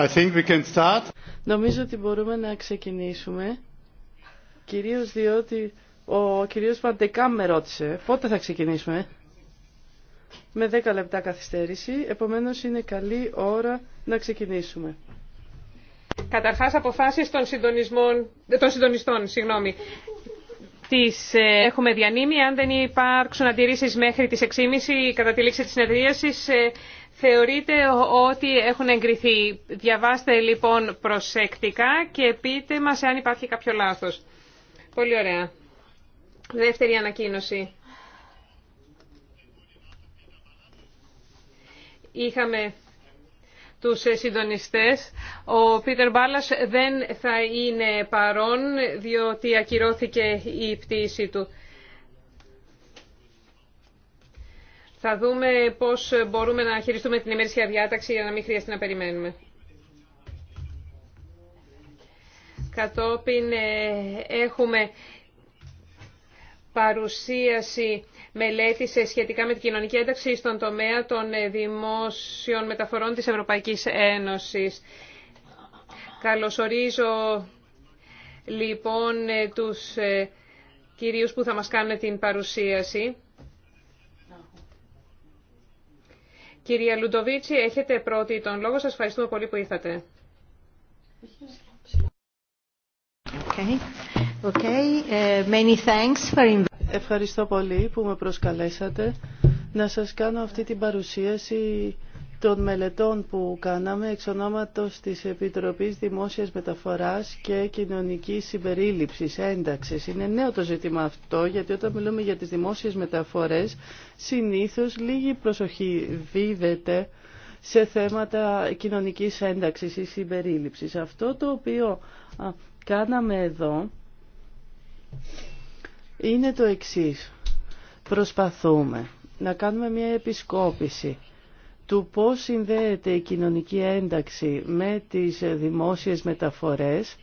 I think we can start. Νομίζω ότι μπορούμε να ξεκινήσουμε, κυρίως διότι ο κυρίος Παντεκάμ με ρώτησε πότε θα ξεκινήσουμε. Με 10 λεπτά καθυστέρηση, επομένως είναι καλή ώρα να ξεκινήσουμε. Καταρχάς αποφάσεις των, συντονισμών, ε, των συντονιστών, συγγνώμη, τις ε, έχουμε διανύμει. Αν δεν υπάρξουν αντιρρήσεις μέχρι τις 6.30 κατά τη λήξη της συνεδρίασης, ε, θεωρείτε ότι έχουν εγκριθεί. Διαβάστε λοιπόν προσεκτικά και πείτε μας αν υπάρχει κάποιο λάθος. Πολύ ωραία. Δεύτερη ανακοίνωση. Είχαμε τους συντονιστές. Ο Πίτερ Μπάλλας δεν θα είναι παρόν διότι ακυρώθηκε η πτήση του. Θα δούμε πώς μπορούμε να χειριστούμε την ημερήσια διάταξη για να μην χρειαστεί να περιμένουμε. Κατόπιν ε, έχουμε παρουσίαση μελέτης σχετικά με την κοινωνική ένταξη στον τομέα των ε, δημόσιων μεταφορών της Ευρωπαϊκής Ένωσης. Καλωσορίζω λοιπόν ε, τους κυρίους που θα μας κάνουν την παρουσίαση. Κυρία Λουντοβίτσι, έχετε πρώτη τον λόγο. Σας ευχαριστούμε πολύ που ήρθατε. Okay. Okay. Uh, many thanks for... Ευχαριστώ πολύ που με προσκαλέσατε να σας κάνω αυτή την παρουσίαση των μελετών που κάναμε εξ ονόματος της Επιτροπής Δημόσιας Μεταφοράς και Κοινωνικής Συμπερίληψης, ένταξης. Είναι νέο το ζήτημα αυτό, γιατί όταν μιλούμε για τις δημόσιες μεταφορές, συνήθως λίγη προσοχή δίδεται σε θέματα κοινωνικής ένταξης ή συμπερίληψης. Αυτό το οποίο κάναμε εδώ είναι το εξής. Προσπαθούμε να κάνουμε μια επισκόπηση του πώς συνδέεται η κοινωνική ένταξη με τις δημόσιες μεταφορές,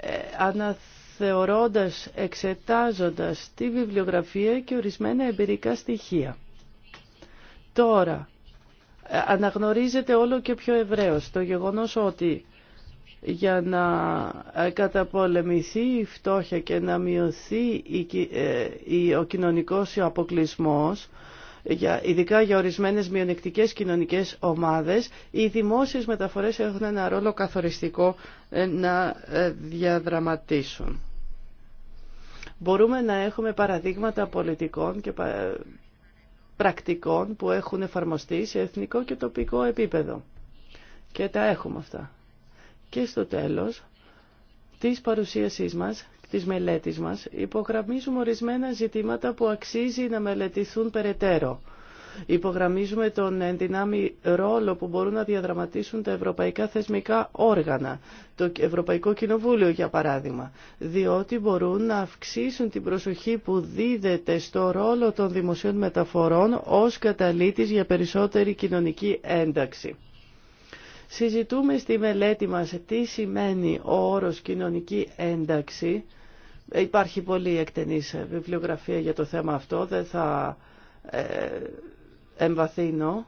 ε, αναθεωρώντας, εξετάζοντας τη βιβλιογραφία και ορισμένα εμπειρικά στοιχεία. Τώρα, ε, αναγνωρίζεται όλο και πιο ευρέως το γεγονός ότι για να ε, καταπολεμηθεί η φτώχεια και να μειωθεί ο κοινωνικός αποκλεισμός, για, ειδικά για ορισμένες μειονεκτικές κοινωνικές ομάδες, οι δημόσιες μεταφορές έχουν ένα ρόλο καθοριστικό ε, να ε, διαδραματίσουν. Μπορούμε να έχουμε παραδείγματα πολιτικών και ε, πρακτικών που έχουν εφαρμοστεί σε εθνικό και τοπικό επίπεδο. Και τα έχουμε αυτά. Και στο τέλος της παρουσίασής μας της μελέτης μας υπογραμμίζουμε ορισμένα ζητήματα που αξίζει να μελετηθούν περαιτέρω. Υπογραμμίζουμε τον ενδυνάμει ρόλο που μπορούν να διαδραματίσουν τα ευρωπαϊκά θεσμικά όργανα, το Ευρωπαϊκό Κοινοβούλιο για παράδειγμα, διότι μπορούν να αυξήσουν την προσοχή που δίδεται στο ρόλο των δημοσίων μεταφορών ως καταλήτης για περισσότερη κοινωνική ένταξη. Συζητούμε στη μελέτη μας τι σημαίνει ο όρος κοινωνική ένταξη Υπάρχει πολύ εκτενής βιβλιογραφία για το θέμα αυτό, δεν θα ε, εμβαθύνω,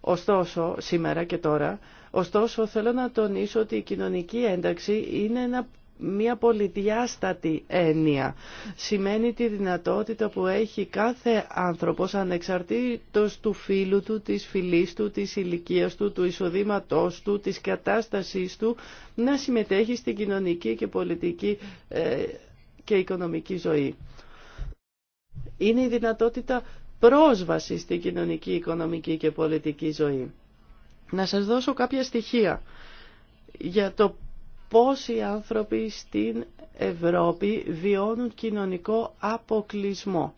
ωστόσο, σήμερα και τώρα, ωστόσο θέλω να τονίσω ότι η κοινωνική ένταξη είναι ένα μια πολυδιάστατη έννοια. Σημαίνει τη δυνατότητα που έχει κάθε άνθρωπος ανεξαρτήτως του φίλου του, της φιλής του, της ηλικία του, του εισοδήματός του, της κατάστασής του να συμμετέχει στην κοινωνική και πολιτική ε, και οικονομική ζωή. Είναι η δυνατότητα πρόσβαση στην κοινωνική, οικονομική και πολιτική ζωή. Να σας δώσω κάποια στοιχεία για το πώς οι άνθρωποι στην Ευρώπη βιώνουν κοινωνικό αποκλεισμό.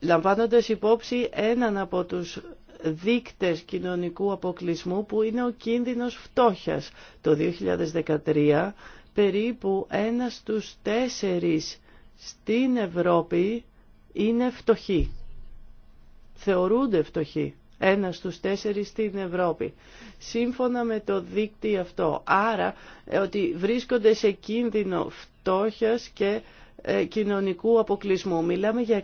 Λαμβάνοντας υπόψη έναν από τους δείκτες κοινωνικού αποκλεισμού που είναι ο κίνδυνος φτώχειας. Το 2013 περίπου ένας στους τέσσερις στην Ευρώπη είναι φτωχοί. Θεωρούνται φτωχοί. Ένα στους τέσσερις στην Ευρώπη. Σύμφωνα με το δίκτυο αυτό. Άρα ε, ότι βρίσκονται σε κίνδυνο φτώχειας και ε, κοινωνικού αποκλεισμού. Μιλάμε για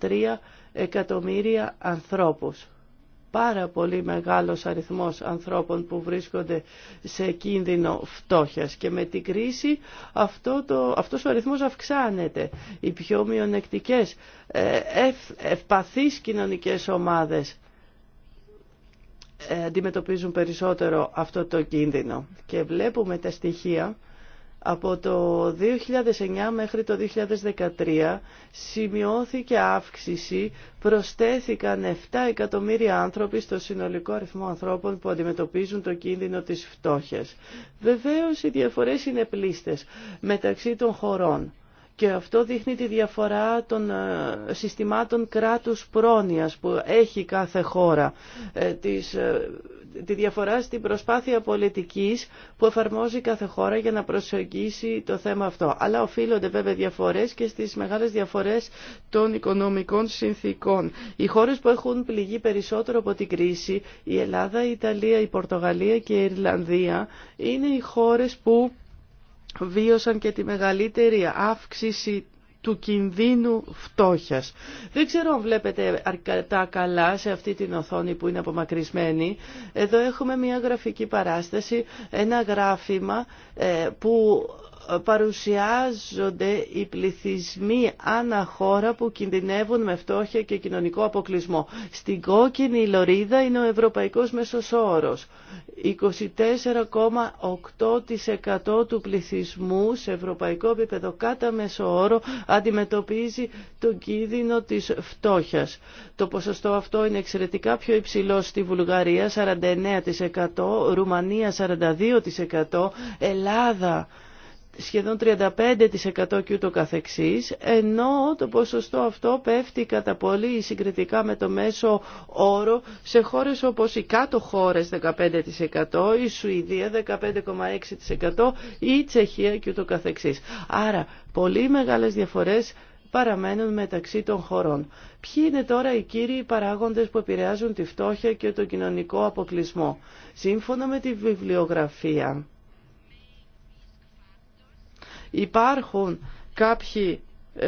123 εκατομμύρια ανθρώπους. Πάρα πολύ μεγάλος αριθμός ανθρώπων που βρίσκονται σε κίνδυνο φτώχειας και με την κρίση αυτό το, αυτός ο αριθμός αυξάνεται. Οι πιο μειονεκτικές, ε, ευπαθείς κοινωνικές ομάδες ε, αντιμετωπίζουν περισσότερο αυτό το κίνδυνο. Και βλέπουμε τα στοιχεία από το 2009 μέχρι το 2013 σημειώθηκε αύξηση, προστέθηκαν 7 εκατομμύρια άνθρωποι στο συνολικό αριθμό ανθρώπων που αντιμετωπίζουν το κίνδυνο της φτώχειας. Βεβαίως οι διαφορές είναι πλήστες μεταξύ των χωρών. Και αυτό δείχνει τη διαφορά των ε, συστημάτων κράτους πρόνοιας που έχει κάθε χώρα, ε, ε, τη διαφορά στην προσπάθεια πολιτικής που εφαρμόζει κάθε χώρα για να προσεγγίσει το θέμα αυτό. Αλλά οφείλονται βέβαια διαφορές και στις μεγάλες διαφορές των οικονομικών συνθήκων. Οι χώρες που έχουν πληγεί περισσότερο από την κρίση, η Ελλάδα, η Ιταλία, η Πορτογαλία και η Ιρλανδία, είναι οι χώρες που βίωσαν και τη μεγαλύτερη αύξηση του κινδύνου φτώχειας. Δεν ξέρω αν βλέπετε αρκετά καλά σε αυτή την οθόνη που είναι απομακρυσμένη. Εδώ έχουμε μια γραφική παράσταση, ένα γράφημα ε, που παρουσιάζονται οι πληθυσμοί ανά χώρα που κινδυνεύουν με φτώχεια και κοινωνικό αποκλεισμό. Στην κόκκινη λωρίδα είναι ο ευρωπαϊκός μέσος 24,8% του πληθυσμού σε ευρωπαϊκό επίπεδο κατά Μεσοόρο αντιμετωπίζει τον κίνδυνο της φτώχειας. Το ποσοστό αυτό είναι εξαιρετικά πιο υψηλό στη Βουλγαρία 49%, Ρουμανία 42%, Ελλάδα σχεδόν 35% και ούτω καθεξής, ενώ το ποσοστό αυτό πέφτει κατά πολύ συγκριτικά με το μέσο όρο σε χώρες όπως οι κάτω χώρες 15%, η Σουηδία 15,6%, η η Τσεχία και ούτω καθεξής. Άρα πολύ μεγάλες διαφορές παραμένουν μεταξύ των χωρών. Ποιοι είναι τώρα οι κύριοι παράγοντες που επηρεάζουν τη φτώχεια και τον κοινωνικό αποκλεισμό. Σύμφωνα με τη βιβλιογραφία, υπάρχουν κάποιοι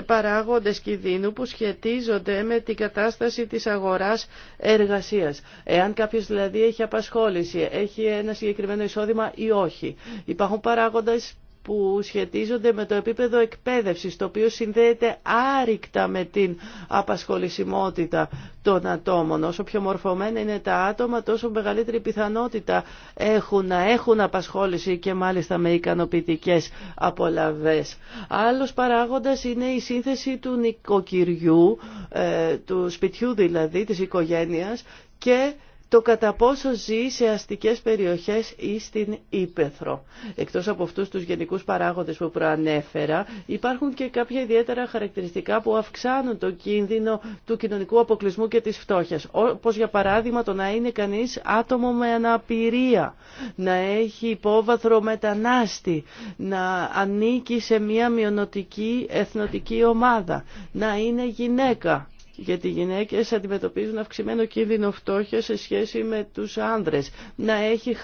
παράγοντες κινδύνου που σχετίζονται με την κατάσταση της αγοράς εργασίας. Εάν κάποιος δηλαδή έχει απασχόληση, έχει ένα συγκεκριμένο εισόδημα ή όχι. Υπάρχουν παράγοντες που σχετίζονται με το επίπεδο εκπαίδευσης, το οποίο συνδέεται άρρηκτα με την απασχολησιμότητα των ατόμων. Όσο πιο μορφωμένα είναι τα άτομα, τόσο μεγαλύτερη πιθανότητα έχουν να έχουν απασχόληση και μάλιστα με ικανοποιητικές απολαβές. Άλλος παράγοντας είναι η σύνθεση του νοικοκυριού, ε, του σπιτιού δηλαδή, της οικογένειας και το κατά πόσο ζει σε αστικές περιοχές ή στην Ήπεθρο. Εκτός από αυτούς τους γενικούς παράγοντες που προανέφερα, υπάρχουν και κάποια ιδιαίτερα χαρακτηριστικά που αυξάνουν το κίνδυνο του κοινωνικού αποκλεισμού και της φτώχειας. Όπως για παράδειγμα το να είναι κανείς άτομο με αναπηρία, να έχει υπόβαθρο μετανάστη, να ανήκει σε μια μειονοτική εθνοτική ομάδα, να είναι γυναίκα γιατί οι γυναίκες αντιμετωπίζουν αυξημένο κίνδυνο φτώχεια σε σχέση με τους άνδρες. Να έχει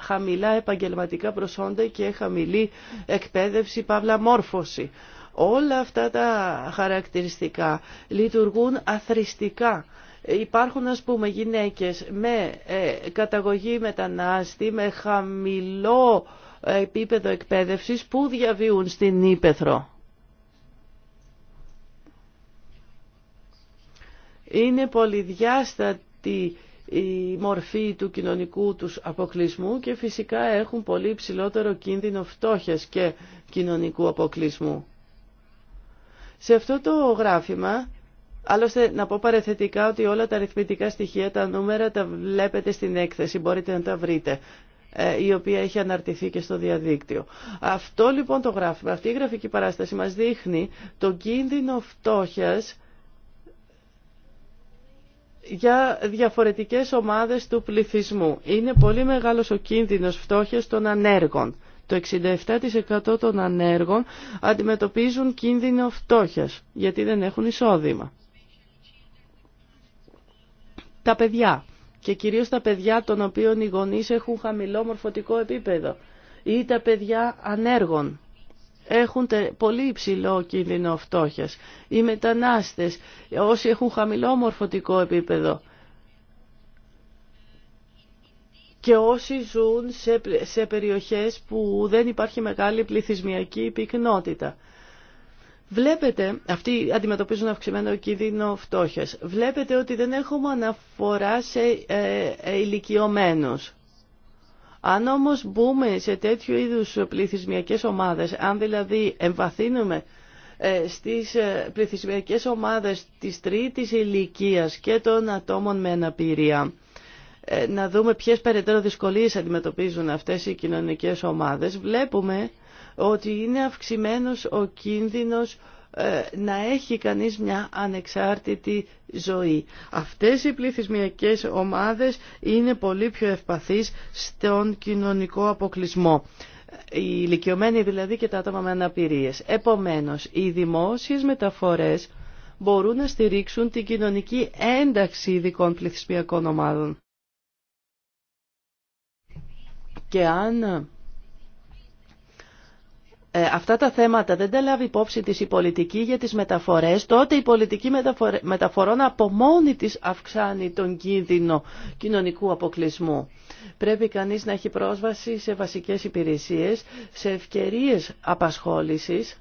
χαμηλά επαγγελματικά προσόντα και χαμηλή εκπαίδευση, παύλα μόρφωση. Όλα αυτά τα χαρακτηριστικά λειτουργούν αθρηστικά. Υπάρχουν ας πούμε γυναίκες με ε, καταγωγή μετανάστη, με χαμηλό ε, επίπεδο εκπαίδευσης που διαβιούν στην Ήπεθρο. Είναι πολυδιάστατη η μορφή του κοινωνικού τους αποκλεισμού και φυσικά έχουν πολύ υψηλότερο κίνδυνο φτώχειας και κοινωνικού αποκλεισμού. Σε αυτό το γράφημα, άλλωστε να πω παρεθετικά ότι όλα τα αριθμητικά στοιχεία, τα νούμερα τα βλέπετε στην έκθεση, μπορείτε να τα βρείτε ε, η οποία έχει αναρτηθεί και στο διαδίκτυο. Αυτό λοιπόν το γράφημα, αυτή η γραφική παράσταση μας δείχνει τον κίνδυνο φτώχειας για διαφορετικές ομάδες του πληθυσμού. Είναι πολύ μεγάλος ο κίνδυνος φτώχειας των ανέργων. Το 67% των ανέργων αντιμετωπίζουν κίνδυνο φτώχειας, γιατί δεν έχουν εισόδημα. Τα παιδιά και κυρίως τα παιδιά των οποίων οι γονείς έχουν χαμηλό μορφωτικό επίπεδο ή τα παιδιά ανέργων έχουν πολύ υψηλό κίνδυνο φτώχειας. Οι μετανάστες, όσοι έχουν χαμηλό μορφωτικό επίπεδο και όσοι ζουν σε, σε περιοχές που δεν υπάρχει μεγάλη πληθυσμιακή πυκνότητα. Βλέπετε, αυτοί αντιμετωπίζουν αυξημένο κίνδυνο φτώχεια. Βλέπετε ότι δεν έχουμε αναφορά σε ε, ε αν όμως μπούμε σε τέτοιου είδους πληθυσμιακές ομάδες, αν δηλαδή εμβαθύνουμε ε, στις ε, πληθυσμιακές ομάδες της τρίτης ηλικίας και των ατόμων με αναπηρία, ε, να δούμε ποιες περαιτέρω δυσκολίες αντιμετωπίζουν αυτές οι κοινωνικές ομάδες, βλέπουμε ότι είναι αυξημένος ο κίνδυνος ε, να έχει κανείς μια ανεξάρτητη ζωή. Αυτές οι πληθυσμιακές ομάδες είναι πολύ πιο ευπαθείς στον κοινωνικό αποκλεισμό. Οι ηλικιωμένοι δηλαδή και τα άτομα με αναπηρίες. Επομένως, οι δημόσιες μεταφορές μπορούν να στηρίξουν την κοινωνική ένταξη ειδικών πληθυσμιακών ομάδων. Και αν ε, αυτά τα θέματα δεν τα λάβει υπόψη της η πολιτική για τις μεταφορές, τότε η πολιτική μεταφορών από μόνη της αυξάνει τον κίνδυνο κοινωνικού αποκλεισμού. Πρέπει κανείς να έχει πρόσβαση σε βασικές υπηρεσίες, σε ευκαιρίες απασχόλησης,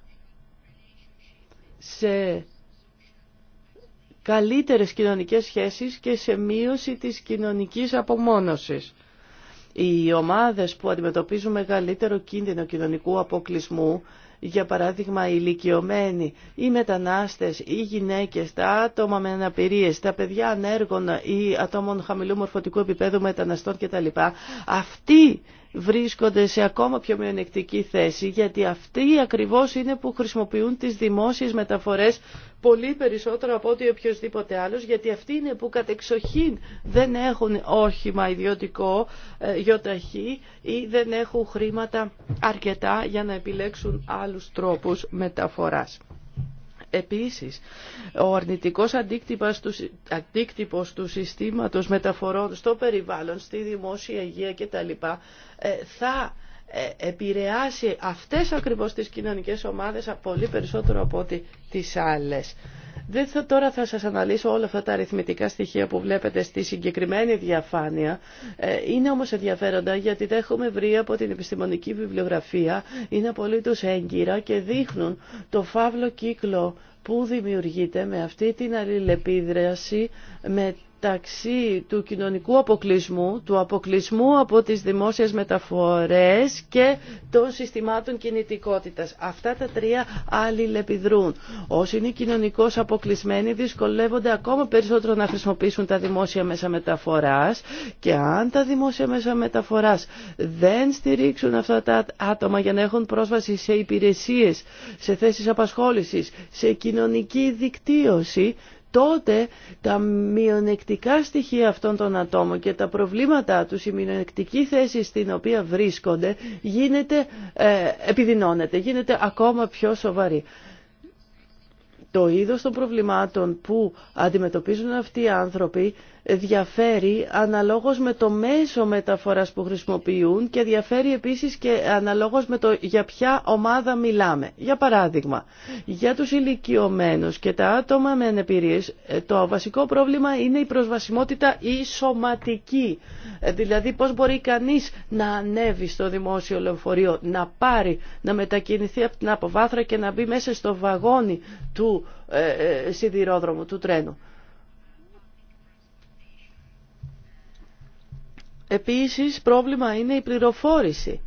σε καλύτερες κοινωνικές σχέσεις και σε μείωση της κοινωνικής απομόνωσης. Οι ομάδες που αντιμετωπίζουν μεγαλύτερο κίνδυνο κοινωνικού αποκλεισμού, για παράδειγμα οι ηλικιωμένοι, οι μετανάστες, οι γυναίκες, τα άτομα με αναπηρίες, τα παιδιά ανέργων ή ατόμων χαμηλού μορφωτικού επίπεδου μεταναστών κτλ. Αυτοί βρίσκονται σε ακόμα πιο μειονεκτική θέση γιατί αυτοί ακριβώς είναι που χρησιμοποιούν τις δημόσιες μεταφορές πολύ περισσότερο από ό,τι οποιοδήποτε άλλος, γιατί αυτοί είναι που κατεξοχήν δεν έχουν όχημα ιδιωτικό, ε, γιοταχή ή δεν έχουν χρήματα αρκετά για να επιλέξουν άλλους τρόπους μεταφοράς. Επίσης, ο αρνητικός αντίκτυπος του, αντίκτυπος του συστήματος μεταφορών στο περιβάλλον, στη δημόσια υγεία κτλ. Ε, θα ε, επηρεάσει αυτές ακριβώς τις κοινωνικές ομάδες πολύ περισσότερο από ό,τι τις άλλες. Δεν θα, τώρα θα σας αναλύσω όλα αυτά τα αριθμητικά στοιχεία που βλέπετε στη συγκεκριμένη διαφάνεια. Ε, είναι όμως ενδιαφέροντα γιατί τα έχουμε βρει από την επιστημονική βιβλιογραφία. Είναι απολύτως έγκυρα και δείχνουν το φαύλο κύκλο που δημιουργείται με αυτή την αλληλεπίδραση με μεταξύ του κοινωνικού αποκλεισμού, του αποκλεισμού από τις δημόσιες μεταφορές και των συστημάτων κινητικότητας. Αυτά τα τρία αλληλεπιδρούν. Όσοι είναι κοινωνικώς αποκλεισμένοι δυσκολεύονται ακόμα περισσότερο να χρησιμοποιήσουν τα δημόσια μέσα μεταφοράς και αν τα δημόσια μέσα μεταφοράς δεν στηρίξουν αυτά τα άτομα για να έχουν πρόσβαση σε υπηρεσίες, σε θέσεις απασχόλησης, σε κοινωνική δικτύωση, τότε τα μειονεκτικά στοιχεία αυτών των ατόμων και τα προβλήματά τους, η μειονεκτική θέση στην οποία βρίσκονται, γίνεται, ε, επιδεινώνεται, γίνεται ακόμα πιο σοβαρή. Το είδος των προβλημάτων που αντιμετωπίζουν αυτοί οι άνθρωποι διαφέρει αναλόγως με το μέσο μεταφοράς που χρησιμοποιούν και διαφέρει επίσης και αναλόγως με το για ποια ομάδα μιλάμε. Για παράδειγμα, για τους ηλικιωμένους και τα άτομα με ανεπηρίες ε, το βασικό πρόβλημα είναι η προσβασιμότητα η σωματική. Ε, δηλαδή πώς μπορεί κανείς να ανέβει στο δημόσιο λεωφορείο, να πάρει, να μετακινηθεί από την αποβάθρα και να μπει μέσα στο βαγόνι του ε, σιδηρόδρομου, του τρένου. Επίσης, πρόβλημα είναι η πληροφόρηση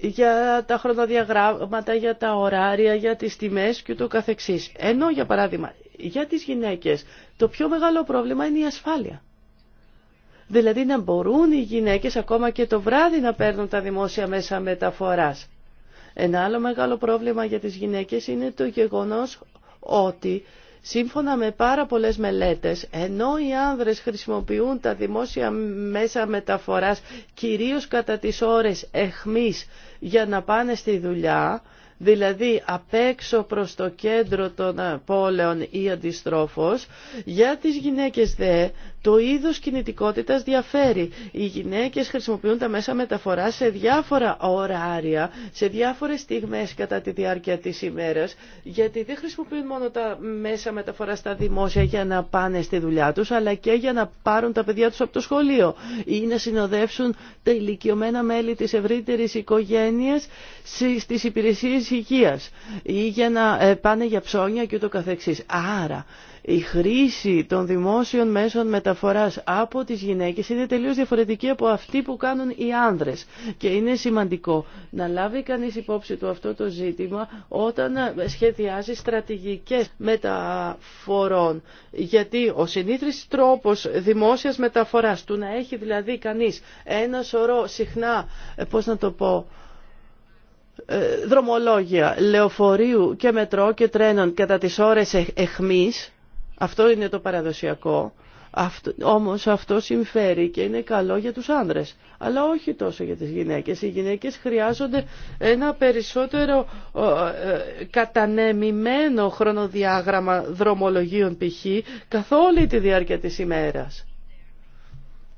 για τα χρονοδιαγράμματα, για τα ωράρια, για τις τιμές και το καθεξής. Ενώ, για παράδειγμα, για τις γυναίκες το πιο μεγάλο πρόβλημα είναι η ασφάλεια. Δηλαδή να μπορούν οι γυναίκες ακόμα και το βράδυ να παίρνουν τα δημόσια μέσα μεταφοράς. Ένα άλλο μεγάλο πρόβλημα για τις γυναίκες είναι το γεγονός ότι Σύμφωνα με πάρα πολλές μελέτες, ενώ οι άνδρες χρησιμοποιούν τα δημόσια μέσα μεταφοράς κυρίως κατά τις ώρες εχμής για να πάνε στη δουλειά, δηλαδή απ' έξω προς το κέντρο των πόλεων ή αντιστρόφως, για τις γυναίκες δε το είδος κινητικότητας διαφέρει. Οι γυναίκες χρησιμοποιούν τα μέσα μεταφοράς σε διάφορα ωράρια, σε διάφορες στιγμές κατά τη διάρκεια της ημέρας, γιατί δεν χρησιμοποιούν μόνο τα μέσα μεταφοράς στα δημόσια για να πάνε στη δουλειά τους, αλλά και για να πάρουν τα παιδιά τους από το σχολείο ή να συνοδεύσουν τα ηλικιωμένα μέλη της ευρύτερης οικογένειας στις υπηρεσίες υγείας ή για να ε, πάνε για ψώνια και Άρα η χρήση των δημόσιων μέσων μεταφοράς από τις γυναίκες είναι τελείως διαφορετική από αυτή που κάνουν οι άνδρες. Και είναι σημαντικό να λάβει κανείς υπόψη του αυτό το ζήτημα όταν σχεδιάζει στρατηγικές μεταφορών. Γιατί ο συνήθις τρόπος δημόσιας μεταφοράς, του να έχει δηλαδή κανείς ένα σωρό συχνά, πώς να το πω, ε, δρομολόγια λεωφορείου και μετρό και τρένων κατά τις ώρες ε, εχμής αυτό είναι το παραδοσιακό. Αυτό, όμως αυτό συμφέρει και είναι καλό για τους άνδρες, αλλά όχι τόσο για τις γυναίκες. Οι γυναίκες χρειάζονται ένα περισσότερο ε, κατανεμημένο χρονοδιάγραμμα δρομολογίων π.χ. καθ' όλη τη διάρκεια της ημέρας.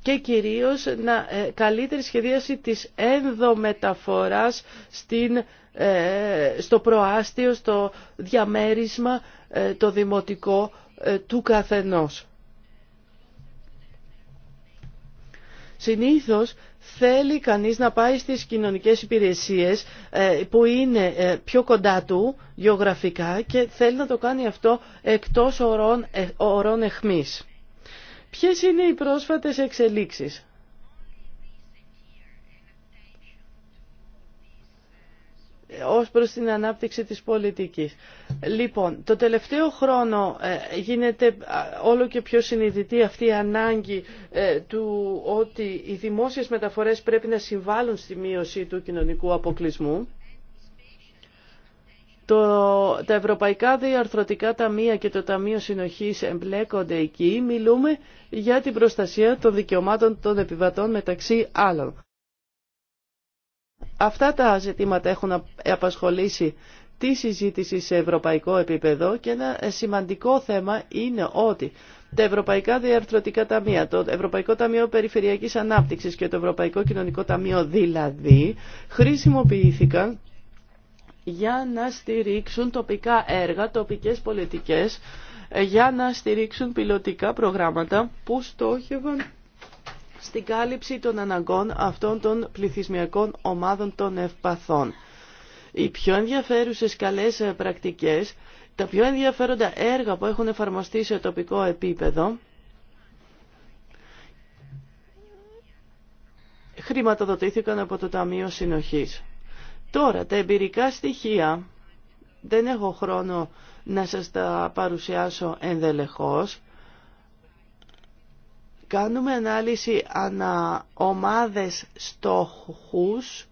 Και κυρίως να, ε, καλύτερη σχεδίαση της ενδομεταφοράς στην, ε, στο προάστιο, στο διαμέρισμα, το δημοτικό ε, του καθενός. Συνήθως θέλει κανείς να πάει στις κοινωνικές υπηρεσίες ε, που είναι ε, πιο κοντά του γεωγραφικά και θέλει να το κάνει αυτό εκτός ορών, ορών εχμής. Ποιες είναι οι πρόσφατες εξελίξεις. ως προς την ανάπτυξη της πολιτικής. Λοιπόν, το τελευταίο χρόνο ε, γίνεται όλο και πιο συνειδητή αυτή η ανάγκη ε, του ότι οι δημόσιες μεταφορές πρέπει να συμβάλλουν στη μείωση του κοινωνικού αποκλεισμού. Το, τα Ευρωπαϊκά Διαρθρωτικά Ταμεία και το Ταμείο Συνοχής εμπλέκονται εκεί. Μιλούμε για την προστασία των δικαιωμάτων των επιβατών μεταξύ άλλων. Αυτά τα ζητήματα έχουν απασχολήσει τη συζήτηση σε ευρωπαϊκό επίπεδο και ένα ε, σημαντικό θέμα είναι ότι τα Ευρωπαϊκά Διαρθρωτικά Ταμεία, το Ευρωπαϊκό Ταμείο Περιφερειακής Ανάπτυξης και το Ευρωπαϊκό Κοινωνικό Ταμείο δηλαδή χρησιμοποιήθηκαν για να στηρίξουν τοπικά έργα, τοπικές πολιτικές, ε, για να στηρίξουν πιλωτικά προγράμματα που στόχευαν στην κάλυψη των αναγκών αυτών των πληθυσμιακών ομάδων των ευπαθών. Οι πιο ενδιαφέρουσες καλές ε, πρακτικές, τα πιο ενδιαφέροντα έργα που έχουν εφαρμοστεί σε τοπικό επίπεδο, χρηματοδοτήθηκαν από το Ταμείο Συνοχής. Τώρα, τα εμπειρικά στοιχεία δεν έχω χρόνο να σας τα παρουσιάσω ενδελεχώς κάνουμε ανάλυση ανά ομάδες στόχους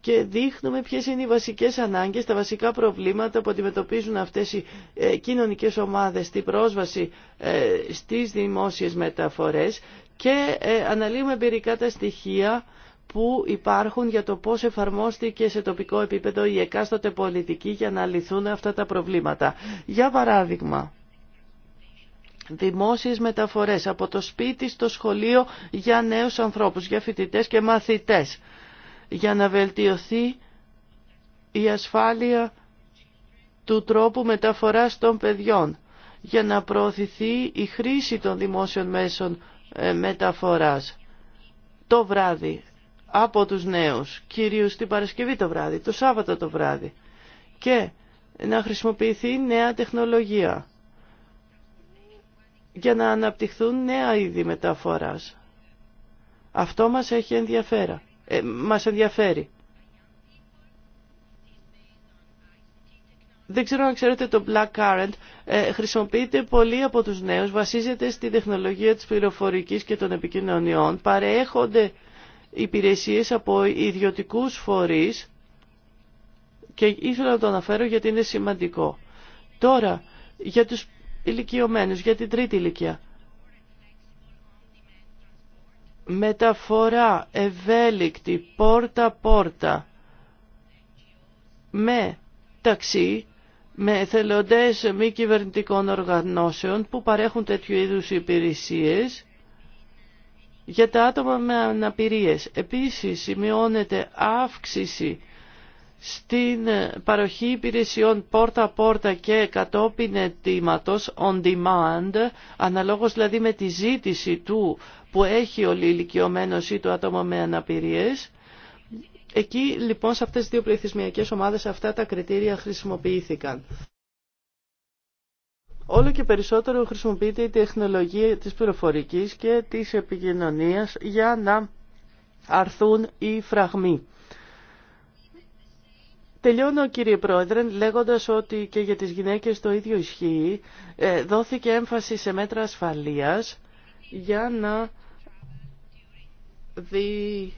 και δείχνουμε ποιες είναι οι βασικές ανάγκες, τα βασικά προβλήματα που αντιμετωπίζουν αυτές οι ε, κοινωνικές ομάδες στην πρόσβαση ε, στις δημόσιες μεταφορές και ε, αναλύουμε εμπειρικά τα στοιχεία που υπάρχουν για το πώς εφαρμόστηκε σε τοπικό επίπεδο η εκάστοτε πολιτική για να λυθούν αυτά τα προβλήματα. Για παράδειγμα, δημόσιες μεταφορές από το σπίτι στο σχολείο για νέους ανθρώπους, για φοιτητές και μαθητές, για να βελτιωθεί η ασφάλεια του τρόπου μεταφοράς των παιδιών, για να προωθηθεί η χρήση των δημόσιων μέσων ε, μεταφοράς το βράδυ από τους νέους, κυρίως την Παρασκευή το βράδυ, το Σάββατο το βράδυ και να χρησιμοποιηθεί νέα τεχνολογία για να αναπτυχθούν νέα είδη μεταφοράς. Αυτό μας έχει ενδιαφέρα. Ε, μας ενδιαφέρει. Δεν ξέρω αν ξέρετε το Black Current ε, χρησιμοποιείται πολύ από τους νέους, βασίζεται στη τεχνολογία της πληροφορικής και των επικοινωνιών, παρέχονται υπηρεσίες από ιδιωτικούς φορείς και ήθελα να το αναφέρω γιατί είναι σημαντικό. Τώρα, για τους ηλικιωμένους, για την τρίτη ηλικία. Μεταφορά ευέλικτη, πόρτα-πόρτα, με ταξί, με εθελοντές μη κυβερνητικών οργανώσεων που παρέχουν τέτοιου είδους υπηρεσίες για τα άτομα με αναπηρίες. Επίσης σημειώνεται αύξηση στην παροχή υπηρεσιών πόρτα-πόρτα και κατόπιν αιτήματος on demand, αναλόγως δηλαδή με τη ζήτηση του που έχει ο ηλικιωμένος ή το άτομο με αναπηρίες. Εκεί λοιπόν σε αυτές τις δύο πληθυσμιακές ομάδες αυτά τα κριτήρια χρησιμοποιήθηκαν. Όλο και περισσότερο χρησιμοποιείται η τεχνολογία της πληροφορικής και της επικοινωνίας για να αρθούν οι φραγμοί Τελειώνω κύριε Πρόεδρε λέγοντας ότι και για τις γυναίκες το ίδιο ισχύει. Ε, δόθηκε έμφαση σε μέτρα ασφαλείας για να, δι...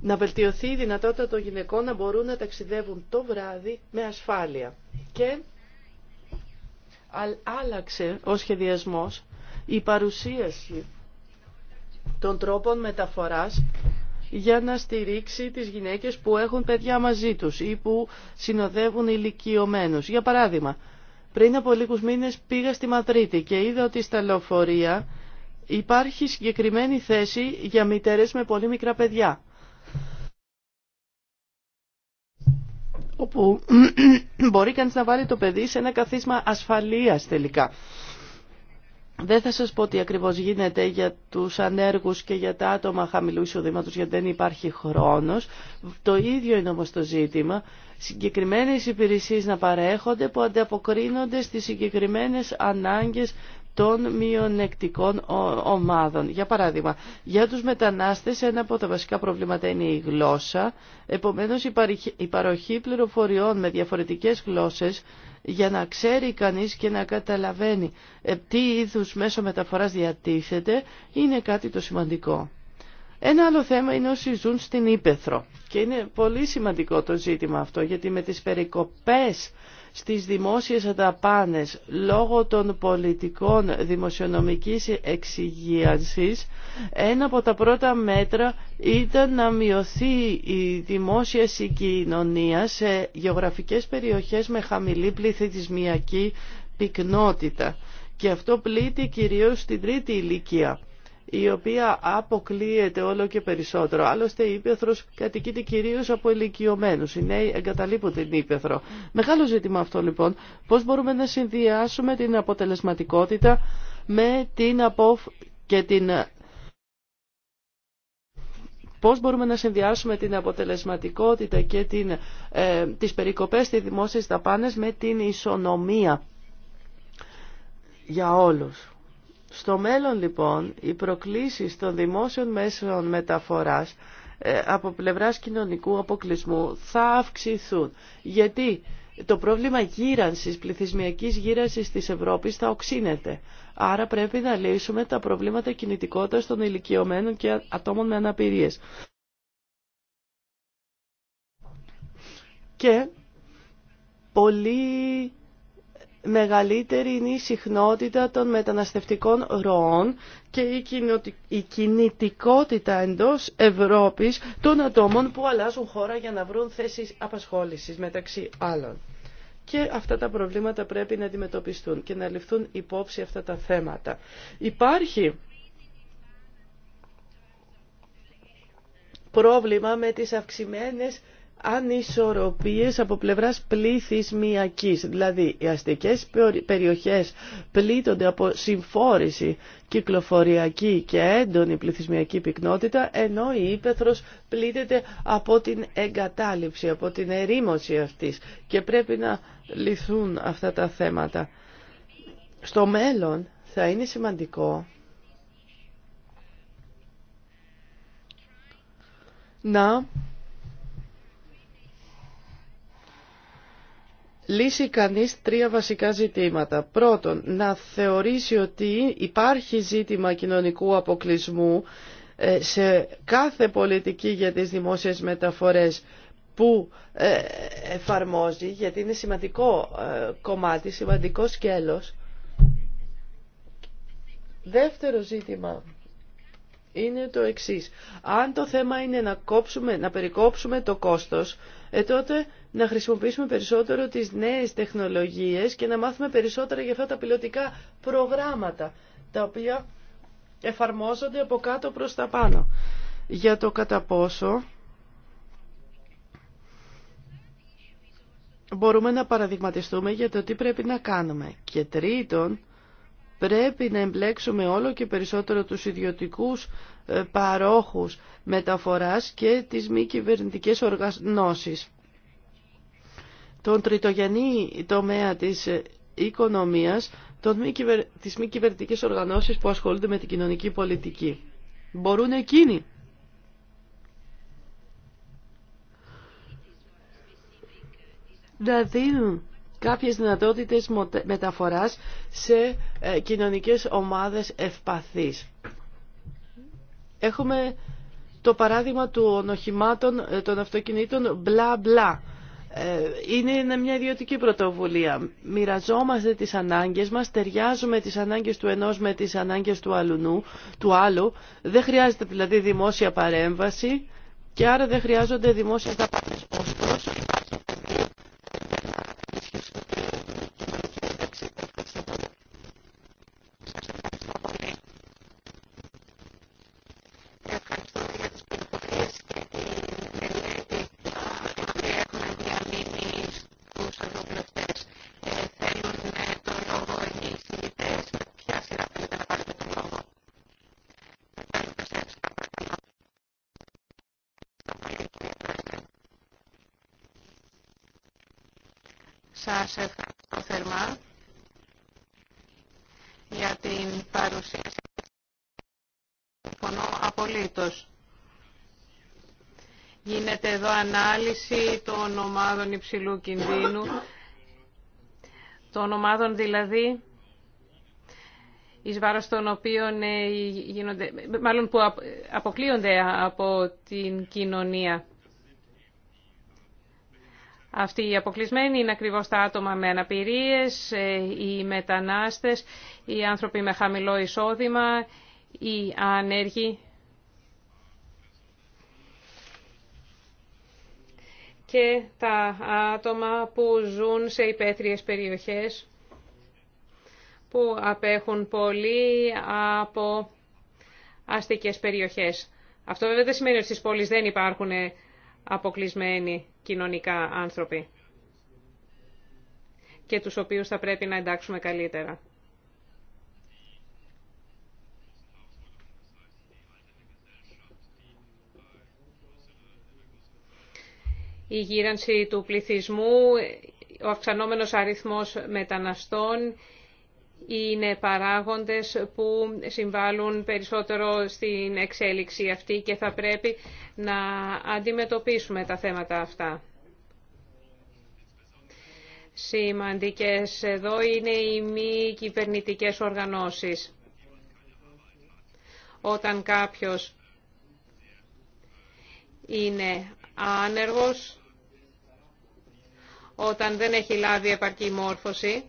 να βελτιωθεί η δυνατότητα των γυναικών να μπορούν να ταξιδεύουν το βράδυ με ασφάλεια. Και άλλαξε ο σχεδιασμός η παρουσίαση των τρόπων μεταφοράς για να στηρίξει τις γυναίκες που έχουν παιδιά μαζί τους ή που συνοδεύουν ηλικιωμένους. Για παράδειγμα, πριν από λίγους μήνες πήγα στη Μαδρίτη και είδα ότι στα λεωφορεία υπάρχει συγκεκριμένη θέση για μητέρες με πολύ μικρά παιδιά. Όπου μπορεί κανείς να βάλει το παιδί σε ένα καθίσμα ασφαλείας τελικά. Δεν θα σας πω τι ακριβώς γίνεται για τους ανέργους και για τα άτομα χαμηλού εισοδήματος γιατί δεν υπάρχει χρόνος. Το ίδιο είναι όμως το ζήτημα. Συγκεκριμένες υπηρεσίες να παρέχονται που ανταποκρίνονται στις συγκεκριμένες ανάγκες των μειονεκτικών ομάδων. Για παράδειγμα, για τους μετανάστες ένα από τα βασικά προβλήματα είναι η γλώσσα. Επομένως, η παροχή πληροφοριών με διαφορετικές γλώσσες για να ξέρει κανείς και να καταλαβαίνει ε, τι είδους μέσο μεταφοράς διατίθεται είναι κάτι το σημαντικό. Ένα άλλο θέμα είναι όσοι ζουν στην Ήπεθρο και είναι πολύ σημαντικό το ζήτημα αυτό γιατί με τις περικοπές στις δημόσιες δαπάνες λόγω των πολιτικών δημοσιονομικής εξυγίανσης, ένα από τα πρώτα μέτρα ήταν να μειωθεί η δημόσια συγκοινωνία σε γεωγραφικές περιοχές με χαμηλή πληθυσμιακή πυκνότητα. Και αυτό πλήττει κυρίως στην τρίτη ηλικία η οποία αποκλείεται όλο και περισσότερο. Άλλωστε η Ήπεθρος κατοικείται κυρίως από ηλικιωμένους. Οι νέοι εγκαταλείπουν την Ήπεθρο. Μεγάλο ζήτημα αυτό λοιπόν. Πώς μπορούμε να συνδυάσουμε την αποτελεσματικότητα με την απόφ και την πώς μπορούμε να συνδυάσουμε την αποτελεσματικότητα και την, ε, τις περικοπές στις δημόσιες με την ισονομία για όλους. Στο μέλλον λοιπόν οι προκλήσεις των δημόσιων μέσων μεταφοράς ε, από πλευράς κοινωνικού αποκλεισμού θα αυξηθούν. Γιατί το πρόβλημα γύρανσης, πληθυσμιακής γύρανσης της Ευρώπης θα οξύνεται. Άρα πρέπει να λύσουμε τα προβλήματα κινητικότητας των ηλικιωμένων και ατόμων με αναπηρίες. Και πολύ μεγαλύτερη είναι η συχνότητα των μεταναστευτικών ροών και η κινητικότητα εντός Ευρώπης των ατόμων που αλλάζουν χώρα για να βρουν θέσεις απασχόλησης μεταξύ άλλων. Και αυτά τα προβλήματα πρέπει να αντιμετωπιστούν και να ληφθούν υπόψη αυτά τα θέματα. Υπάρχει πρόβλημα με τις αυξημένες ανισορροπίες από πλευράς πληθυσμιακής. Δηλαδή, οι αστικές περιοχές πλήττονται από συμφόρηση κυκλοφοριακή και έντονη πληθυσμιακή πυκνότητα, ενώ η ύπεθρος πλήττεται από την εγκατάλειψη, από την ερήμωση αυτής και πρέπει να λυθούν αυτά τα θέματα. Στο μέλλον θα είναι σημαντικό να λύσει κανείς τρία βασικά ζητήματα. Πρώτον, να θεωρήσει ότι υπάρχει ζήτημα κοινωνικού αποκλεισμού ε, σε κάθε πολιτική για τις δημόσιες μεταφορές που ε, εφαρμόζει, γιατί είναι σημαντικό ε, κομμάτι, σημαντικό σκέλος. Δεύτερο ζήτημα είναι το εξής. Αν το θέμα είναι να, κόψουμε, να περικόψουμε το κόστος, ε, τότε να χρησιμοποιήσουμε περισσότερο τις νέες τεχνολογίες και να μάθουμε περισσότερα για αυτά τα πιλωτικά προγράμματα, τα οποία εφαρμόζονται από κάτω προς τα πάνω. Για το κατά πόσο μπορούμε να παραδειγματιστούμε για το τι πρέπει να κάνουμε. Και τρίτον, πρέπει να εμπλέξουμε όλο και περισσότερο τους ιδιωτικούς ε, παρόχους μεταφοράς και τις μη κυβερνητικές οργανώσεις. Τον τριτογενή τομέα της ε, οικονομίας, των μη κυβερ... τις μη κυβερνητικές οργανώσεις που ασχολούνται με την κοινωνική πολιτική. Μπορούν εκείνοι να δίνουν κάποιες δυνατότητες μεταφοράς σε ε, κοινωνικές ομάδες ευπαθείς. Έχουμε το παράδειγμα των ονοχημάτων, των αυτοκινήτων μπλα μπλα. Είναι μια ιδιωτική πρωτοβουλία. Μοιραζόμαστε τις ανάγκες μας, ταιριάζουμε τις ανάγκες του ενός με τις ανάγκες του, του άλλου. Δεν χρειάζεται δηλαδή δημόσια παρέμβαση και άρα δεν χρειάζονται δημόσια δαπάνες. Ωστόσο σε ευχαριστώ θερμά για την παρουσίαση. Συμφωνώ απολύτως. Γίνεται εδώ ανάλυση των ομάδων υψηλού κινδύνου, των ομάδων δηλαδή εις βάρος των οποίων ε, γίνονται, μάλλον που αποκλείονται από την κοινωνία. Αυτοί οι αποκλεισμένοι είναι ακριβώς τα άτομα με αναπηρίες, ε, οι μετανάστες, οι άνθρωποι με χαμηλό εισόδημα, οι άνεργοι. και τα άτομα που ζουν σε υπαίθριες περιοχές που απέχουν πολύ από αστικές περιοχές. Αυτό βέβαια δεν σημαίνει ότι στις πόλεις δεν υπάρχουν αποκλεισμένοι κοινωνικά άνθρωποι και τους οποίους θα πρέπει να εντάξουμε καλύτερα. Η γύρανση του πληθυσμού, ο αυξανόμενος αριθμός μεταναστών, είναι παράγοντες που συμβάλλουν περισσότερο στην εξέλιξη αυτή και θα πρέπει να αντιμετωπίσουμε τα θέματα αυτά. Σημαντικές εδώ είναι οι μη κυβερνητικές οργανώσεις. Όταν κάποιος είναι άνεργος, όταν δεν έχει λάβει επαρκή μόρφωση,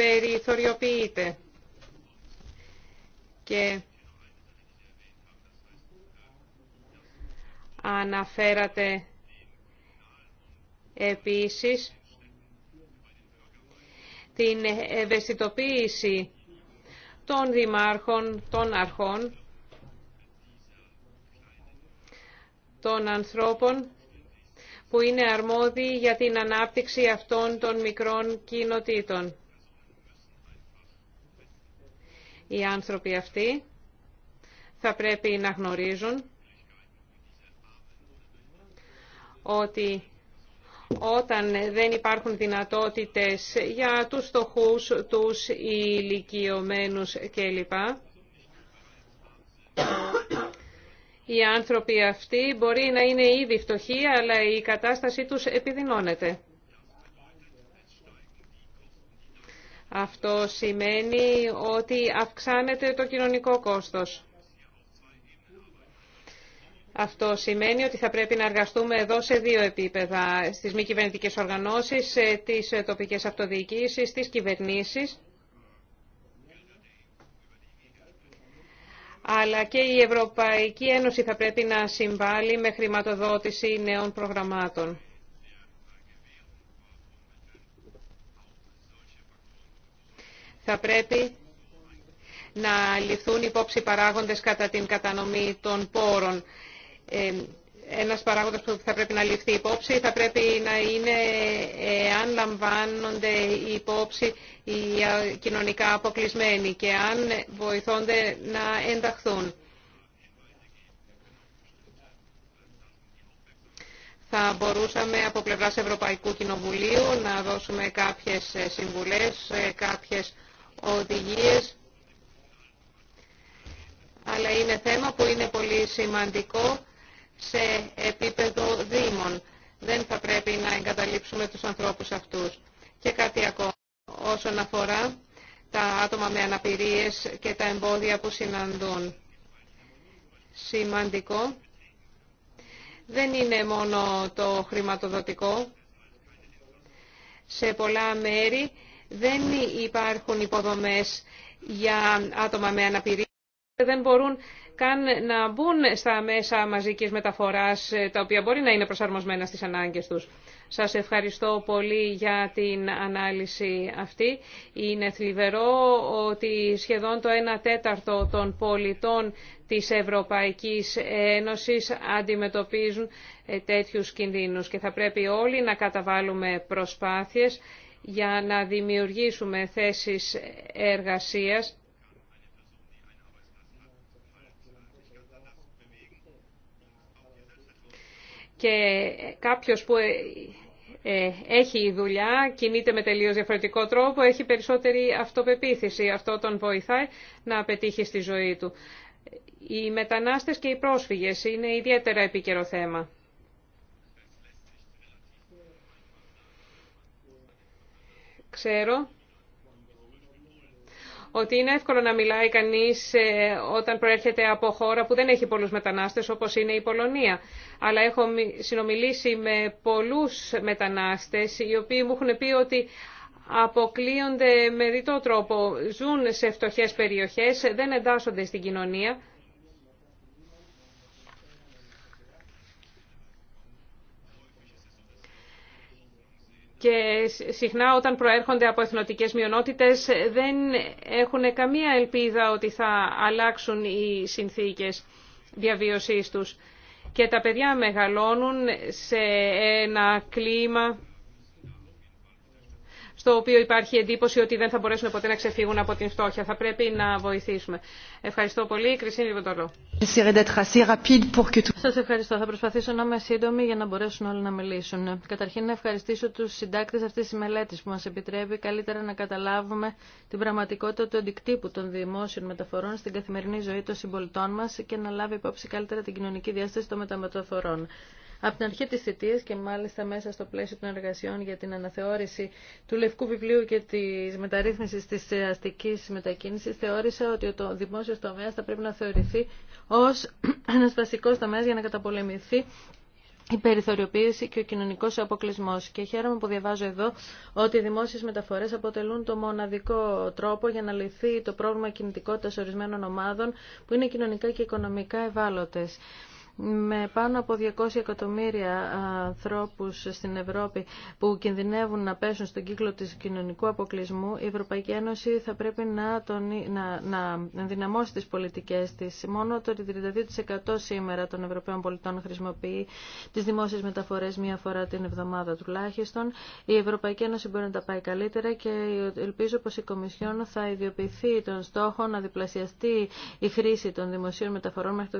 περιθωριοποιείται. Και αναφέρατε επίσης την ευαισθητοποίηση των δημάρχων, των αρχών, των ανθρώπων που είναι αρμόδιοι για την ανάπτυξη αυτών των μικρών κοινοτήτων. Οι άνθρωποι αυτοί θα πρέπει να γνωρίζουν ότι όταν δεν υπάρχουν δυνατότητες για τους στοχούς, τους ηλικιωμένους κλπ. Οι άνθρωποι αυτοί μπορεί να είναι ήδη φτωχοί, αλλά η κατάστασή τους επιδεινώνεται. Αυτό σημαίνει ότι αυξάνεται το κοινωνικό κόστος. Αυτό σημαίνει ότι θα πρέπει να εργαστούμε εδώ σε δύο επίπεδα, στις μη κυβερνητικέ οργανώσεις, τις τοπικές αυτοδιοικήσεις, τις κυβερνήσεις, αλλά και η Ευρωπαϊκή Ένωση θα πρέπει να συμβάλλει με χρηματοδότηση νέων προγραμμάτων. θα πρέπει να ληφθούν υπόψη παράγοντες κατά την κατανομή των πόρων. Ε, ένας παράγοντας που θα πρέπει να ληφθεί υπόψη θα πρέπει να είναι ε, αν λαμβάνονται υπόψη οι ε, κοινωνικά αποκλεισμένοι και αν βοηθώνται να ενταχθούν. θα μπορούσαμε από πλευράς Ευρωπαϊκού Κοινοβουλίου να δώσουμε κάποιες συμβουλές, κάποιες οδηγίες, αλλά είναι θέμα που είναι πολύ σημαντικό σε επίπεδο δήμων. Δεν θα πρέπει να εγκαταλείψουμε τους ανθρώπους αυτούς. Και κάτι ακόμα όσον αφορά τα άτομα με αναπηρίες και τα εμπόδια που συναντούν. Σημαντικό δεν είναι μόνο το χρηματοδοτικό. Σε πολλά μέρη δεν υπάρχουν υποδομές για άτομα με αναπηρία, δεν μπορούν καν να μπουν στα μέσα μαζικής μεταφοράς, τα οποία μπορεί να είναι προσαρμοσμένα στις ανάγκες τους. Σας ευχαριστώ πολύ για την ανάλυση αυτή. Είναι θλιβερό ότι σχεδόν το 1 τέταρτο των πολιτών της Ευρωπαϊκής Ένωσης αντιμετωπίζουν ε, τέτοιους κινδύνους και θα πρέπει όλοι να καταβάλουμε προσπάθειες για να δημιουργήσουμε θέσεις εργασίας. Και κάποιος που ε, ε, έχει δουλειά, κινείται με τελείως διαφορετικό τρόπο, έχει περισσότερη αυτοπεποίθηση. Αυτό τον βοηθάει να πετύχει στη ζωή του. Οι μετανάστες και οι πρόσφυγες είναι ιδιαίτερα επίκαιρο θέμα. Ξέρω ότι είναι εύκολο να μιλάει κανείς ε, όταν προέρχεται από χώρα που δεν έχει πολλούς μετανάστες όπως είναι η Πολωνία. Αλλά έχω συνομιλήσει με πολλούς μετανάστες οι οποίοι μου έχουν πει ότι αποκλείονται με διτό τρόπο, ζουν σε φτωχές περιοχές, δεν εντάσσονται στην κοινωνία και συχνά όταν προέρχονται από εθνοτικές μειονότητες δεν έχουν καμία ελπίδα ότι θα αλλάξουν οι συνθήκες διαβίωσής τους. Και τα παιδιά μεγαλώνουν σε ένα κλίμα στο οποίο υπάρχει εντύπωση ότι δεν θα μπορέσουν ποτέ να ξεφύγουν από την φτώχεια. Θα πρέπει να βοηθήσουμε. Ευχαριστώ πολύ. Κρυσίνη Βοτολό. Σα ευχαριστώ. Θα προσπαθήσω να είμαι σύντομη για να μπορέσουν όλοι να μιλήσουν. Καταρχήν να ευχαριστήσω του συντάκτες αυτής της μελέτης που μα επιτρέπει καλύτερα να καταλάβουμε την πραγματικότητα του αντικτύπου των δημόσιων μεταφορών στην καθημερινή ζωή των συμπολιτών μα και να λάβει υπόψη καλύτερα την κοινωνική διάσταση των μεταμεταφορών από την αρχή της θητείας και μάλιστα μέσα στο πλαίσιο των εργασιών για την αναθεώρηση του Λευκού Βιβλίου και της μεταρρύθμισης της αστικής μετακίνησης, θεώρησα ότι ο δημόσιο τομέας θα πρέπει να θεωρηθεί ως ένας βασικός τομέας για να καταπολεμηθεί η περιθωριοποίηση και ο κοινωνικό αποκλεισμό. Και χαίρομαι που διαβάζω εδώ ότι οι δημόσιε μεταφορέ αποτελούν το μοναδικό τρόπο για να λυθεί το πρόβλημα κινητικότητα ορισμένων ομάδων που είναι κοινωνικά και οικονομικά ευάλωτε με πάνω από 200 εκατομμύρια ανθρώπους στην Ευρώπη που κινδυνεύουν να πέσουν στον κύκλο της κοινωνικού αποκλεισμού, η Ευρωπαϊκή Ένωση θα πρέπει να, τον, να, να ενδυναμώσει τις πολιτικές της. Μόνο το 32% σήμερα των Ευρωπαίων πολιτών χρησιμοποιεί τις δημόσιες μεταφορές μία φορά την εβδομάδα τουλάχιστον. Η Ευρωπαϊκή Ένωση μπορεί να τα πάει καλύτερα και ελπίζω πως η Κομισιόν θα ιδιοποιηθεί τον στόχο να διπλασιαστεί η χρήση των δημοσίων μεταφορών μέχρι το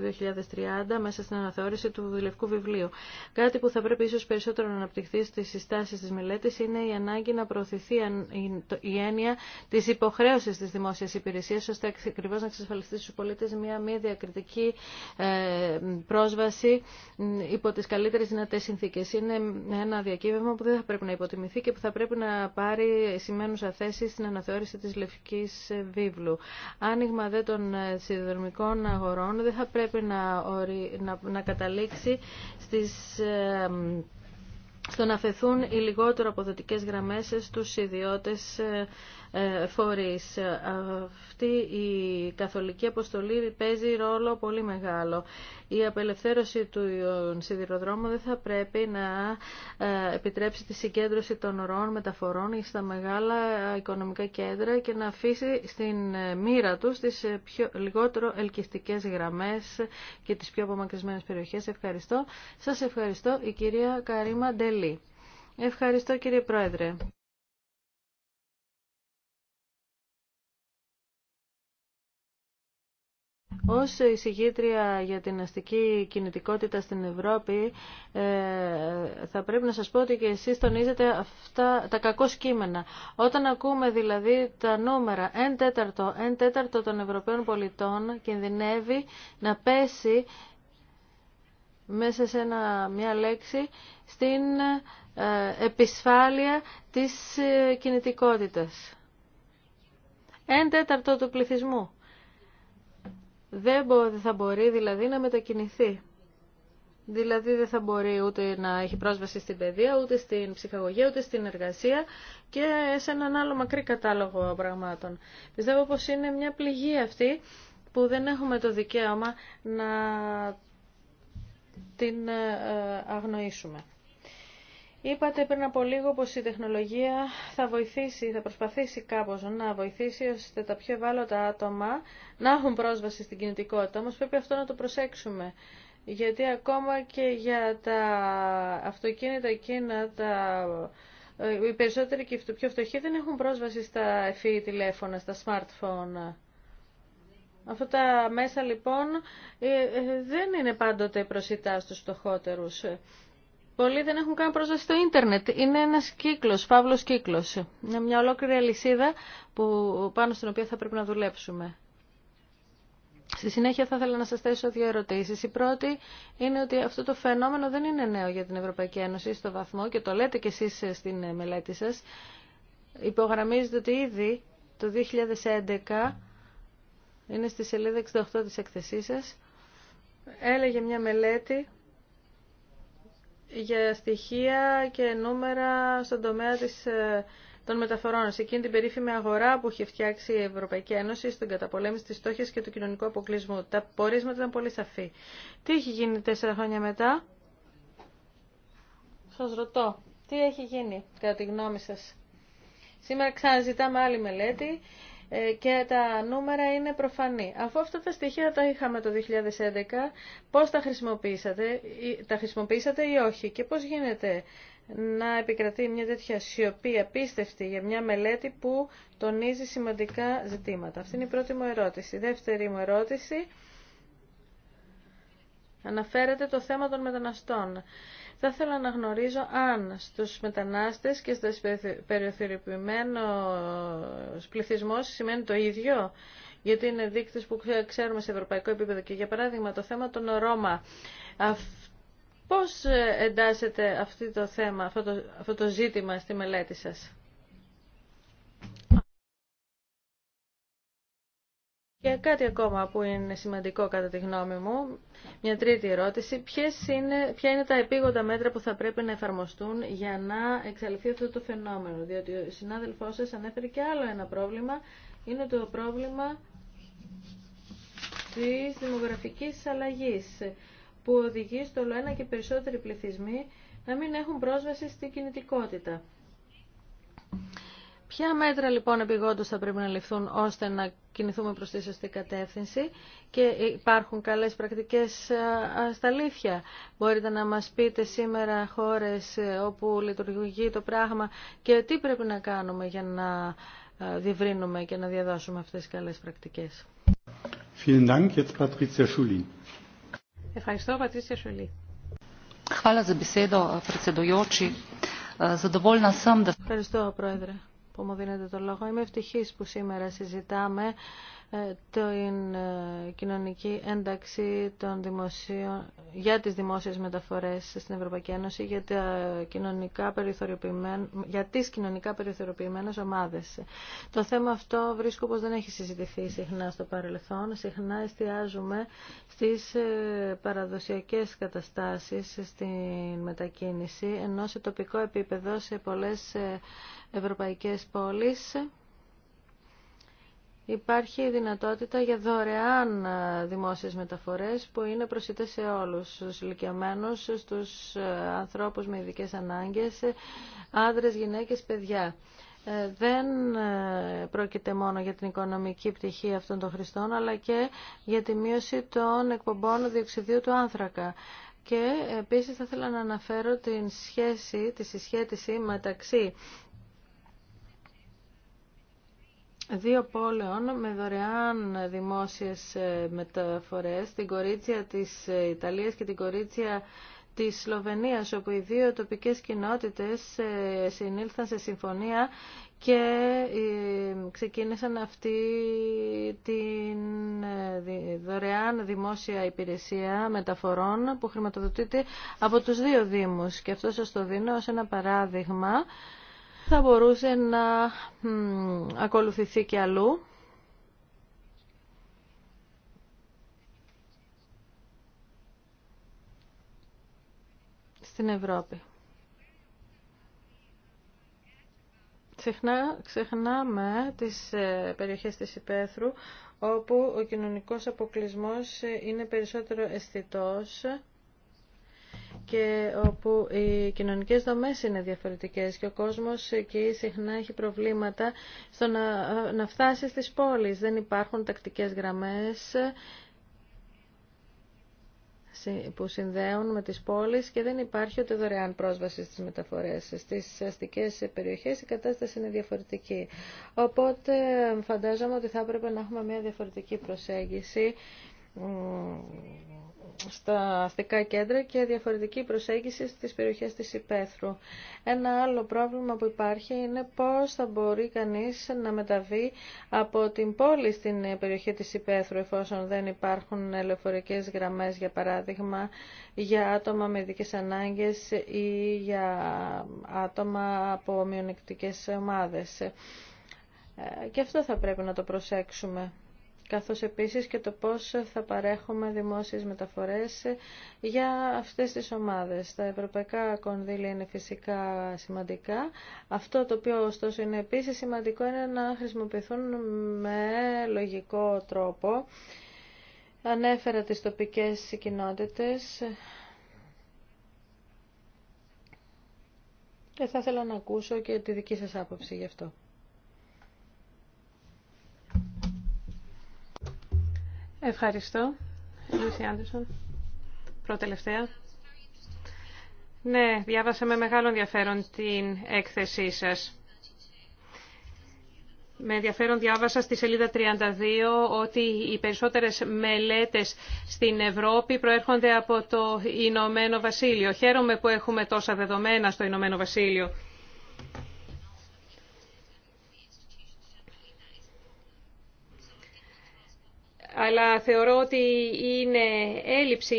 2030 μέσα στην αναθεώρηση του Λευκού Βιβλίου. Κάτι που θα πρέπει ίσω περισσότερο να αναπτυχθεί στι συστάσει τη μελέτη είναι η ανάγκη να προωθηθεί η έννοια τη υποχρέωση τη δημόσια υπηρεσία, ώστε ακριβώ να εξασφαλιστεί στους πολίτες μια μη διακριτική ε, πρόσβαση υπό τι καλύτερε δυνατές συνθήκες. Είναι ένα διακύβευμα που δεν θα πρέπει να υποτιμηθεί και που θα πρέπει να πάρει σημαίνουσα θέση στην αναθεώρηση τη Λευκή Βίβλου. Άνοιγμα δε των ε, συνδρομικών αγορών δεν θα πρέπει να, ορι... να να καταλήξει στις στο να φεθούν οι λιγότερο αποδοτικές γραμμές στους ιδιώτες ε, ε, φορείς. Ε, αυτή η καθολική αποστολή παίζει ρόλο πολύ μεγάλο. Η απελευθέρωση του σιδηροδρόμου δεν θα πρέπει να ε, επιτρέψει τη συγκέντρωση των ροών μεταφορών στα μεγάλα οικονομικά κέντρα και να αφήσει στην μοίρα τους τις πιο, λιγότερο ελκυστικές γραμμές και τις πιο απομακρυσμένες περιοχές. Ευχαριστώ. Σας ευχαριστώ η κυρία Καρίμα Ντελή. Ευχαριστώ κύριε Πρόεδρε. Ως εισηγήτρια για την αστική κινητικότητα στην Ευρώπη ε, θα πρέπει να σας πω ότι και εσείς τονίζετε αυτά τα κακό κείμενα. Όταν ακούμε δηλαδή τα νούμερα 1 τέταρτο, 1 των Ευρωπαίων πολιτών κινδυνεύει να πέσει μέσα σε μια λέξη στην ε, επισφάλεια της ε, κινητικότητας. 1 τέταρτο του πληθυσμού. Δεν θα μπορεί δηλαδή να μετακινηθεί. Δηλαδή δεν θα μπορεί ούτε να έχει πρόσβαση στην παιδεία, ούτε στην ψυχαγωγία, ούτε στην εργασία και σε έναν άλλο μακρύ κατάλογο πραγμάτων. Πιστεύω πως είναι μια πληγή αυτή που δεν έχουμε το δικαίωμα να την ε, αγνοήσουμε. Είπατε πριν από λίγο πως η τεχνολογία θα βοηθήσει, θα προσπαθήσει κάπως να βοηθήσει ώστε τα πιο ευάλωτα άτομα να έχουν πρόσβαση στην κινητικότητα. Όμως πρέπει αυτό να το προσέξουμε. Γιατί ακόμα και για τα αυτοκίνητα εκείνα, τα... Ε, οι περισσότεροι και οι πιο φτωχοί δεν έχουν πρόσβαση στα εφή τηλέφωνα, στα smartphone. Αυτά τα μέσα λοιπόν ε, ε, δεν είναι πάντοτε προσιτά στους φτωχότερους. Πολλοί δεν έχουν καν πρόσβαση στο ίντερνετ. Είναι ένας κύκλος, φαύλο κύκλος. Είναι μια ολόκληρη αλυσίδα που, πάνω στην οποία θα πρέπει να δουλέψουμε. Στη συνέχεια θα ήθελα να σας θέσω δύο ερωτήσεις. Η πρώτη είναι ότι αυτό το φαινόμενο δεν είναι νέο για την Ευρωπαϊκή Ένωση στο βαθμό και το λέτε κι εσείς στην μελέτη σας. Υπογραμμίζετε ότι ήδη το 2011 είναι στη σελίδα 68 της εκθεσή σας. Έλεγε μια μελέτη για στοιχεία και νούμερα στον τομέα της, ε, των μεταφορών. Σε εκείνη την περίφημη αγορά που έχει φτιάξει η Ευρωπαϊκή Ένωση στην καταπολέμηση της στόχης και του κοινωνικού αποκλεισμού. Τα πορίσματα ήταν πολύ σαφή. Τι έχει γίνει τέσσερα χρόνια μετά? Σας ρωτώ. Τι έχει γίνει κατά τη γνώμη σας. Σήμερα ξαναζητάμε άλλη μελέτη ε, και τα νούμερα είναι προφανή. Αφού αυτά τα στοιχεία τα είχαμε το 2011, πώς τα χρησιμοποίησατε, τα χρησιμοποίησατε ή όχι και πώς γίνεται να επικρατεί μια τέτοια σιωπή απίστευτη για μια μελέτη που τονίζει σημαντικά ζητήματα. Αυτή είναι η πρώτη μου ερώτηση. Η δεύτερη μου ερώτηση αναφέρεται το θέμα των μεταναστών. Θα ήθελα να γνωρίζω αν στους μετανάστες και στους περιοθυροποιημένους πληθυσμούς σημαίνει το ίδιο, γιατί είναι δείκτες που ξέρουμε σε ευρωπαϊκό επίπεδο. Και για παράδειγμα το θέμα των Ρώμα. Πώς εντάσσεται αυτό το θέμα, αυτό το, αυτό το ζήτημα στη μελέτη σας. Και κάτι ακόμα που είναι σημαντικό κατά τη γνώμη μου, μια τρίτη ερώτηση. είναι, ποια είναι τα επίγοντα μέτρα που θα πρέπει να εφαρμοστούν για να εξαλειφθεί αυτό το φαινόμενο. Διότι ο συνάδελφός σας ανέφερε και άλλο ένα πρόβλημα, είναι το πρόβλημα της δημογραφικής αλλαγής που οδηγεί στο ένα και περισσότεροι πληθυσμοί να μην έχουν πρόσβαση στην κινητικότητα. Ποια μέτρα λοιπόν επιγόντως θα πρέπει να ληφθούν ώστε να κινηθούμε προς τη σωστή κατεύθυνση και υπάρχουν καλές πρακτικές στα αλήθεια. Μπορείτε να μας πείτε σήμερα χώρες ε, όπου λειτουργεί το πράγμα και τι πρέπει να κάνουμε για να ε, διευρύνουμε και να διαδώσουμε αυτές τις καλές πρακτικές. Ευχαριστώ, Πατρίτσια Σουλή. Ευχαριστώ, Πρόεδρε που μου δίνετε το λόγο. Είμαι ευτυχής που σήμερα συζητάμε ε, το την ε, κοινωνική ένταξη των δημοσίων, για τις δημόσιες μεταφορές στην Ευρωπαϊκή Ένωση για, τα κοινωνικά για τις κοινωνικά περιθωριοποιημένες ομάδες. Το θέμα αυτό βρίσκω πως δεν έχει συζητηθεί συχνά στο παρελθόν. Συχνά εστιάζουμε στις ε, παραδοσιακές καταστάσεις στην μετακίνηση, ενώ σε τοπικό επίπεδο σε πολλές ευρωπαϊκές πόλεις υπάρχει η δυνατότητα για δωρεάν δημόσιες μεταφορές που είναι προσιτές σε όλους, στους ηλικιωμένους, στους ανθρώπους με ειδικές ανάγκες, ε, άντρες, γυναίκες, παιδιά. Ε, δεν ε, πρόκειται μόνο για την οικονομική πτυχή αυτών των χρηστών, αλλά και για τη μείωση των εκπομπών διοξιδίου του άνθρακα. Και επίσης θα ήθελα να αναφέρω την σχέση, τη συσχέτιση μεταξύ δύο πόλεων με δωρεάν δημόσιες ε, μεταφορές, την κορίτσια της ε, Ιταλίας και την κορίτσια της Σλοβενίας, όπου οι δύο τοπικές κοινότητες ε, συνήλθαν σε συμφωνία και ξεκίνησαν αυτή την δωρεάν δημόσια υπηρεσία μεταφορών που χρηματοδοτείται από τους δύο Δήμους. Και αυτό σας το δίνω ως ένα παράδειγμα θα μπορούσε να ακολουθηθεί και αλλού. στην Ευρώπη. Ξεχνά, ξεχνάμε τις ε, περιοχές της Υπέθρου, όπου ο κοινωνικός αποκλεισμός ε, είναι περισσότερο αισθητός και όπου οι κοινωνικές δομές είναι διαφορετικές και ο κόσμος εκεί συχνά έχει προβλήματα στο να, φτάσει στις πόλεις. Δεν υπάρχουν τακτικές γραμμές που συνδέουν με τις πόλεις και δεν υπάρχει ούτε δωρεάν πρόσβαση στις μεταφορές. Στις αστικές περιοχές η κατάσταση είναι διαφορετική. Οπότε φαντάζομαι ότι θα έπρεπε να έχουμε μια διαφορετική προσέγγιση στα αστικά κέντρα και διαφορετική προσέγγιση στις περιοχές της υπαίθρου. Ένα άλλο πρόβλημα που υπάρχει είναι πώς θα μπορεί κανείς να μεταβεί από την πόλη στην περιοχή της υπαίθρου εφόσον δεν υπάρχουν ελεφορικές γραμμές για παράδειγμα για άτομα με ειδικέ ανάγκες ή για άτομα από μειονεκτικές ομάδες. Ε, και αυτό θα πρέπει να το προσέξουμε καθώς επίσης και το πώς θα παρέχουμε δημόσιες μεταφορές για αυτές τις ομάδες. Τα ευρωπαϊκά κονδύλια είναι φυσικά σημαντικά. Αυτό το οποίο ωστόσο είναι επίσης σημαντικό είναι να χρησιμοποιηθούν με λογικό τρόπο. Ανέφερα τις τοπικές κοινότητες και θα ήθελα να ακούσω και τη δική σας άποψη γι' αυτό. Ευχαριστώ. Λούση Άντερσον. Προτελευταία. Ναι, διάβασα με μεγάλο ενδιαφέρον την έκθεσή σας. Με ενδιαφέρον διάβασα στη σελίδα 32 ότι οι περισσότερες μελέτες στην Ευρώπη προέρχονται από το Ηνωμένο Βασίλειο. Χαίρομαι που έχουμε τόσα δεδομένα στο Ηνωμένο Βασίλειο. αλλά θεωρώ ότι είναι, έλλειψη,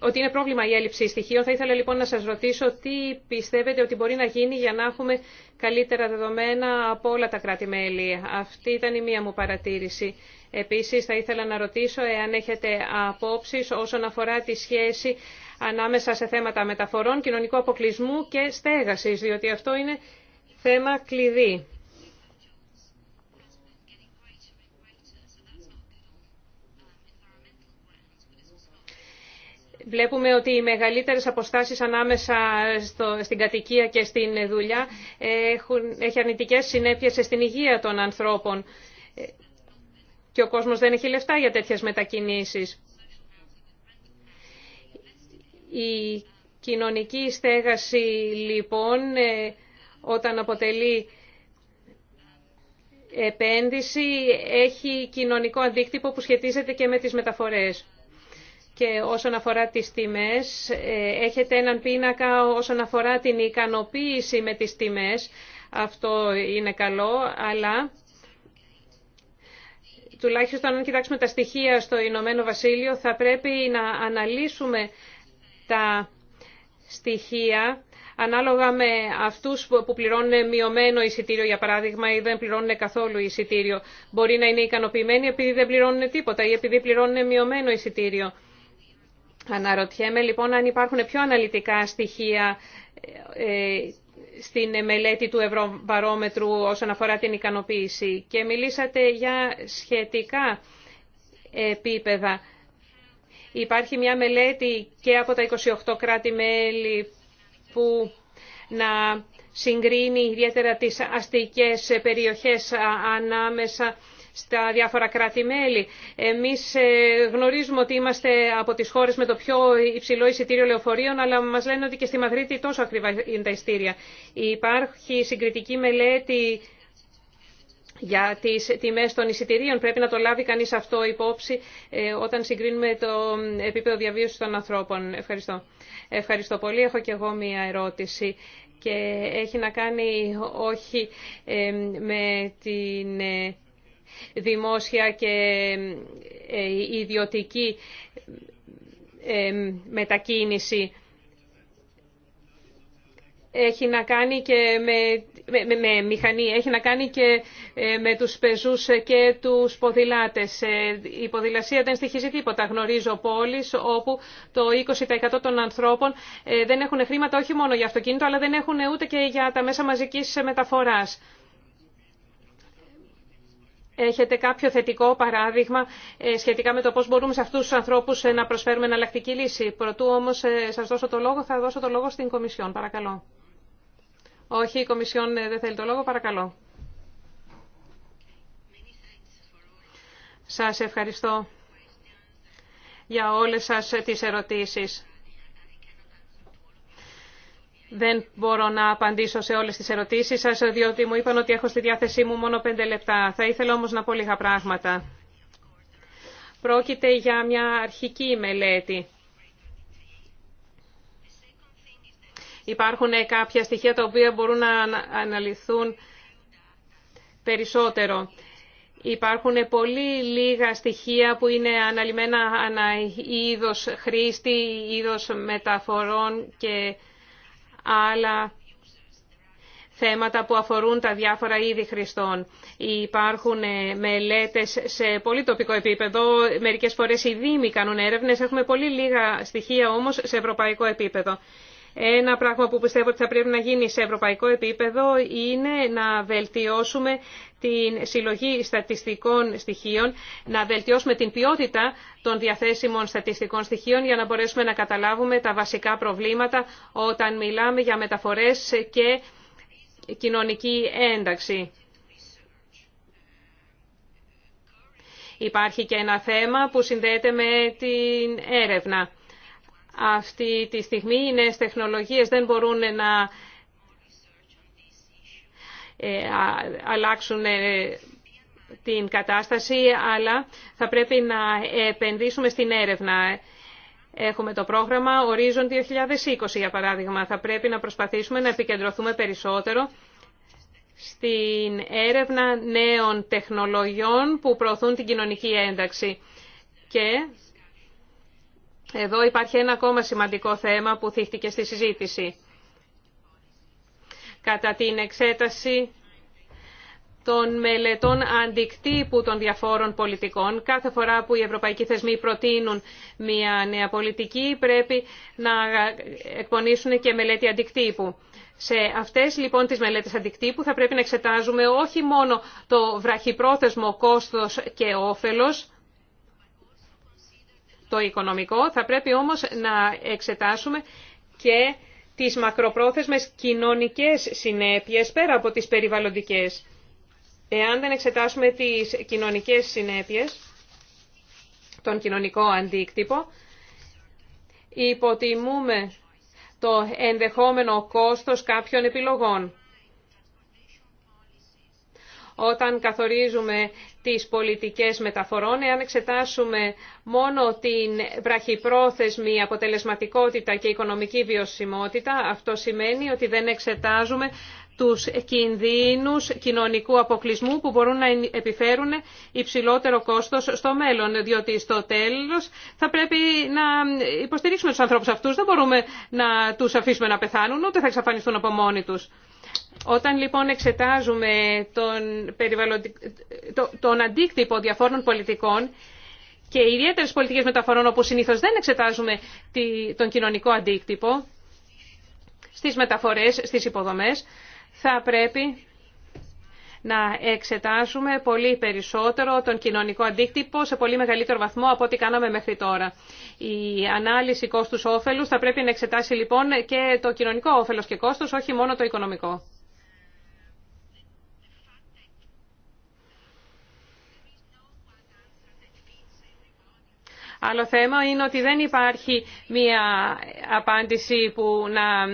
ότι είναι πρόβλημα η έλλειψη στοιχείων. Θα ήθελα λοιπόν να σας ρωτήσω τι πιστεύετε ότι μπορεί να γίνει για να έχουμε καλύτερα δεδομένα από όλα τα κράτη-μέλη. Αυτή ήταν η μία μου παρατήρηση. Επίσης θα ήθελα να ρωτήσω εάν έχετε απόψεις όσον αφορά τη σχέση ανάμεσα σε θέματα μεταφορών, κοινωνικού αποκλεισμού και στέγασης, διότι αυτό είναι θέμα κλειδί. Βλέπουμε ότι οι μεγαλύτερες αποστάσεις ανάμεσα στο, στην κατοικία και στην δουλειά έχουν, έχει αρνητικές συνέπειες στην υγεία των ανθρώπων και ο κόσμος δεν έχει λεφτά για τέτοιες μετακινήσεις. Η κοινωνική στέγαση λοιπόν ε, όταν αποτελεί επένδυση έχει κοινωνικό αντίκτυπο που σχετίζεται και με τις μεταφορές και όσον αφορά τις τιμές, ε, έχετε έναν πίνακα όσον αφορά την ικανοποίηση με τις τιμές. Αυτό είναι καλό, αλλά τουλάχιστον αν κοιτάξουμε τα στοιχεία στο Ηνωμένο Βασίλειο, θα πρέπει να αναλύσουμε τα στοιχεία ανάλογα με αυτούς που πληρώνουν μειωμένο εισιτήριο, για παράδειγμα, ή δεν πληρώνουν καθόλου εισιτήριο. Μπορεί να είναι ικανοποιημένοι επειδή δεν πληρώνουν τίποτα ή επειδή πληρώνουν μειωμένο εισιτήριο. Αναρωτιέμαι λοιπόν αν υπάρχουν πιο αναλυτικά στοιχεία ε, ε, στην μελέτη του Ευρωβαρόμετρου όσον αφορά την ικανοποίηση και μιλήσατε για σχετικά επίπεδα. Υπάρχει μια μελέτη και από τα 28 κράτη-μέλη που να συγκρίνει ιδιαίτερα τις αστικές περιοχές ανάμεσα στα διάφορα κράτη-μέλη. Εμείς ε, γνωρίζουμε ότι είμαστε από τις χώρες με το πιο υψηλό εισιτήριο λεωφορείων, αλλά μας λένε ότι και στη Μαδρίτη τόσο ακριβά είναι τα ειστήρια. Υπάρχει συγκριτική μελέτη για τις τιμές των εισιτηρίων. Πρέπει να το λάβει κανείς αυτό υπόψη ε, όταν συγκρίνουμε το επίπεδο διαβίωση των ανθρώπων. Ευχαριστώ. Ευχαριστώ πολύ. Έχω και εγώ μία ερώτηση και έχει να κάνει όχι ε, με την δημόσια και ε, ιδιωτική ε, μετακίνηση. Έχει να κάνει και με, με, με μηχανή, έχει να κάνει και ε, με τους πεζούς και τους ποδηλάτες. Η ποδηλασία δεν στοιχίζει τίποτα. Γνωρίζω πόλεις όπου το 20% των ανθρώπων δεν έχουν χρήματα όχι μόνο για αυτοκίνητο, αλλά δεν έχουν ούτε και για τα μέσα μαζικής μεταφοράς. Έχετε κάποιο θετικό παράδειγμα ε, σχετικά με το πώς μπορούμε σε αυτούς τους ανθρώπους ε, να προσφέρουμε εναλλακτική λύση. Πρωτού όμως ε, σας δώσω το λόγο, θα δώσω το λόγο στην Κομισιόν. Παρακαλώ. Όχι, η Κομισιόν δεν θέλει το λόγο. Παρακαλώ. Σας ευχαριστώ για όλες σας τις ερωτήσεις. Δεν μπορώ να απαντήσω σε όλες τις ερωτήσεις σας, διότι μου είπαν ότι έχω στη διάθεσή μου μόνο πέντε λεπτά. Θα ήθελα όμως να πω λίγα πράγματα. Πρόκειται για μια αρχική μελέτη. Υπάρχουν κάποια στοιχεία τα οποία μπορούν να αναλυθούν περισσότερο. Υπάρχουν πολύ λίγα στοιχεία που είναι αναλυμένα ανά είδος χρήστη, είδος μεταφορών και άλλα θέματα που αφορούν τα διάφορα είδη χρηστών. Υπάρχουν ε, μελέτες σε πολύ τοπικό επίπεδο, μερικές φορές οι Δήμοι κάνουν έρευνες, έχουμε πολύ λίγα στοιχεία όμως σε ευρωπαϊκό επίπεδο. Ένα πράγμα που πιστεύω ότι θα πρέπει να γίνει σε ευρωπαϊκό επίπεδο είναι να βελτιώσουμε την συλλογή στατιστικών στοιχείων, να βελτιώσουμε την ποιότητα των διαθέσιμων στατιστικών στοιχείων για να μπορέσουμε να καταλάβουμε τα βασικά προβλήματα όταν μιλάμε για μεταφορές και κοινωνική ένταξη. Υπάρχει και ένα θέμα που συνδέεται με την έρευνα. Αυτή τη στιγμή οι νέες τεχνολογίες δεν μπορούν να ε, αλλάξουν ε, την κατάσταση, αλλά θα πρέπει να επενδύσουμε στην έρευνα. Έχουμε το πρόγραμμα Horizon 2020, για παράδειγμα. Θα πρέπει να προσπαθήσουμε να επικεντρωθούμε περισσότερο στην έρευνα νέων τεχνολογιών που προωθούν την κοινωνική ένταξη. Και εδώ υπάρχει ένα ακόμα σημαντικό θέμα που θύχτηκε στη συζήτηση κατά την εξέταση των μελετών αντικτύπου των διαφόρων πολιτικών. Κάθε φορά που οι ευρωπαϊκοί θεσμοί προτείνουν μια νέα πολιτική πρέπει να εκπονήσουν και μελέτη αντικτύπου. Σε αυτές λοιπόν τις μελέτες αντικτύπου θα πρέπει να εξετάζουμε όχι μόνο το βραχυπρόθεσμο κόστος και όφελος, το οικονομικό, θα πρέπει όμως να εξετάσουμε και τις μακροπρόθεσμες κοινωνικές συνέπειες πέρα από τις περιβαλλοντικές. Εάν δεν εξετάσουμε τις κοινωνικές συνέπειες, τον κοινωνικό αντίκτυπο, υποτιμούμε το ενδεχόμενο κόστος κάποιων επιλογών όταν καθορίζουμε τις πολιτικές μεταφορών. Εάν εξετάσουμε μόνο την βραχυπρόθεσμη αποτελεσματικότητα και οικονομική βιωσιμότητα, αυτό σημαίνει ότι δεν εξετάζουμε τους κινδύνους κοινωνικού αποκλεισμού που μπορούν να επιφέρουν υψηλότερο κόστος στο μέλλον, διότι στο τέλος θα πρέπει να υποστηρίξουμε τους ανθρώπους αυτούς, δεν μπορούμε να τους αφήσουμε να πεθάνουν, ούτε θα εξαφανιστούν από μόνοι τους. Όταν λοιπόν εξετάζουμε τον, αντίκτυπο διαφόρων πολιτικών και ιδιαίτερε πολιτικές μεταφορών όπου συνήθως δεν εξετάζουμε τον κοινωνικό αντίκτυπο στις μεταφορές, στις υποδομές, θα πρέπει να εξετάσουμε πολύ περισσότερο τον κοινωνικό αντίκτυπο σε πολύ μεγαλύτερο βαθμό από ό,τι κάναμε μέχρι τώρα. Η ανάλυση κόστους όφελους θα πρέπει να εξετάσει λοιπόν και το κοινωνικό όφελος και κόστος, όχι μόνο το οικονομικό. Άλλο θέμα είναι ότι δεν υπάρχει μία απάντηση που να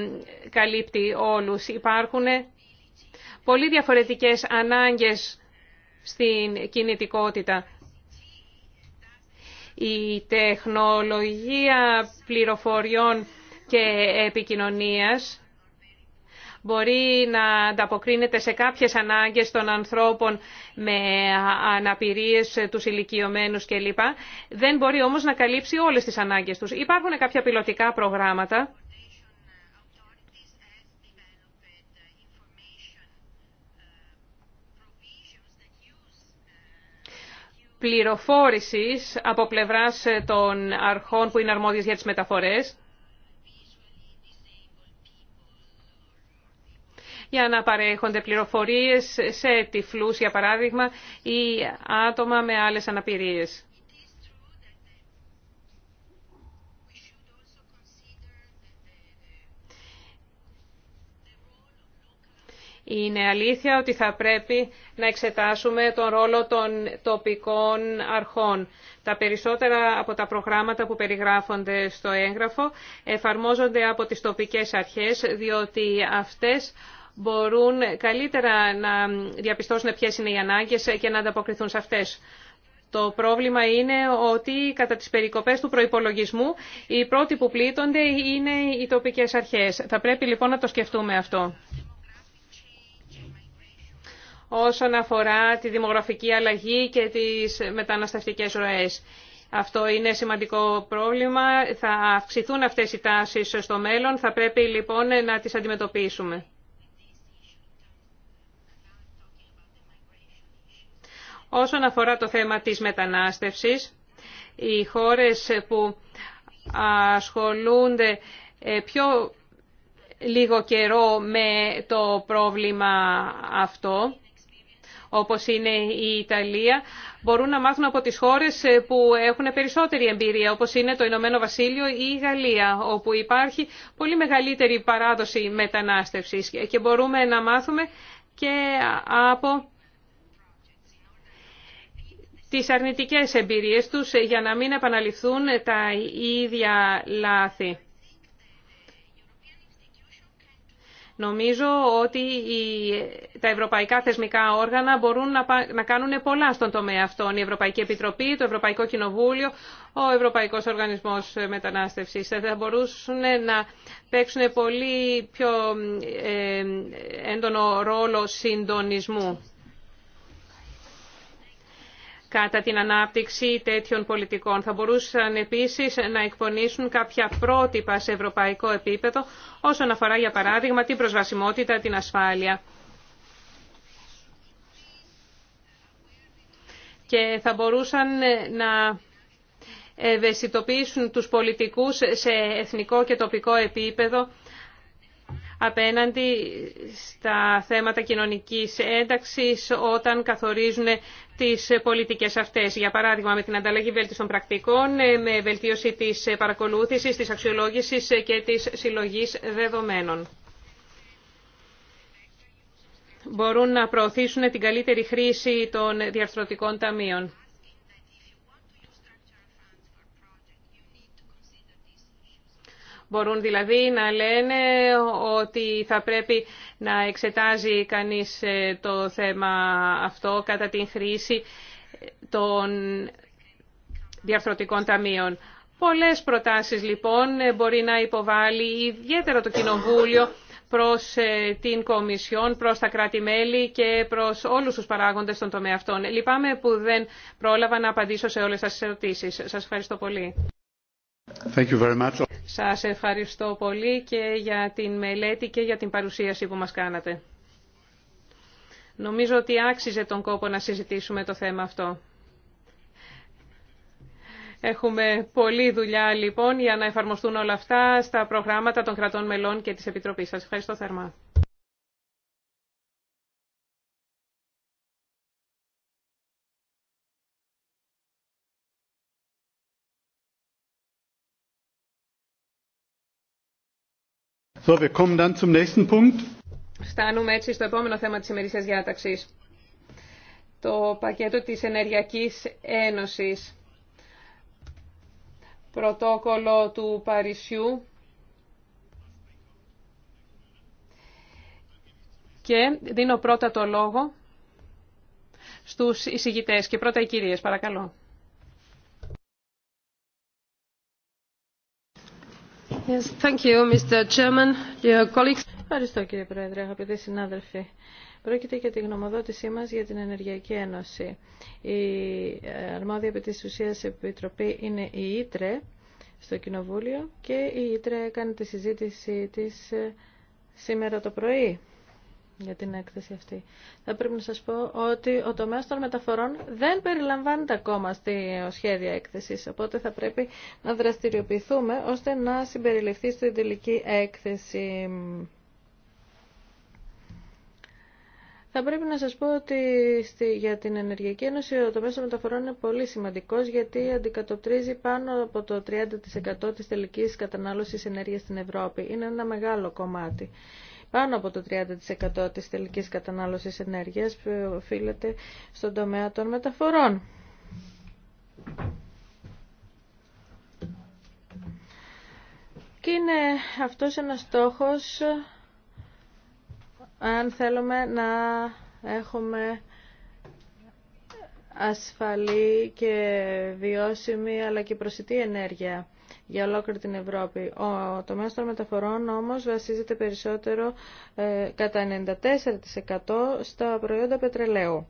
καλύπτει όλους. Υπάρχουν πολύ διαφορετικές ανάγκες στην κινητικότητα. Η τεχνολογία πληροφοριών και επικοινωνίας μπορεί να ανταποκρίνεται σε κάποιες ανάγκες των ανθρώπων με αναπηρίες, τους ηλικιωμένους κλπ. Δεν μπορεί όμως να καλύψει όλες τις ανάγκες τους. Υπάρχουν κάποια πιλωτικά προγράμματα πληροφόρησης από πλευράς ε, των αρχών που είναι αρμόδιες για τις μεταφορές για να παρέχονται πληροφορίες σε τυφλούς, για παράδειγμα, ή άτομα με άλλες αναπηρίες. Είναι αλήθεια ότι θα πρέπει να εξετάσουμε τον ρόλο των τοπικών αρχών. Τα περισσότερα από τα προγράμματα που περιγράφονται στο έγγραφο εφαρμόζονται από τις τοπικές αρχές, διότι αυτές μπορούν καλύτερα να διαπιστώσουν ποιες είναι οι ανάγκες και να ανταποκριθούν σε αυτές. Το πρόβλημα είναι ότι κατά τις περικοπές του προϋπολογισμού οι πρώτοι που πλήττονται είναι οι τοπικές αρχές. Θα πρέπει λοιπόν να το σκεφτούμε αυτό όσον αφορά τη δημογραφική αλλαγή και τις μεταναστευτικές ροές. Αυτό είναι σημαντικό πρόβλημα. Θα αυξηθούν αυτές οι τάσεις στο μέλλον. Θα πρέπει λοιπόν να τις αντιμετωπίσουμε. Όσον αφορά το θέμα της μετανάστευσης, οι χώρες που ασχολούνται ε, πιο λίγο καιρό με το πρόβλημα αυτό όπως είναι η Ιταλία, μπορούν να μάθουν από τις χώρες ε, που έχουν περισσότερη εμπειρία, όπως είναι το Ηνωμένο Βασίλειο ή η Γαλλία, όπου υπάρχει πολύ μεγαλύτερη παράδοση μετανάστευσης και μπορούμε να μάθουμε και από τις αρνητικές εμπειρίες τους ε, για να μην επαναληφθούν τα ίδια λάθη. Νομίζω ότι οι, τα ευρωπαϊκά θεσμικά όργανα μπορούν να, να κάνουν πολλά στον τομέα αυτόν. Η Ευρωπαϊκή Επιτροπή, το Ευρωπαϊκό Κοινοβούλιο, ο Ευρωπαϊκός Οργανισμός Μετανάστευσης θα μπορούσαν να παίξουν πολύ πιο ε, έντονο ρόλο συντονισμού κατά την ανάπτυξη τέτοιων πολιτικών. Θα μπορούσαν επίσης να εκπονήσουν κάποια πρότυπα σε ευρωπαϊκό επίπεδο όσον αφορά για παράδειγμα την προσβασιμότητα, την ασφάλεια. Και θα μπορούσαν να ευαισθητοποιήσουν τους πολιτικούς σε εθνικό και τοπικό επίπεδο απέναντι στα θέματα κοινωνικής ένταξης όταν καθορίζουν τις πολιτικές αυτές. Για παράδειγμα, με την ανταλλαγή των πρακτικών, με βελτίωση της παρακολούθησης, της αξιολόγησης και της συλλογής δεδομένων. Μπορούν να προωθήσουν την καλύτερη χρήση των διαρθρωτικών ταμείων. Μπορούν δηλαδή να λένε ότι θα πρέπει να εξετάζει κανείς ε, το θέμα αυτό κατά την χρήση των διαρθρωτικών ταμείων. Πολλές προτάσεις λοιπόν ε, μπορεί να υποβάλει ιδιαίτερα το Κοινοβούλιο προς ε, την Κομισιόν, προς τα κράτη-μέλη και προς όλους τους παράγοντες των τομέα αυτών. Λυπάμαι που δεν πρόλαβα να απαντήσω σε όλες τις ερωτήσεις. Σας ευχαριστώ πολύ. Thank Σας ευχαριστώ πολύ και για την μελέτη και για την παρουσίαση που μας κάνατε. Νομίζω ότι άξιζε τον κόπο να συζητήσουμε το θέμα αυτό. Έχουμε πολλή δουλειά λοιπόν για να εφαρμοστούν όλα αυτά στα προγράμματα των κρατών μελών και της Επιτροπής. Σας ευχαριστώ θερμά. So, έτσι στο επόμενο θέμα της ημερήσιας διάταξης. Το πακέτο της Ενεργειακής Ένωσης. Πρωτόκολλο του Παρισιού. Και δίνω πρώτα το λόγο στους εισηγητές και πρώτα οι κυρίες, παρακαλώ. Ευχαριστώ κύριε Πρόεδρε, αγαπητοί συνάδελφοι. Πρόκειται για τη γνωμοδότησή μας για την Ενεργειακή Ένωση. Η ε, αρμόδια επί της ουσίας επιτροπή είναι η ΙΤΡΕ στο Κοινοβούλιο και η ΙΤΡΕ έκανε τη συζήτηση της ε, σήμερα το πρωί για την έκθεση αυτή. Θα πρέπει να σας πω ότι ο τομέας των μεταφορών δεν περιλαμβάνεται ακόμα στη σχέδια έκθεσης, οπότε θα πρέπει να δραστηριοποιηθούμε ώστε να συμπεριληφθεί στην τελική έκθεση. Θα πρέπει να σας πω ότι για την Ενεργειακή Ένωση ο τομέας των μεταφορών είναι πολύ σημαντικός γιατί αντικατοπτρίζει πάνω από το 30% της τελικής κατανάλωσης ενέργειας στην Ευρώπη. Είναι ένα μεγάλο κομμάτι. Πάνω από το 30% της τελικής κατανάλωσης ενέργειας οφείλεται στον τομέα των μεταφορών. Και είναι αυτός ένας στόχος αν θέλουμε να έχουμε ασφαλή και βιώσιμη αλλά και προσιτή ενέργεια για ολόκληρη την Ευρώπη. Ο τομέας των μεταφορών όμως βασίζεται περισσότερο ε, κατά 94% στα προϊόντα πετρελαίου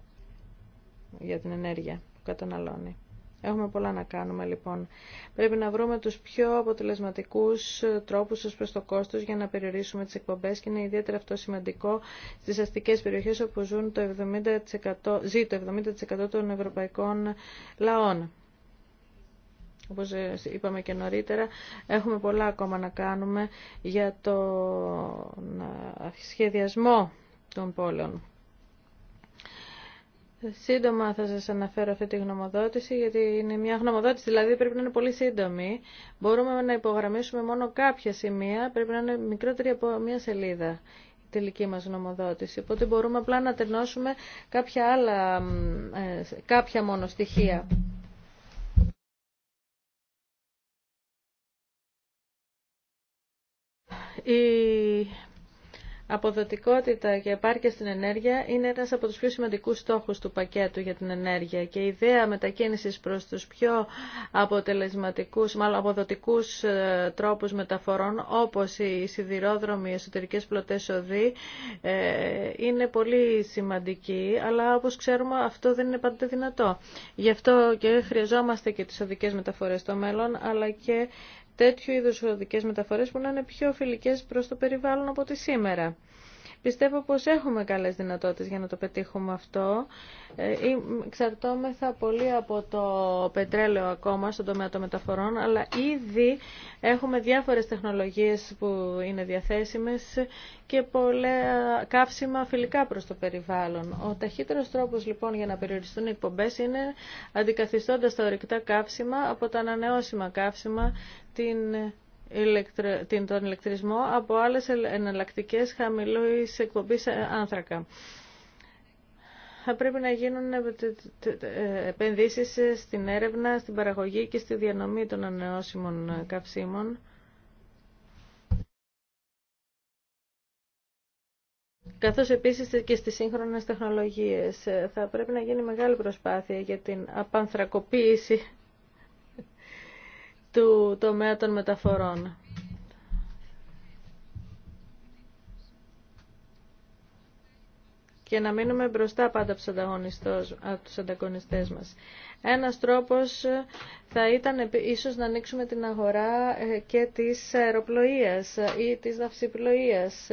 για την ενέργεια που καταναλώνει. Έχουμε πολλά να κάνουμε λοιπόν. Πρέπει να βρούμε τους πιο αποτελεσματικούς τρόπους ω προς το κόστος για να περιορίσουμε τις εκπομπές και είναι ιδιαίτερα αυτό σημαντικό στις αστικές περιοχές όπου ζουν το 70%, ζει το 70% των ευρωπαϊκών λαών. Όπως ε, είπαμε και νωρίτερα, έχουμε πολλά ακόμα να κάνουμε για το σχεδιασμό των πόλεων. Σύντομα θα σας αναφέρω αυτή τη γνωμοδότηση, γιατί είναι μια γνωμοδότηση, δηλαδή πρέπει να είναι πολύ σύντομη. Μπορούμε να υπογραμμίσουμε μόνο κάποια σημεία, πρέπει να είναι μικρότερη από μια σελίδα η τελική μας γνωμοδότηση. Οπότε μπορούμε απλά να τερνώσουμε άλλα, ε, κάποια μόνο στοιχεία. η αποδοτικότητα και επάρκεια στην ενέργεια είναι ένας από τους πιο σημαντικούς στόχους του πακέτου για την ενέργεια και η ιδέα μετακίνησης προς τους πιο αποτελεσματικούς, μάλλον αποδοτικούς ε, τρόπους μεταφορών όπως οι σιδηρόδρομοι, οι εσωτερικές πλωτές οδοί ε, είναι πολύ σημαντική αλλά όπως ξέρουμε αυτό δεν είναι πάντοτε δυνατό. Γι' αυτό και χρειαζόμαστε και τις οδικές μεταφορές στο μέλλον αλλά και τέτοιου είδους οδικές μεταφορές που να είναι πιο φιλικές προς το περιβάλλον από ό,τι σήμερα. Πιστεύω πως έχουμε καλές δυνατότητες για να το πετύχουμε αυτό. Ε, εξαρτώμεθα πολύ από το πετρέλαιο ακόμα στον τομέα των μεταφορών, αλλά ήδη έχουμε διάφορες τεχνολογίες που είναι διαθέσιμες και πολλά καύσιμα φιλικά προς το περιβάλλον. Ο ταχύτερος τρόπος λοιπόν για να περιοριστούν οι εκπομπές είναι αντικαθιστώντας τα ορυκτά καύσιμα από τα ανανεώσιμα καύσιμα, την τον ηλεκτρισμό από άλλες εναλλακτικέ χαμηλής εκπομπής ε, άνθρακα. Θα πρέπει να γίνουν ε, ε, επενδύσεις στην έρευνα, στην παραγωγή και στη διανομή των ανανεώσιμων καυσίμων. καθώς επίσης και στις σύγχρονες τεχνολογίες. Θα πρέπει να γίνει μεγάλη προσπάθεια για την απανθρακοποίηση του τομέα των μεταφορών. και να μείνουμε μπροστά πάντα από τους, από τους ανταγωνιστές μας. Ένας τρόπος ε, θα ήταν ίσως να ανοίξουμε την αγορά ε, και της αεροπλοείας ε, ή της ναυσιπλοείας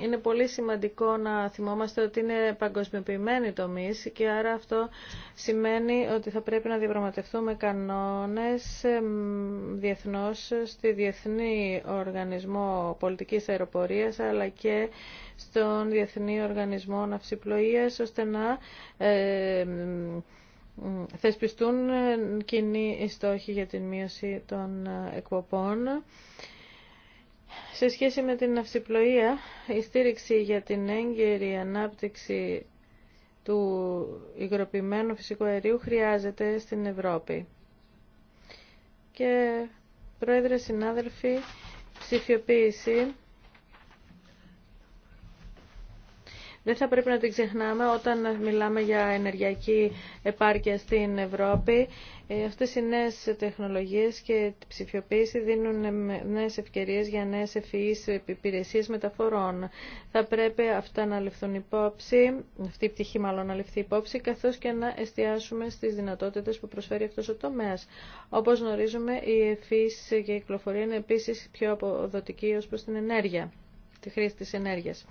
είναι πολύ σημαντικό να θυμόμαστε ότι είναι παγκοσμιοποιημένοι τομεί και άρα αυτό σημαίνει ότι θα πρέπει να διαπραγματευτούμε κανόνες ε, διεθνώς στη Διεθνή Οργανισμό Πολιτικής Αεροπορίας αλλά και στον Διεθνή Οργανισμό Ναυσιπλοείας ώστε να ε, θεσπιστούν ε, κοινοί στόχοι για την μείωση των εκπομπών σε σχέση με την αυσιπλοεία, η στήριξη για την έγκαιρη ανάπτυξη του υγροποιημένου φυσικού αερίου χρειάζεται στην Ευρώπη. Και πρόεδρε, συνάδελφοι, ψηφιοποίηση δεν θα πρέπει να την ξεχνάμε όταν μιλάμε για ενεργειακή επάρκεια στην Ευρώπη. Ε, αυτές οι νέες τεχνολογίες και τη ψηφιοποίηση δίνουν νέες ευκαιρίες για νέες ευφυείς υπηρεσίες μεταφορών. Θα πρέπει αυτά να ληφθούν υπόψη, αυτή η πτυχή μάλλον να ληφθεί υπόψη, καθώς και να εστιάσουμε στις δυνατότητες που προσφέρει αυτός ο τομέας. Όπως γνωρίζουμε, η ευφυείς και η κυκλοφορία είναι επίσης πιο αποδοτική ως προς την ενέργεια, τη χρήση της ενέργειας.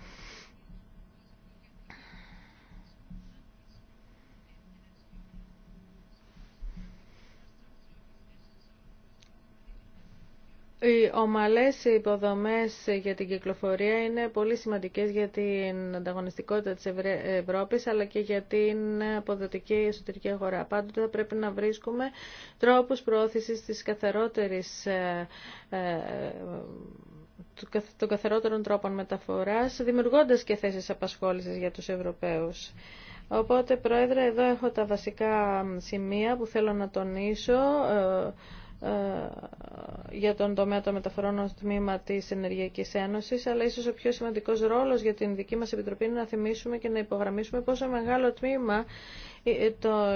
Οι ομαλές υποδομές για την κυκλοφορία είναι πολύ σημαντικές για την ανταγωνιστικότητα της Ευρώπης αλλά και για την αποδοτική εσωτερική αγορά. Πάντοτε θα πρέπει να βρίσκουμε τρόπους προώθησης της ε, ε, των καθαρότερων τρόπων μεταφοράς, δημιουργώντας και θέσεις απασχόλησης για τους Ευρωπαίους. Οπότε, Πρόεδρε, εδώ έχω τα βασικά σημεία που θέλω να τονίσω ε, ε, για τον τομέα των μεταφορών ως τμήμα της Ενεργειακής Ένωσης, αλλά ίσως ο πιο σημαντικός ρόλος για την δική μας Επιτροπή είναι να θυμίσουμε και να υπογραμμίσουμε πόσο μεγάλο τμήμα ε, ε,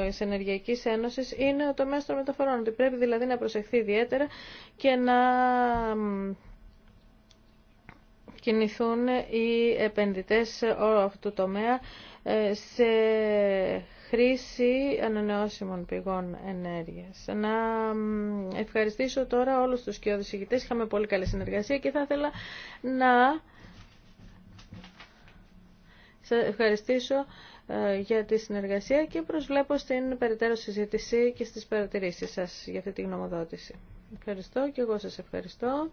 της Ενεργειακής Ένωσης είναι ο τομέας των μεταφορών, ότι πρέπει δηλαδή να προσεχθεί ιδιαίτερα και να κινηθούν οι επενδυτές όλου αυτού του τομέα σε χρήση ανανεώσιμων πηγών ενέργειας. Να ευχαριστήσω τώρα όλους τους και ηγητές. Είχαμε πολύ καλή συνεργασία και θα ήθελα να σε ευχαριστήσω ε, για τη συνεργασία και προσβλέπω στην περαιτέρω συζήτηση και στις παρατηρήσεις σας για αυτή τη γνωμοδότηση. Ευχαριστώ και εγώ σας ευχαριστώ.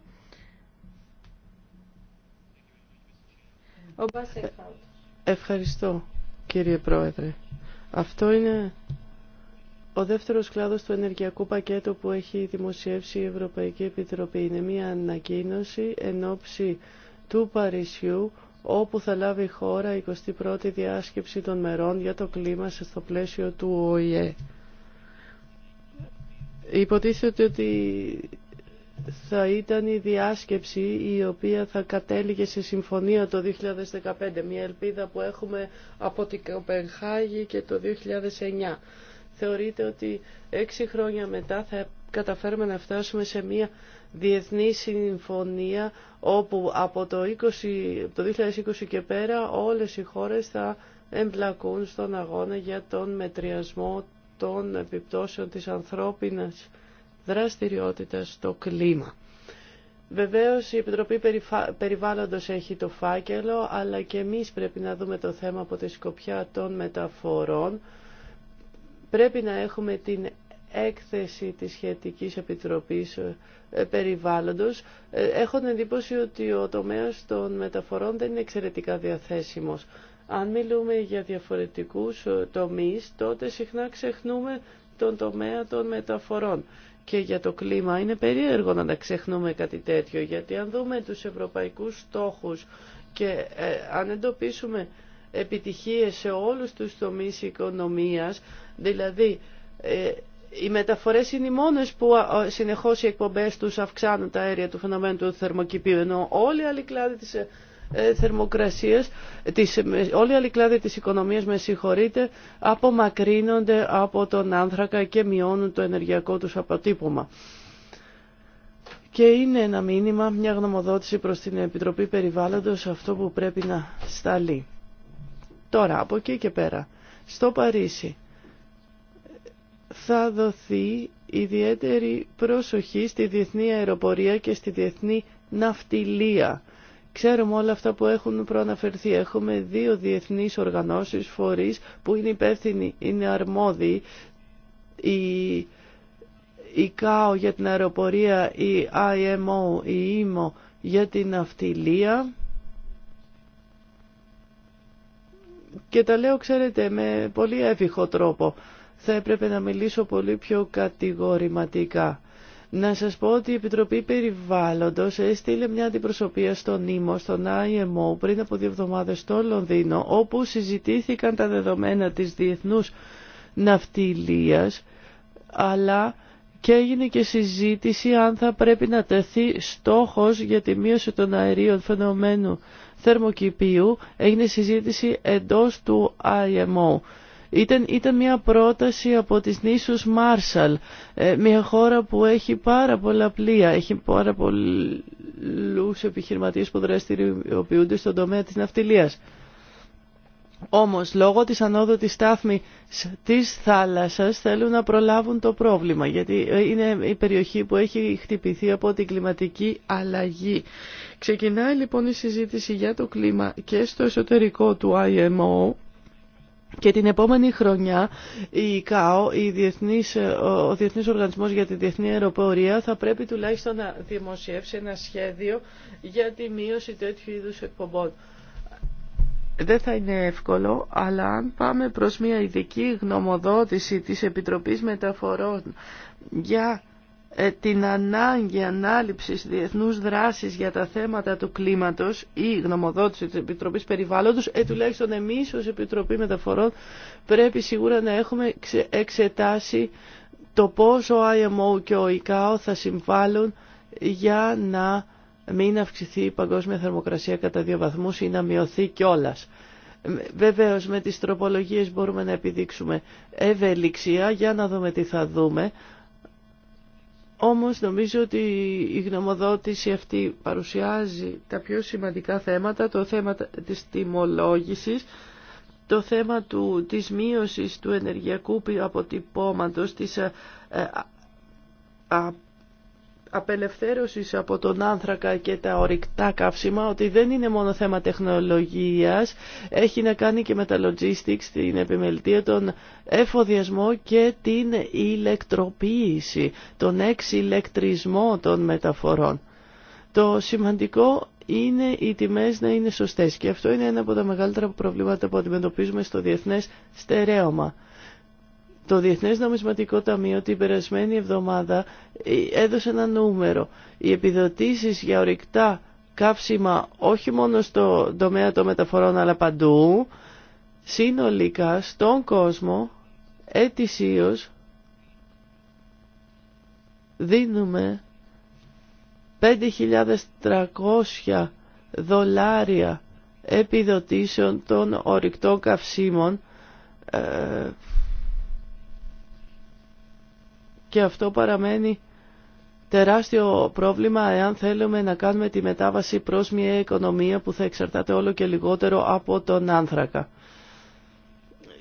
Ο Ευχαριστώ κύριε Πρόεδρε. Αυτό είναι ο δεύτερος κλάδος του ενεργειακού πακέτου που έχει δημοσιεύσει η Ευρωπαϊκή Επιτροπή. Είναι μια ανακοίνωση εν ώψη του Παρισιού όπου θα λάβει η χώρα η 21η διάσκεψη των μερών για το κλίμα στο πλαίσιο του ΟΗΕ. Υποτίθεται ότι θα ήταν η διάσκεψη η οποία θα κατέληγε σε συμφωνία το 2015, μια ελπίδα που έχουμε από την Κοπενχάγη και το 2009. Θεωρείται ότι έξι χρόνια μετά θα καταφέρουμε να φτάσουμε σε μια διεθνή συμφωνία όπου από το, 20, το 2020 και πέρα όλες οι χώρες θα εμπλακούν στον αγώνα για τον μετριασμό των επιπτώσεων της ανθρώπινας δραστηριότητα στο κλίμα. Βεβαίως η Επιτροπή Περιβάλλοντος έχει το φάκελο, αλλά και εμείς πρέπει να δούμε το θέμα από τη σκοπιά των μεταφορών. Πρέπει να έχουμε την έκθεση της σχετικής Επιτροπής ε, Περιβάλλοντος. Ε, έχω την εντύπωση ότι ο τομέας των μεταφορών δεν είναι εξαιρετικά διαθέσιμος. Αν μιλούμε για διαφορετικούς ε, τομείς, τότε συχνά ξεχνούμε τον τομέα των μεταφορών και για το κλίμα. Είναι περίεργο να τα ξεχνούμε κάτι τέτοιο, γιατί αν δούμε τους ευρωπαϊκούς στόχους και ε, αν εντοπίσουμε επιτυχίες σε όλους τους τομείς οικονομίας, δηλαδή ε, οι μεταφορές είναι οι μόνες που συνεχώς οι εκπομπές τους αυξάνουν τα αέρια του φαινομένου του θερμοκηπίου, ενώ όλοι οι άλλοι κλάδοι της ε, ε, θερμοκρασίας. Ε, όλοι οι άλλοι κλάδοι της οικονομίας, με συγχωρείτε, απομακρύνονται από τον άνθρακα και μειώνουν το ενεργειακό τους αποτύπωμα. Και είναι ένα μήνυμα, μια γνωμοδότηση προς την Επιτροπή Περιβάλλοντος, αυτό που πρέπει να σταλεί. Τώρα, από εκεί και πέρα, στο Παρίσι θα δοθεί ιδιαίτερη προσοχή στη διεθνή αεροπορία και στη διεθνή ναυτιλία. Ξέρουμε όλα αυτά που έχουν προαναφερθεί. Έχουμε δύο διεθνείς οργανώσεις, φορείς που είναι υπεύθυνοι, είναι αρμόδιοι. Η, η ΚΑΟ για την αεροπορία, η IMO, η ΙΜΟ για την αυτιλία. Και τα λέω, ξέρετε, με πολύ εύηχο τρόπο. Θα έπρεπε να μιλήσω πολύ πιο κατηγορηματικά. Να σας πω ότι η Επιτροπή Περιβάλλοντος έστειλε μια αντιπροσωπεία στον ΙΜΟ, στον IMO, πριν από δύο εβδομάδες στο Λονδίνο, όπου συζητήθηκαν τα δεδομένα της διεθνούς ναυτιλίας, αλλά και έγινε και συζήτηση αν θα πρέπει να τεθεί στόχος για τη μείωση των αερίων φαινομένου θερμοκηπίου. Έγινε συζήτηση εντός του IMO. Ήταν, ήταν μια πρόταση από τις νήσους Μάρσαλ, ε, μια χώρα που έχει πάρα πολλά πλοία, έχει πάρα πολλούς επιχειρηματίες που δραστηριοποιούνται στον τομέα της ναυτιλίας. Όμως, λόγω της ανόδου της στάθμης της θάλασσας θέλουν να προλάβουν το πρόβλημα, γιατί ε, είναι η περιοχή που έχει χτυπηθεί από την κλιματική αλλαγή. Ξεκινάει λοιπόν η συζήτηση για το κλίμα και στο εσωτερικό του IMO, και την επόμενη χρονιά η ΚΑΟ, η Διεθνής, ε, ο Διεθνής Οργανισμός για τη Διεθνή Αεροπορία, θα πρέπει τουλάχιστον να δημοσιεύσει ένα σχέδιο για τη μείωση τέτοιου είδους εκπομπών. Δεν θα είναι εύκολο, αλλά αν πάμε προς μια ειδική γνωμοδότηση της Επιτροπής Μεταφορών για ε, την ανάγκη ανάληψης διεθνούς δράσης για τα θέματα του κλίματος ή γνωμοδότηση της Επιτροπής Περιβάλλοντος, ε, τουλάχιστον εμείς ως Επιτροπή Μεταφορών πρέπει σίγουρα να έχουμε εξετάσει το πώς ο IMO και ο ICAO θα συμβάλλουν για να μην αυξηθεί η παγκόσμια θερμοκρασία κατά δύο βαθμούς ή να μειωθεί κιόλα. Ε, βεβαίως με τις τροπολογίες μπορούμε να επιδείξουμε ευελιξία για να δούμε τι θα δούμε. Όμως νομίζω ότι η γνωμοδότηση αυτή παρουσιάζει τα πιο σημαντικά θέματα, το θέμα της τιμολόγησης, το θέμα του, της μείωσης του ενεργειακού αποτυπώματος, της ε, ε, απελευθέρωσης από τον άνθρακα και τα ορυκτά καύσιμα ότι δεν είναι μόνο θέμα τεχνολογίας, έχει να κάνει και με τα logistics, την επιμελητία, τον εφοδιασμό και την ηλεκτροποίηση, τον εξηλεκτρισμό των μεταφορών. Το σημαντικό είναι οι τιμές να είναι σωστές και αυτό είναι ένα από τα μεγαλύτερα προβλήματα που αντιμετωπίζουμε στο διεθνές στερέωμα. Το Διεθνές Νομισματικό Ταμείο την περασμένη εβδομάδα ε, έδωσε ένα νούμερο. Οι επιδοτήσεις για ορυκτά καύσιμα όχι μόνο στο τομέα των μεταφορών αλλά παντού, συνολικά στον κόσμο ετησίως δίνουμε 5.300 δολάρια επιδοτήσεων των ορυκτών καυσίμων ε, και αυτό παραμένει τεράστιο πρόβλημα εάν θέλουμε να κάνουμε τη μετάβαση προς μια οικονομία που θα εξαρτάται όλο και λιγότερο από τον άνθρακα.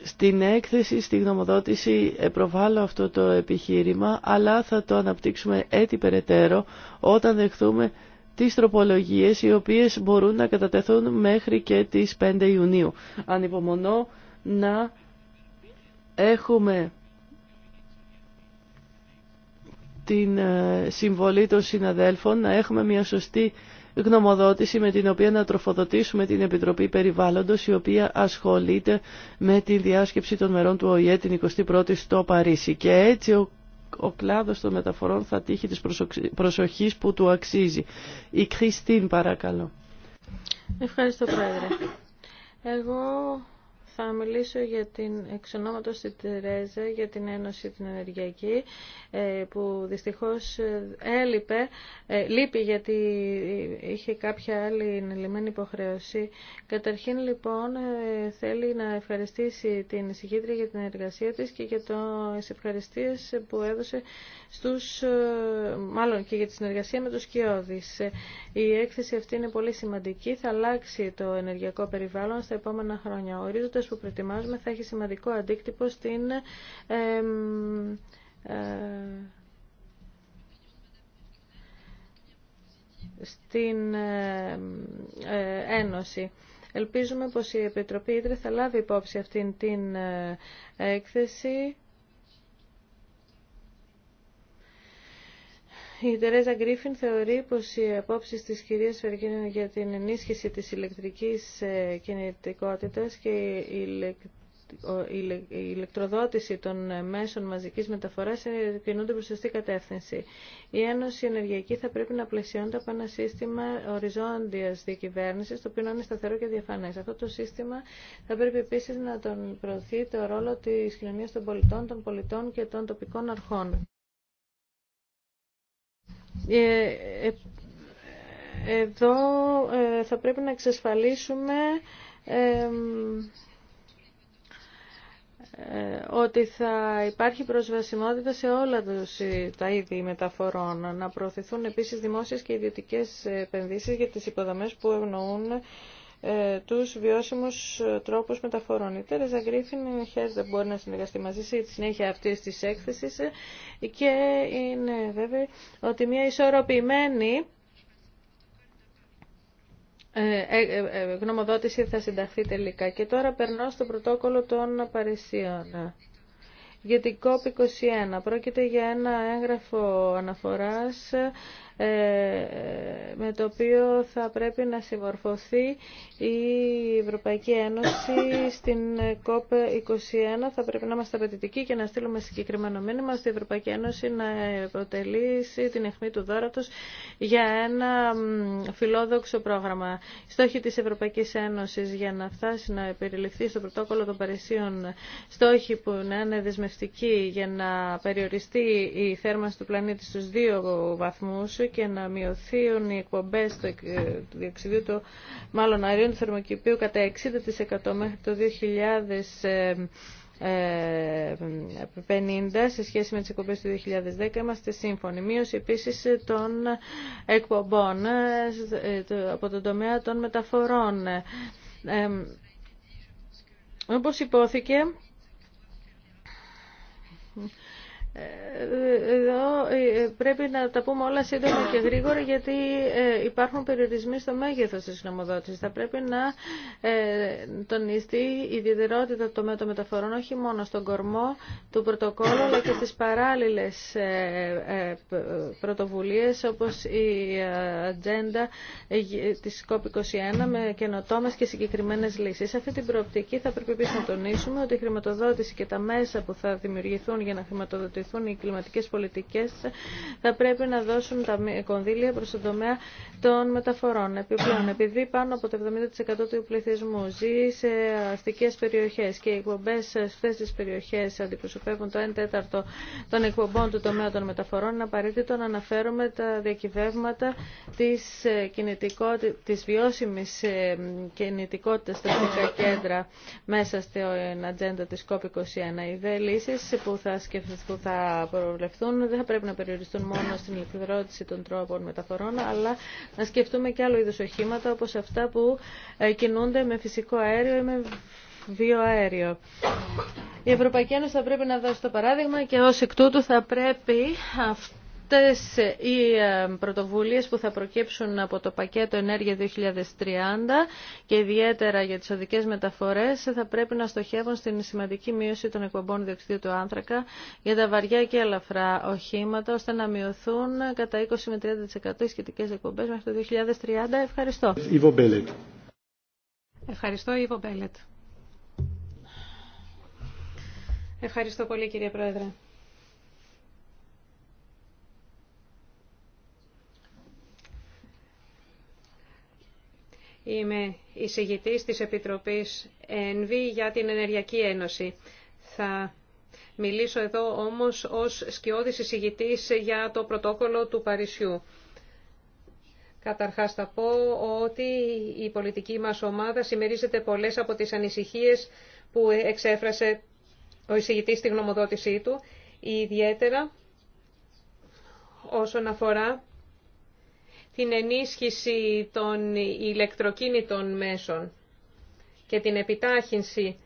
Στην έκθεση, στη γνωμοδότηση προβάλλω αυτό το επιχείρημα, αλλά θα το αναπτύξουμε έτσι περαιτέρω όταν δεχθούμε τις τροπολογίες οι οποίες μπορούν να κατατεθούν μέχρι και τις 5 Ιουνίου. Ανυπομονώ να έχουμε την ε, συμβολή των συναδέλφων να έχουμε μια σωστή γνωμοδότηση με την οποία να τροφοδοτήσουμε την Επιτροπή Περιβάλλοντος η οποία ασχολείται με τη διάσκεψη των μερών του ΟΗΕ την 21η στο Παρίσι. Και έτσι ο, ο κλάδος των μεταφορών θα τύχει της προσοχής που του αξίζει. Η Κριστίν παρακαλώ. Ευχαριστώ Πρόεδρε. Εγώ θα μιλήσω για την εξονόματο στη Τερέζα για την Ένωση την Ενεργειακή ε, που δυστυχώς ε, έλειπε, ε, λείπει γιατί είχε κάποια άλλη ενελειμμένη υποχρέωση. Καταρχήν λοιπόν θέλει να ευχαριστήσει την εισηγήτρια για την εργασία της και για το ευχαριστίες που έδωσε στους, μάλλον και για τη συνεργασία με τους Κιώδης. Η έκθεση αυτή είναι πολύ σημαντική, θα αλλάξει το ενεργειακό περιβάλλον στα επόμενα χρόνια. Ορίζοντα που προετοιμάζουμε θα έχει σημαντικό αντίκτυπο στην ε, στην ε, Ένωση. Ελπίζουμε πως η Επιτροπή Ήτρε θα λάβει υπόψη αυτήν την ε, έκθεση Η Τερέζα Γκρίφιν θεωρεί πως οι απόψεις της κυρίας Φεργίνου για την ενίσχυση της ηλεκτρικής ε, κινητικότητας και η ηλεκτροδότηση των ε, μέσων μαζικής μεταφοράς κινούνται προς σωστή κατεύθυνση. Η Ένωση Ενεργειακή θα πρέπει να πλαισιώνεται από ένα σύστημα οριζόντιας διακυβέρνησης, το οποίο είναι σταθερό και διαφανές. Αυτό το σύστημα θα πρέπει επίσης να τον προωθεί το ρόλο της κοινωνίας των πολιτών, των πολιτών και των τοπικών αρχών. Ε, ε, εδώ ε, θα πρέπει να εξασφαλίσουμε ότι θα υπάρχει προσβασιμότητα σε όλα τα είδη μεταφορών. Να προωθηθούν επίσης δημόσιες και ιδιωτικές επενδύσεις για τις υποδομές που ευνοούν ε, τους βιώσιμους ε, τρόπους μεταφορών. Η Τέρεζα Γκρίφιν ε, μπορεί να συνεργαστεί μαζί σε τη συνέχεια αυτής της έκθεσης και είναι βέβαιη ότι μια ισορροπημένη γνωμοδότηση θα συνταχθεί τελικά. Και τώρα περνώ στο πρωτόκολλο των Παρισίων. Για την COP21 πρόκειται για ένα έγγραφο αναφοράς ε, με το οποίο θα πρέπει να συμμορφωθεί η Ευρωπαϊκή Ένωση στην COP21. Θα πρέπει να είμαστε απαιτητικοί και να στείλουμε συγκεκριμένο μήνυμα στη Ευρωπαϊκή Ένωση να αποτελήσει την αιχμή του δόρατος για ένα φιλόδοξο πρόγραμμα. στόχοι της Ευρωπαϊκής Ένωσης για να φτάσει να περιληφθεί στο πρωτόκολλο των Παρισίων στόχοι που να είναι δεσμευτικοί για να περιοριστεί η θέρμανση του πλανήτη στους δύο βαθμούς και να μειωθούν οι εκπομπέ του διοξιδίου του μάλλον αερίων του θερμοκηπίου κατά 60% μέχρι το 2050 ε, ε, σε σχέση με τις εκπομπέ του 2010 είμαστε σύμφωνοι. Μείωση επίσης των εκπομπών ε, από τον τομέα των μεταφορών. Όπως υπόθηκε, Ε, εδώ ε, πρέπει να τα πούμε όλα σύντομα και γρήγορα γιατί ε, υπάρχουν περιορισμοί στο μέγεθος της νομοδότησης. Θα πρέπει να τονιστεί η ιδιαιτερότητα των μεταφορών όχι μόνο στον κορμό του πρωτοκόλλου αλλά και στις παράλληλες πρωτοβουλίες όπως η ατζέντα της COP21 με καινοτόμες και συγκεκριμένες λύσεις. Σε αυτή την προοπτική θα πρέπει επίσης να τονίσουμε ότι η χρηματοδότηση και τα μέσα που θα δημιουργηθούν για να χρηματοδοτηθούν οι κλιματικέ πολιτικέ, θα πρέπει να δώσουν τα κονδύλια προ τον τομέα των μεταφορών. Επιπλέον, επειδή πάνω από το 70% του πληθυσμού ζει σε αστικές περιοχές και οι εκπομπέ σε αυτές τι περιοχές αντιπροσωπεύουν το 1 τέταρτο των εκπομπών του τομέα των μεταφορών, είναι απαραίτητο να αναφέρουμε τα διακυβεύματα της, ε, κινητικότητα, της βιώσιμης ε, κινητικότητας στα αστικά κέντρα μέσα στην ατζέντα τη COP21. Οι δε που θα προβλεφθούν δεν θα πρέπει να περιοριστούν μόνο στην ηλεκτροδότηση των τρόπων μεταφορών, αλλά να σκεφτούμε και άλλο είδου οχήματα, όπως αυτά που ε, κινούνται με φυσικό αέριο ή με βιοαέριο. Η Ευρωπαϊκή Ένωση θα πρέπει να δώσει το παράδειγμα και ω εκ τούτου θα πρέπει αυτό Αυτές οι ε, πρωτοβουλίες που θα προκύψουν από το πακέτο Ενέργεια 2030 και ιδιαίτερα για τις οδικές μεταφορές θα πρέπει να στοχεύουν στην σημαντική μείωση των εκπομπών διοξιδίου του άνθρακα για τα βαριά και ελαφρά οχήματα ώστε να μειωθούν κατά 20 με 30% οι σχετικές εκπομπές μέχρι το 2030. Ευχαριστώ. Ευχαριστώ Ιβο Μπέλετ. Ευχαριστώ πολύ κύριε Πρόεδρε. Είμαι εισηγητής της Επιτροπής ΕΝΒΗ για την Ενεργειακή Ένωση. Θα μιλήσω εδώ όμως ως σκιώδης εισηγητής για το πρωτόκολλο του Παρισιού. Καταρχάς θα πω ότι η πολιτική μας ομάδα συμμερίζεται πολλές από τις ανησυχίες που εξέφρασε ο εισηγητής στη γνωμοδότησή του, ιδιαίτερα όσον αφορά την ενίσχυση των ηλεκτροκίνητων μέσων και την επιτάχυνση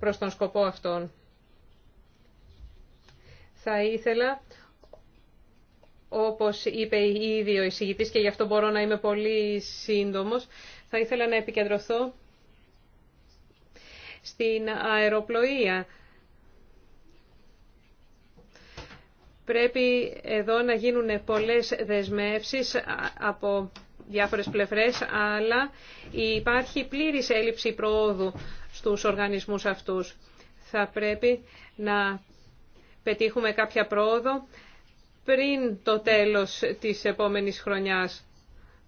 προς τον σκοπό αυτόν. Θα ήθελα, όπως είπε ήδη ο εισηγητής και γι' αυτό μπορώ να είμαι πολύ σύντομος, θα ήθελα να επικεντρωθώ στην αεροπλοεία Πρέπει εδώ να γίνουν πολλές δεσμεύσεις από διάφορες πλευρές, αλλά υπάρχει πλήρης έλλειψη προόδου στους οργανισμούς αυτούς. Θα πρέπει να πετύχουμε κάποια πρόοδο πριν το τέλος της επόμενης χρονιάς,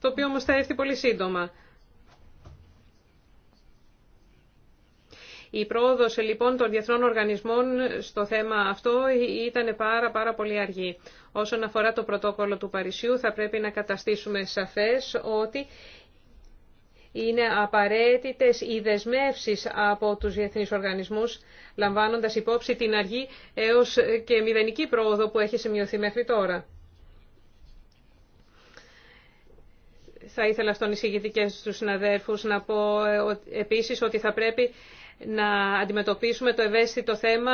το οποίο όμως θα έρθει πολύ σύντομα. Η πρόοδος λοιπόν των διεθνών οργανισμών στο θέμα αυτό ήταν πάρα, πάρα πολύ αργή. Όσον αφορά το πρωτόκολλο του Παρισιού θα πρέπει να καταστήσουμε σαφές ότι είναι απαραίτητες οι δεσμεύσεις από τους διεθνείς οργανισμούς, λαμβάνοντας υπόψη την αργή έως και μηδενική πρόοδο που έχει σημειωθεί μέχρι τώρα. Θα ήθελα στον και του συναδέρφους να πω ε, επίσης ότι θα πρέπει να αντιμετωπίσουμε το ευαίσθητο θέμα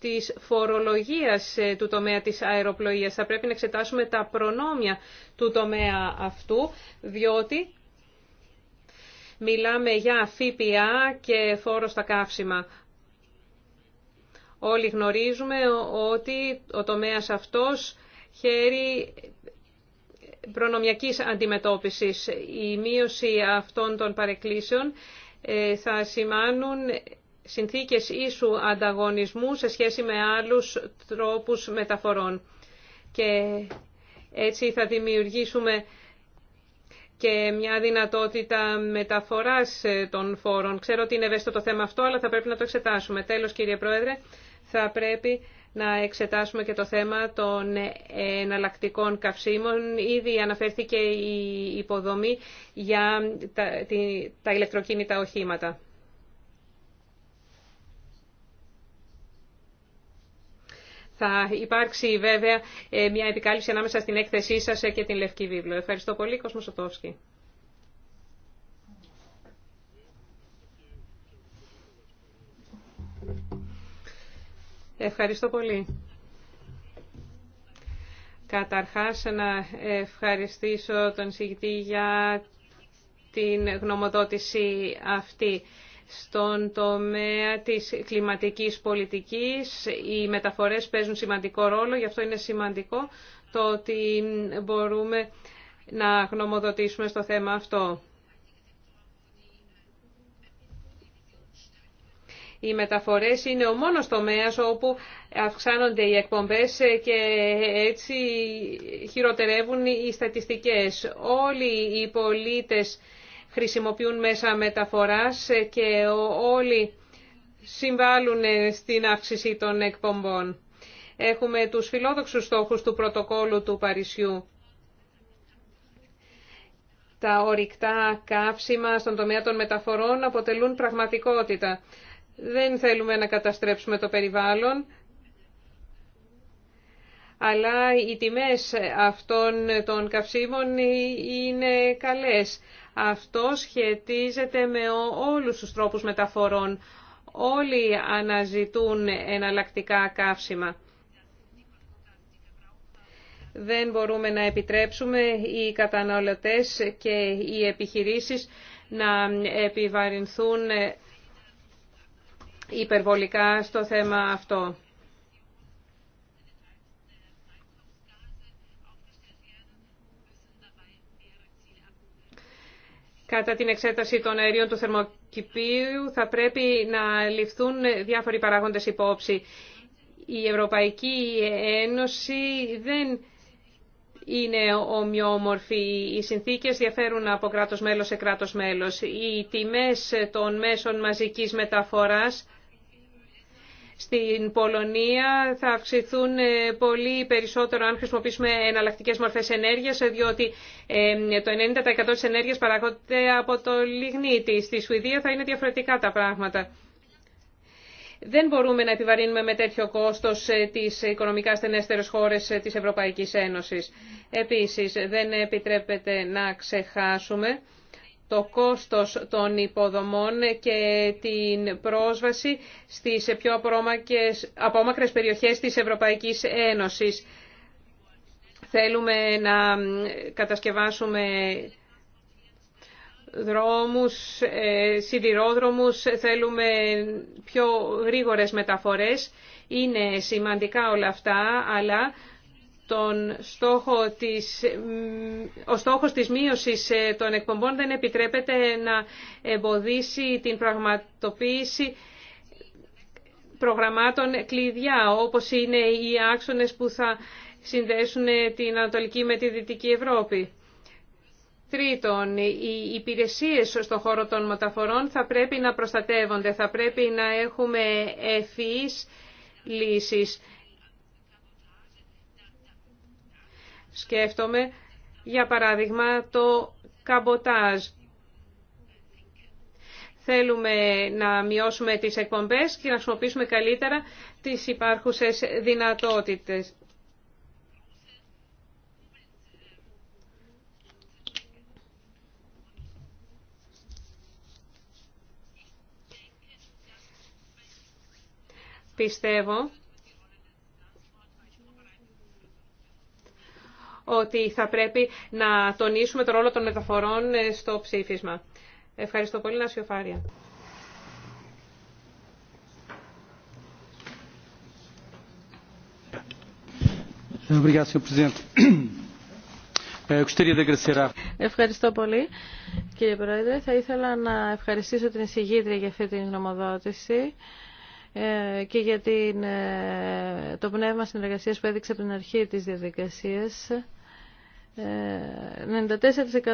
της φορολογίας ε, του τομέα της αεροπλοΐας. Θα πρέπει να εξετάσουμε τα προνόμια του τομέα αυτού, διότι μιλάμε για ΦΠΑ και φόρο στα καύσιμα. Όλοι γνωρίζουμε ότι ο τομέας αυτός χαίρει προνομιακής αντιμετώπισης. Η μείωση αυτών των παρεκκλήσεων ε, θα σημάνουν συνθήκες ίσου ανταγωνισμού σε σχέση με άλλους τρόπους μεταφορών. Και έτσι θα δημιουργήσουμε και μια δυνατότητα μεταφοράς ε, των φόρων. Ξέρω ότι είναι ευαίσθητο το θέμα αυτό, αλλά θα πρέπει να το εξετάσουμε. Τέλος, κύριε Πρόεδρε, θα πρέπει να εξετάσουμε και το θέμα των εναλλακτικών καυσίμων. Ήδη αναφέρθηκε η υποδομή για τα ηλεκτροκίνητα οχήματα. Θα υπάρξει βέβαια μια επικάλυψη ανάμεσα στην έκθεσή σας και την Λευκή Βίβλο. Ευχαριστώ πολύ, Κοσμοσοτόφσκι. Ευχαριστώ πολύ. Καταρχάς να ευχαριστήσω τον συγητή για την γνωμοδότηση αυτή. Στον τομέα της κλιματικής πολιτικής οι μεταφορές παίζουν σημαντικό ρόλο, γι' αυτό είναι σημαντικό το ότι μπορούμε να γνωμοδοτήσουμε στο θέμα αυτό. Οι μεταφορές είναι ο μόνος τομέας όπου αυξάνονται οι εκπομπές και έτσι χειροτερεύουν οι στατιστικές. Όλοι οι πολίτες χρησιμοποιούν μέσα μεταφοράς και όλοι συμβάλλουν στην αύξηση των εκπομπών. Έχουμε τους φιλόδοξους στόχους του πρωτοκόλου του Παρισιού. Τα ορυκτά καύσιμα στον τομέα των μεταφορών αποτελούν πραγματικότητα. Δεν θέλουμε να καταστρέψουμε το περιβάλλον, αλλά οι τιμές αυτών των καυσίμων είναι καλές. Αυτό σχετίζεται με όλους τους τρόπους μεταφορών. Όλοι αναζητούν εναλλακτικά καύσιμα. Δεν μπορούμε να επιτρέψουμε οι καταναλωτές και οι επιχειρήσεις να επιβαρυνθούν υπερβολικά στο θέμα αυτό. Κατά την εξέταση των αερίων του θερμοκηπίου θα πρέπει να ληφθούν διάφοροι παράγοντες υπόψη. Η Ευρωπαϊκή Ένωση δεν είναι ομοιόμορφη. Οι συνθήκες διαφέρουν από κράτος μέλος σε κράτος μέλος. Οι τιμές των μέσων μαζικής μεταφοράς στην Πολωνία θα αυξηθούν ε, πολύ περισσότερο αν χρησιμοποιήσουμε εναλλακτικέ μορφέ ενέργεια, ε, διότι ε, το 90% τη ενέργεια παράγονται από το λιγνίτη. Στη Σουηδία θα είναι διαφορετικά τα πράγματα. Δεν μπορούμε να επιβαρύνουμε με τέτοιο κόστο τι οικονομικά στενέστερε χώρε τη Ευρωπαϊκή Ένωση. Επίση, δεν επιτρέπεται να ξεχάσουμε το κόστος των υποδομών και την πρόσβαση στις πιο απόμακρες περιοχές της Ευρωπαϊκής Ένωσης. Θέλουμε να κατασκευάσουμε δρόμους, ε, σιδηρόδρομους, θέλουμε πιο γρήγορες μεταφορές. Είναι σημαντικά όλα αυτά, αλλά τον στόχο της, ο στόχος της μείωσης ε, των εκπομπών δεν επιτρέπεται να εμποδίσει την πραγματοποίηση προγραμμάτων κλειδιά, όπως είναι οι άξονες που θα συνδέσουν ε, την Ανατολική με τη Δυτική Ευρώπη. Τρίτον, οι υπηρεσίες στον χώρο των μεταφορών θα πρέπει να προστατεύονται, θα πρέπει να έχουμε ευφυείς λύσεις. Σκέφτομαι, για παράδειγμα, το καμποτάζ. Θέλουμε να μειώσουμε τις εκπομπές και να χρησιμοποιήσουμε καλύτερα τις υπάρχουσες δυνατότητες. Πιστεύω ότι θα πρέπει να τονίσουμε το ρόλο των μεταφορών ε, στο ψήφισμα. Ευχαριστώ πολύ, Νασιοφάρια. Eh, Ευχαριστώ πολύ κύριε Πρόεδρε. Θα ήθελα να ευχαριστήσω την εισηγήτρια για αυτή την γνωμοδότηση ε, και για την, ε, το πνεύμα συνεργασίας που έδειξε από την αρχή της διαδικασίας. 94%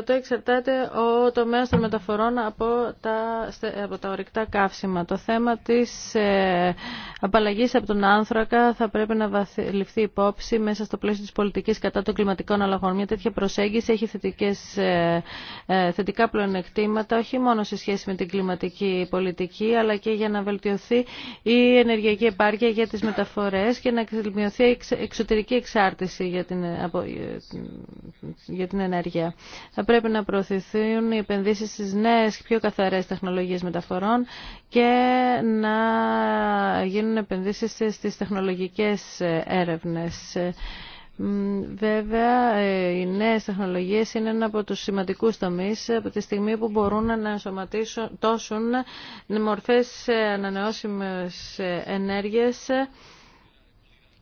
ε, εξαρτάται ο τομέας των μεταφορών από τα, από τα ορυκτά καύσιμα. Το θέμα της ε, απαλλαγής από τον άνθρακα θα πρέπει να ληφθεί υπόψη μέσα στο πλαίσιο της πολιτικής κατά των κλιματικών αλλαγών. Μια τέτοια προσέγγιση έχει θετικές, ε, ε, θετικά πλεονεκτήματα, όχι μόνο σε σχέση με την κλιματική πολιτική, αλλά και για να βελτιωθεί η ενεργειακή επάρκεια για τις μεταφορές και να μειωθεί η εξωτερική εξάρτηση για την, ε, από, ε, για την ενέργεια. Θα πρέπει να προωθηθούν οι επενδύσεις στις νέες πιο καθαρές τεχνολογίες μεταφορών και να γίνουν επενδύσεις στις τεχνολογικές έρευνες. Βέβαια, οι νέες τεχνολογίες είναι ένα από τους σημαντικούς τομείς από τη στιγμή που μπορούν να ενσωματώσουν μορφές ανανεώσιμες ενέργειες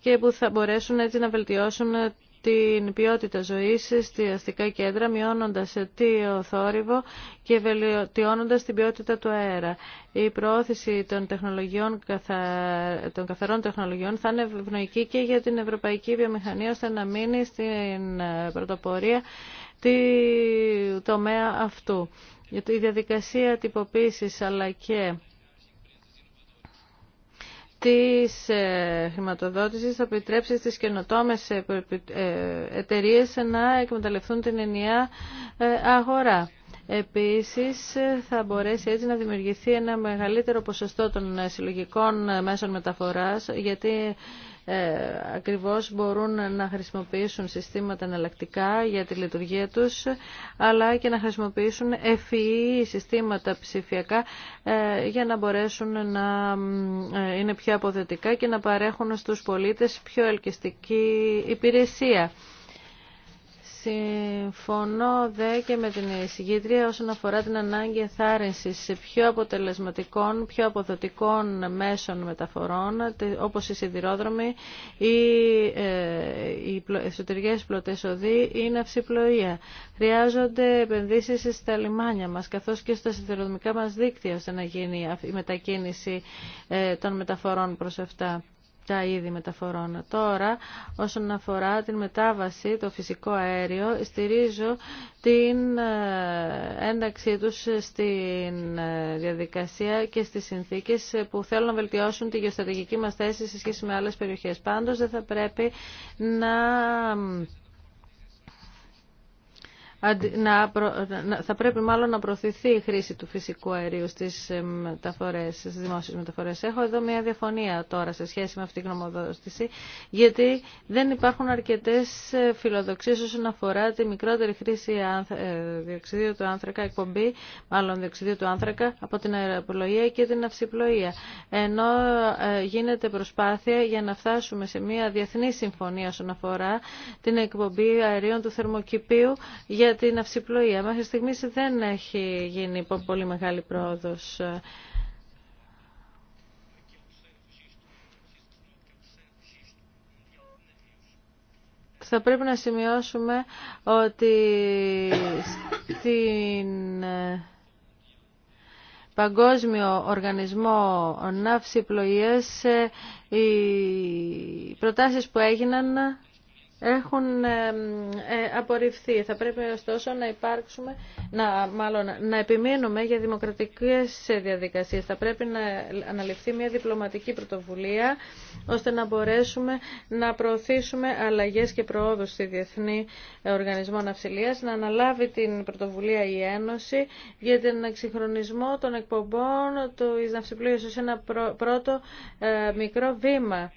και που θα μπορέσουν έτσι να βελτιώσουν την ποιότητα ζωής στη αστικά κέντρα, μειώνοντας το θόρυβο και βελτιώνοντας την ποιότητα του αέρα. Η προώθηση των, τεχνολογιών, των καθαρών τεχνολογιών θα είναι ευνοϊκή και για την ευρωπαϊκή βιομηχανία, ώστε να μείνει στην πρωτοπορία τη τομέα αυτού. Η διαδικασία τυποποίησης αλλά και της ε, χρηματοδότησης θα επιτρέψει στις καινοτόμες ε, ε, εταιρείες να εκμεταλλευτούν την ενιαία αγορά. Επίσης θα μπορέσει έτσι να δημιουργηθεί ένα μεγαλύτερο ποσοστό των συλλογικών μέσων μεταφοράς γιατί ε, ακριβώς μπορούν να χρησιμοποιήσουν συστήματα εναλλακτικά για τη λειτουργία τους, αλλά και να χρησιμοποιήσουν ευφυή e e συστήματα ψηφιακά ε, για να μπορέσουν να ε, είναι πιο αποδοτικά και να παρέχουν στους πολίτες πιο ελκυστική υπηρεσία. Συμφωνώ δε και με την εισηγήτρια όσον αφορά την ανάγκη εθάρρυνσης σε πιο αποτελεσματικών, πιο αποδοτικών μέσων μεταφορών, όπως οι σιδηρόδρομοι ή οι ε, εσωτερικές πλωτές οδοί ή η ναυσιπλοεία. Χρειάζονται επενδύσεις στα λιμάνια μας, καθώς και στα σιδηροδρομικά μας δίκτυα, ώστε να γίνει η μετακίνηση ε, των μεταφορών προς αυτά τα είδη μεταφορών. Τώρα, όσον αφορά την μετάβαση, το φυσικό αέριο, στηρίζω την ε, ένταξή τους στην ε, διαδικασία και στις συνθήκες ε, που θέλουν να βελτιώσουν τη γεωστρατηγική μας θέση σε σχέση με άλλες περιοχές. Πάντως, δεν θα πρέπει να θα πρέπει μάλλον να προωθηθεί η χρήση του φυσικού αερίου στις, μεταφορές, στις δημόσιες μεταφορές. Έχω εδώ μια διαφωνία τώρα σε σχέση με αυτή τη γνωμοδότηση, γιατί δεν υπάρχουν αρκετές ε, φιλοδοξίες όσον αφορά τη μικρότερη χρήση ε, διοξιδίου του άνθρακα, εκπομπή μάλλον διοξιδίου του άνθρακα από την αεροπλοεία και την αυσιπλοεία. Ενώ ε, γίνεται προσπάθεια για να φτάσουμε σε μια διεθνή συμφωνία όσον αφορά την εκπομπή αερίων του θερμοκηπίου για για την αυσιπλοεία. Μέχρι στιγμή δεν έχει γίνει πολύ μεγάλη πρόοδο. θα πρέπει να σημειώσουμε ότι στην ε, Παγκόσμιο Οργανισμό Ναύση Πλοίας ε, οι προτάσεις που έγιναν έχουν ε, απορριφθεί. Θα πρέπει ωστόσο να υπάρξουμε, να, μάλλον, να επιμείνουμε για δημοκρατικές διαδικασίες. Θα πρέπει να αναλυφθεί μια διπλωματική πρωτοβουλία ώστε να μπορέσουμε να προωθήσουμε αλλαγές και προόδους στη Διεθνή Οργανισμό Ναυσιλίας, να αναλάβει την πρωτοβουλία η Ένωση για τον εξυγχρονισμό των εκπομπών του Ισναυσιπλίου σε ένα πρώτο ε, μικρό βήμα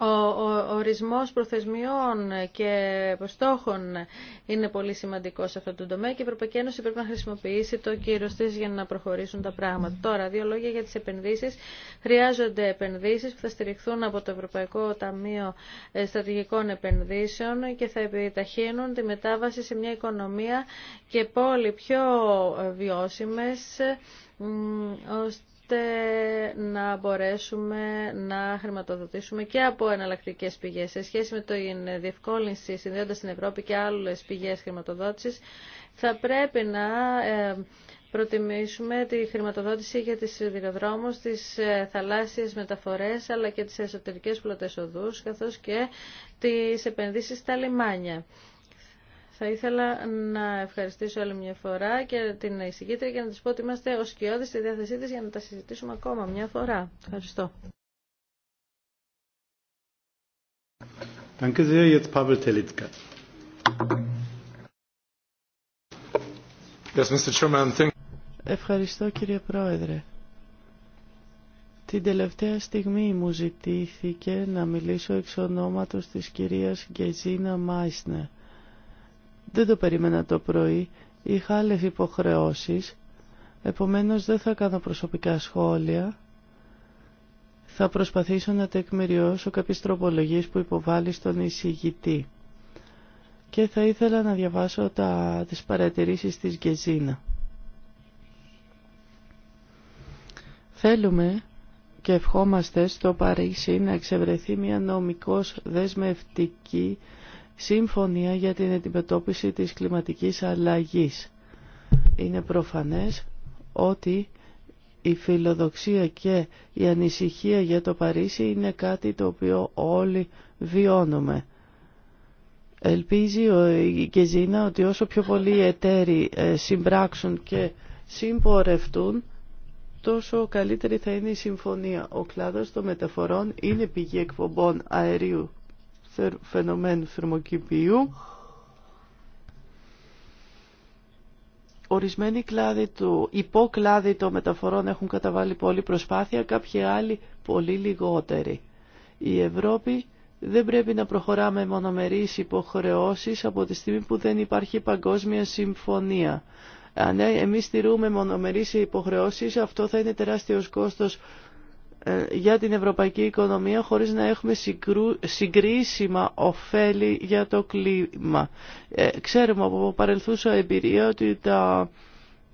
ο ορισμός προθεσμιών και στόχων είναι πολύ σημαντικό σε αυτό το τομέα και η Ευρωπαϊκή Ένωση πρέπει να χρησιμοποιήσει το κύριο της για να προχωρήσουν τα πράγματα. Τώρα, δύο λόγια για τις επενδύσεις. Χρειάζονται επενδύσεις που θα στηριχθούν από το Ευρωπαϊκό Ταμείο ε, Στρατηγικών Επενδύσεων και θα επιταχύνουν τη μετάβαση σε μια οικονομία και πόλη πιο ε, βιώσιμες, ώστε να μπορέσουμε να χρηματοδοτήσουμε και από εναλλακτικές πηγές. Σε σχέση με την διευκόλυνση συνδέοντας την Ευρώπη και άλλες πηγές χρηματοδότησης, θα πρέπει να ε, προτιμήσουμε τη χρηματοδότηση για τις σιδηροδρόμους, τις ε, θαλάσσιες μεταφορές, αλλά και τις εσωτερικές πλωτές οδούς, καθώς και τις επενδύσεις στα λιμάνια. Θα ήθελα να ευχαριστήσω άλλη μια φορά και την εισηγήτρια και να της πω ότι είμαστε ως στη διάθεσή της για να τα συζητήσουμε ακόμα μια φορά. Ευχαριστώ. Ευχαριστώ κύριε Πρόεδρε. Την τελευταία στιγμή μου ζητήθηκε να μιλήσω εξ ονόματος της κυρίας Γκεζίνα Μάισνερ δεν το περίμενα το πρωί. Είχα άλλες υποχρεώσεις. Επομένως δεν θα κάνω προσωπικά σχόλια. Θα προσπαθήσω να τεκμηριώσω κάποιες τροπολογίες που υποβάλλει στον εισηγητή. Και θα ήθελα να διαβάσω τα, τις παρατηρήσεις της Γκεζίνα. Θέλουμε και ευχόμαστε στο Παρίσι να εξευρεθεί μια νομικός δεσμευτική συμφωνία για την αντιμετώπιση της κλιματικής αλλαγής. Είναι προφανές ότι η φιλοδοξία και η ανησυχία για το Παρίσι είναι κάτι το οποίο όλοι βιώνουμε. Ελπίζει η Κεζίνα ότι όσο πιο πολλοί εταίροι ε, συμπράξουν και συμπορευτούν, τόσο καλύτερη θα είναι η συμφωνία. Ο κλάδος των μεταφορών είναι πηγή εκπομπών αερίου φαινομένου θερμοκηπίου. Ορισμένοι κλάδοι του, υπόκλάδοι των μεταφορών έχουν καταβάλει πολλή προσπάθεια, κάποιοι άλλοι πολύ λιγότεροι. Η Ευρώπη δεν πρέπει να προχωράμε μονομερείς υποχρεώσεις από τη στιγμή που δεν υπάρχει παγκόσμια συμφωνία. Αν εμείς στηρούμε μονομερείς υποχρεώσεις, αυτό θα είναι τεράστιος κόστος ε, για την ευρωπαϊκή οικονομία χωρίς να έχουμε συγκρίσιμα ωφέλη για το κλίμα. Ε, ξέρουμε από παρελθούσα εμπειρία ότι τα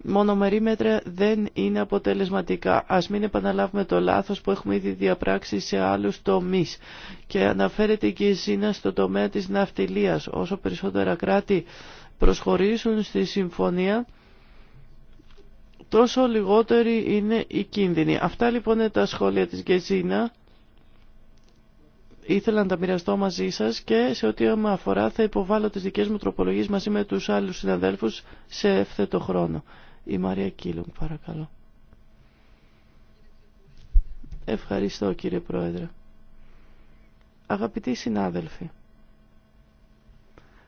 μονομερή μέτρα δεν είναι αποτελεσματικά. Ας μην επαναλάβουμε το λάθος που έχουμε ήδη διαπράξει σε άλλους τομείς. Και αναφέρεται και η Ζήνα στο τομέα της ναυτιλίας. Όσο περισσότερα κράτη προσχωρήσουν στη συμφωνία τόσο λιγότεροι είναι οι κίνδυνοι. Αυτά λοιπόν είναι τα σχόλια της Γκεζίνα. Ήθελα να τα μοιραστώ μαζί σας και σε ό,τι με αφορά θα υποβάλω τις δικές μου τροπολογίες μαζί με τους άλλους συναδέλφους σε εύθετο χρόνο. Η Μαρία Κίλουγκ παρακαλώ. Ευχαριστώ κύριε Πρόεδρε. Αγαπητοί συνάδελφοι,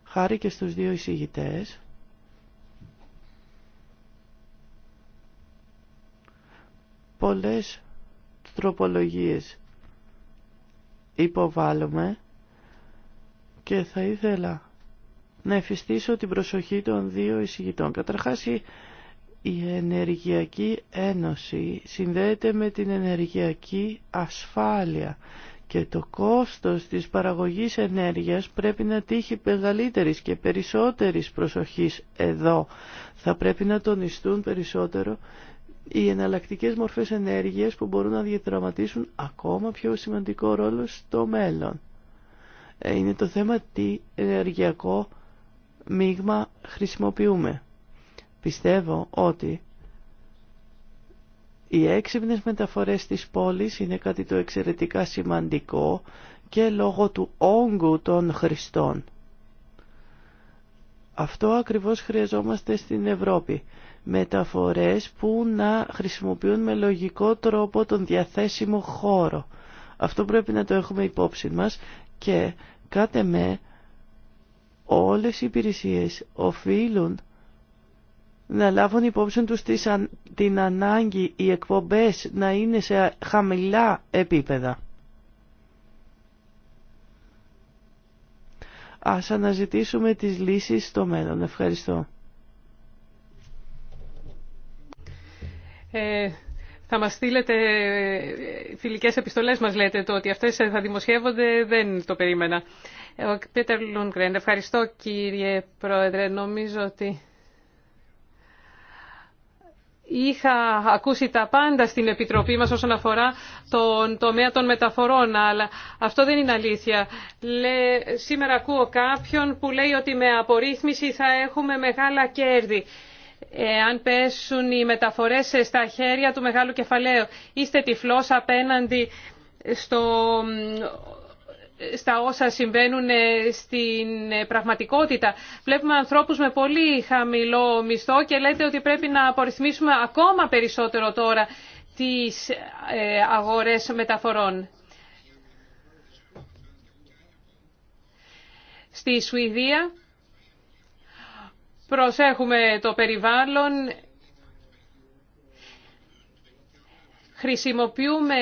χάρη και στους δύο εισηγητές πολλές τροπολογίες υποβάλλουμε και θα ήθελα να εφιστήσω την προσοχή των δύο εισηγητών. Καταρχάς η Ενεργειακή Ένωση συνδέεται με την ενεργειακή ασφάλεια και το κόστος της παραγωγής ενέργειας πρέπει να τύχει μεγαλύτερης και περισσότερης προσοχής εδώ. Θα πρέπει να τονιστούν περισσότερο οι εναλλακτικές μορφές ενέργειας που μπορούν να διαδραματίσουν ακόμα πιο σημαντικό ρόλο στο μέλλον. Ε, είναι το θέμα τι ενεργειακό μείγμα χρησιμοποιούμε. Πιστεύω ότι οι έξυπνες μεταφορές της πόλης είναι κάτι το εξαιρετικά σημαντικό και λόγω του όγκου των χρηστών. Αυτό ακριβώς χρειαζόμαστε στην Ευρώπη μεταφορές που να χρησιμοποιούν με λογικό τρόπο τον διαθέσιμο χώρο. Αυτό πρέπει να το έχουμε υπόψη μας και κάτε με όλες οι υπηρεσίες οφείλουν να λάβουν υπόψη τους την ανάγκη οι εκπομπές να είναι σε χαμηλά επίπεδα. Ας αναζητήσουμε τις λύσεις στο μέλλον. Ευχαριστώ. Ε, θα μας στείλετε ε, φιλικές επιστολές μας λέτε το ότι αυτές ε, θα δημοσιεύονται, δεν το περίμενα. Ο Πίτερ ευχαριστώ κύριε Πρόεδρε, νομίζω ότι... Είχα ακούσει τα πάντα στην Επιτροπή μας όσον αφορά τον τομέα των μεταφορών, αλλά αυτό δεν είναι αλήθεια. Λε, σήμερα ακούω κάποιον που λέει ότι με απορρίθμιση θα έχουμε μεγάλα κέρδη αν πέσουν οι μεταφορές στα χέρια του μεγάλου κεφαλαίου. Είστε τυφλός απέναντι στο, στα όσα συμβαίνουν ε, στην ε, πραγματικότητα. Βλέπουμε ανθρώπους με πολύ χαμηλό μισθό και λέτε ότι πρέπει να απορριθμίσουμε ακόμα περισσότερο τώρα τις ε, αγορές μεταφορών. Στη Σουηδία προσέχουμε το περιβάλλον, χρησιμοποιούμε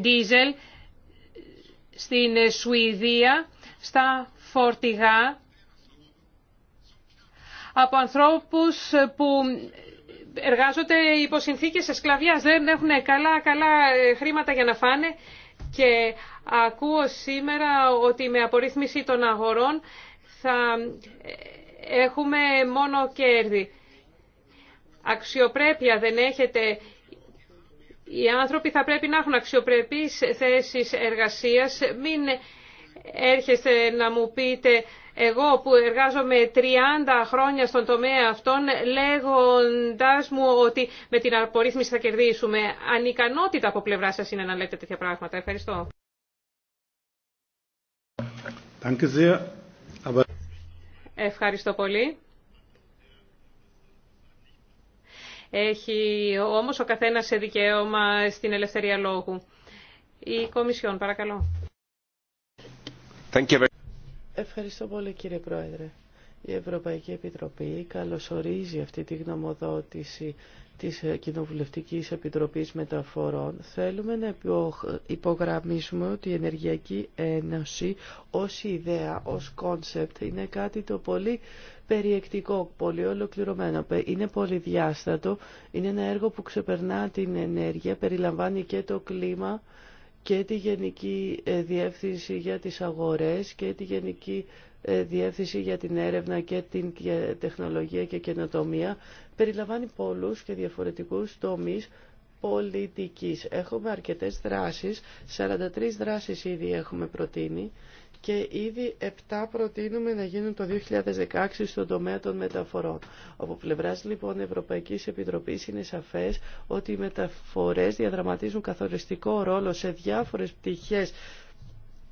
δίζελ στην Σουηδία, στα φορτηγά, από ανθρώπους που εργάζονται υπό συνθήκες σκλαβιάς, δεν έχουν καλά, καλά ε, χρήματα για να φάνε και Ακούω σήμερα ότι με απορρίθμιση των αγορών θα ε, έχουμε μόνο κέρδη. Αξιοπρέπεια δεν έχετε. Οι άνθρωποι θα πρέπει να έχουν αξιοπρεπείς θέσεις εργασίας. Μην έρχεστε να μου πείτε εγώ που εργάζομαι 30 χρόνια στον τομέα αυτόν λέγοντας μου ότι με την απορρίθμιση θα κερδίσουμε. Ανικανότητα από πλευρά σας είναι να λέτε τέτοια πράγματα. Ευχαριστώ. Ευχαριστώ πολύ. Έχει όμως ο καθένας σε δικαίωμα στην ελευθερία λόγου. Η Κομισιόν, παρακαλώ. Ευχαριστώ πολύ κύριε Πρόεδρε. Η Ευρωπαϊκή Επιτροπή καλωσορίζει αυτή τη γνωμοδότηση της Κοινοβουλευτικής Επιτροπής Μεταφορών θέλουμε να υπογραμμίσουμε ότι η Ενεργειακή Ένωση ως ιδέα, ως κόνσεπτ είναι κάτι το πολύ περιεκτικό, πολύ ολοκληρωμένο. Είναι διάστατο, είναι ένα έργο που ξεπερνά την ενέργεια, περιλαμβάνει και το κλίμα και τη Γενική ε, Διεύθυνση για τις Αγορές και τη Γενική ε, Διεύθυνση για την Έρευνα και την Τεχνολογία και Καινοτομία περιλαμβάνει πολλούς και διαφορετικούς τομείς πολιτικής. Έχουμε αρκετές δράσεις, 43 δράσεις ήδη έχουμε προτείνει και ήδη 7 προτείνουμε να γίνουν το 2016 στον τομέα των μεταφορών. Από πλευράς λοιπόν Ευρωπαϊκής Επιτροπής είναι σαφές ότι οι μεταφορές διαδραματίζουν καθοριστικό ρόλο σε διάφορες πτυχές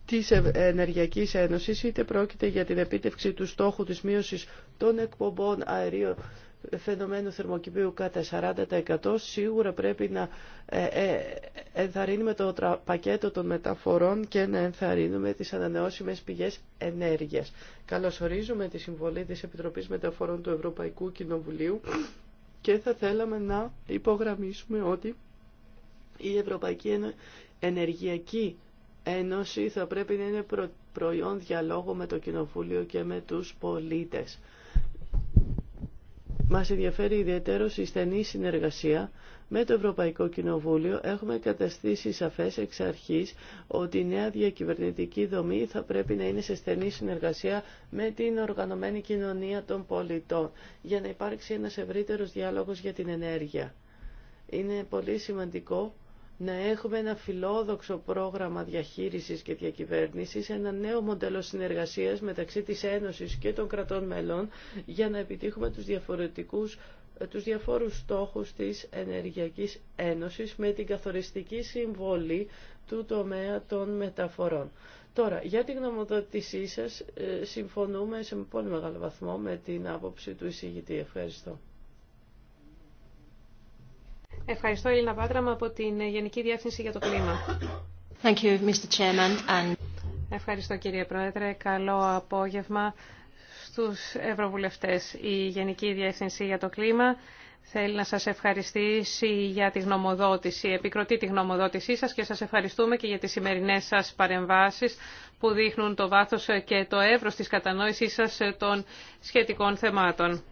της Ενεργειακής Ένωσης, είτε πρόκειται για την επίτευξη του στόχου της μείωσης των εκπομπών αερίων φαινομένου θερμοκηπίου κατά 40% σίγουρα πρέπει να ε, ε, ενθαρρύνουμε το πακέτο των μεταφορών και να ενθαρρύνουμε τις ανανεώσιμες πηγές ενέργειας. Καλωσορίζουμε τη συμβολή της Επιτροπής Μεταφορών του Ευρωπαϊκού Κοινοβουλίου και θα θέλαμε να υπογραμμίσουμε ότι η Ευρωπαϊκή Ενεργειακή Ένωση θα πρέπει να είναι προϊόν διαλόγου με το Κοινοβούλιο και με τους πολίτες. Μας ενδιαφέρει ιδιαίτερο η στενή συνεργασία με το Ευρωπαϊκό Κοινοβούλιο. Έχουμε καταστήσει σαφές εξ αρχής ότι η νέα διακυβερνητική δομή θα πρέπει να είναι σε στενή συνεργασία με την οργανωμένη κοινωνία των πολιτών για να υπάρξει ένας ευρύτερος διάλογος για την ενέργεια. Είναι πολύ σημαντικό να έχουμε ένα φιλόδοξο πρόγραμμα διαχείρισης και διακυβέρνησης, ένα νέο μοντέλο συνεργασίας μεταξύ της Ένωσης και των κρατών μελών για να επιτύχουμε τους διαφορετικούς τους διαφόρους στόχους της Ενεργειακής Ένωσης με την καθοριστική συμβολή του τομέα των μεταφορών. Τώρα, για την γνωμοδότησή σας ε, συμφωνούμε σε πολύ μεγάλο βαθμό με την άποψη του εισηγητή. Ευχαριστώ. Ευχαριστώ, Ελίνα Βάτραμα, από την Γενική Διεύθυνση για το Κλίμα. Thank you, Mr. and... Ευχαριστώ, κύριε Πρόεδρε. Καλό απόγευμα στους Ευρωβουλευτές. Η Γενική Διεύθυνση για το Κλίμα θέλει να σας ευχαριστήσει για τη γνωμοδότηση. Επικροτεί τη γνωμοδότησή σας και σας ευχαριστούμε και για τις σημερινές σας παρεμβάσεις που δείχνουν το βάθος και το εύρος της κατανόησής σας των σχετικών θεμάτων.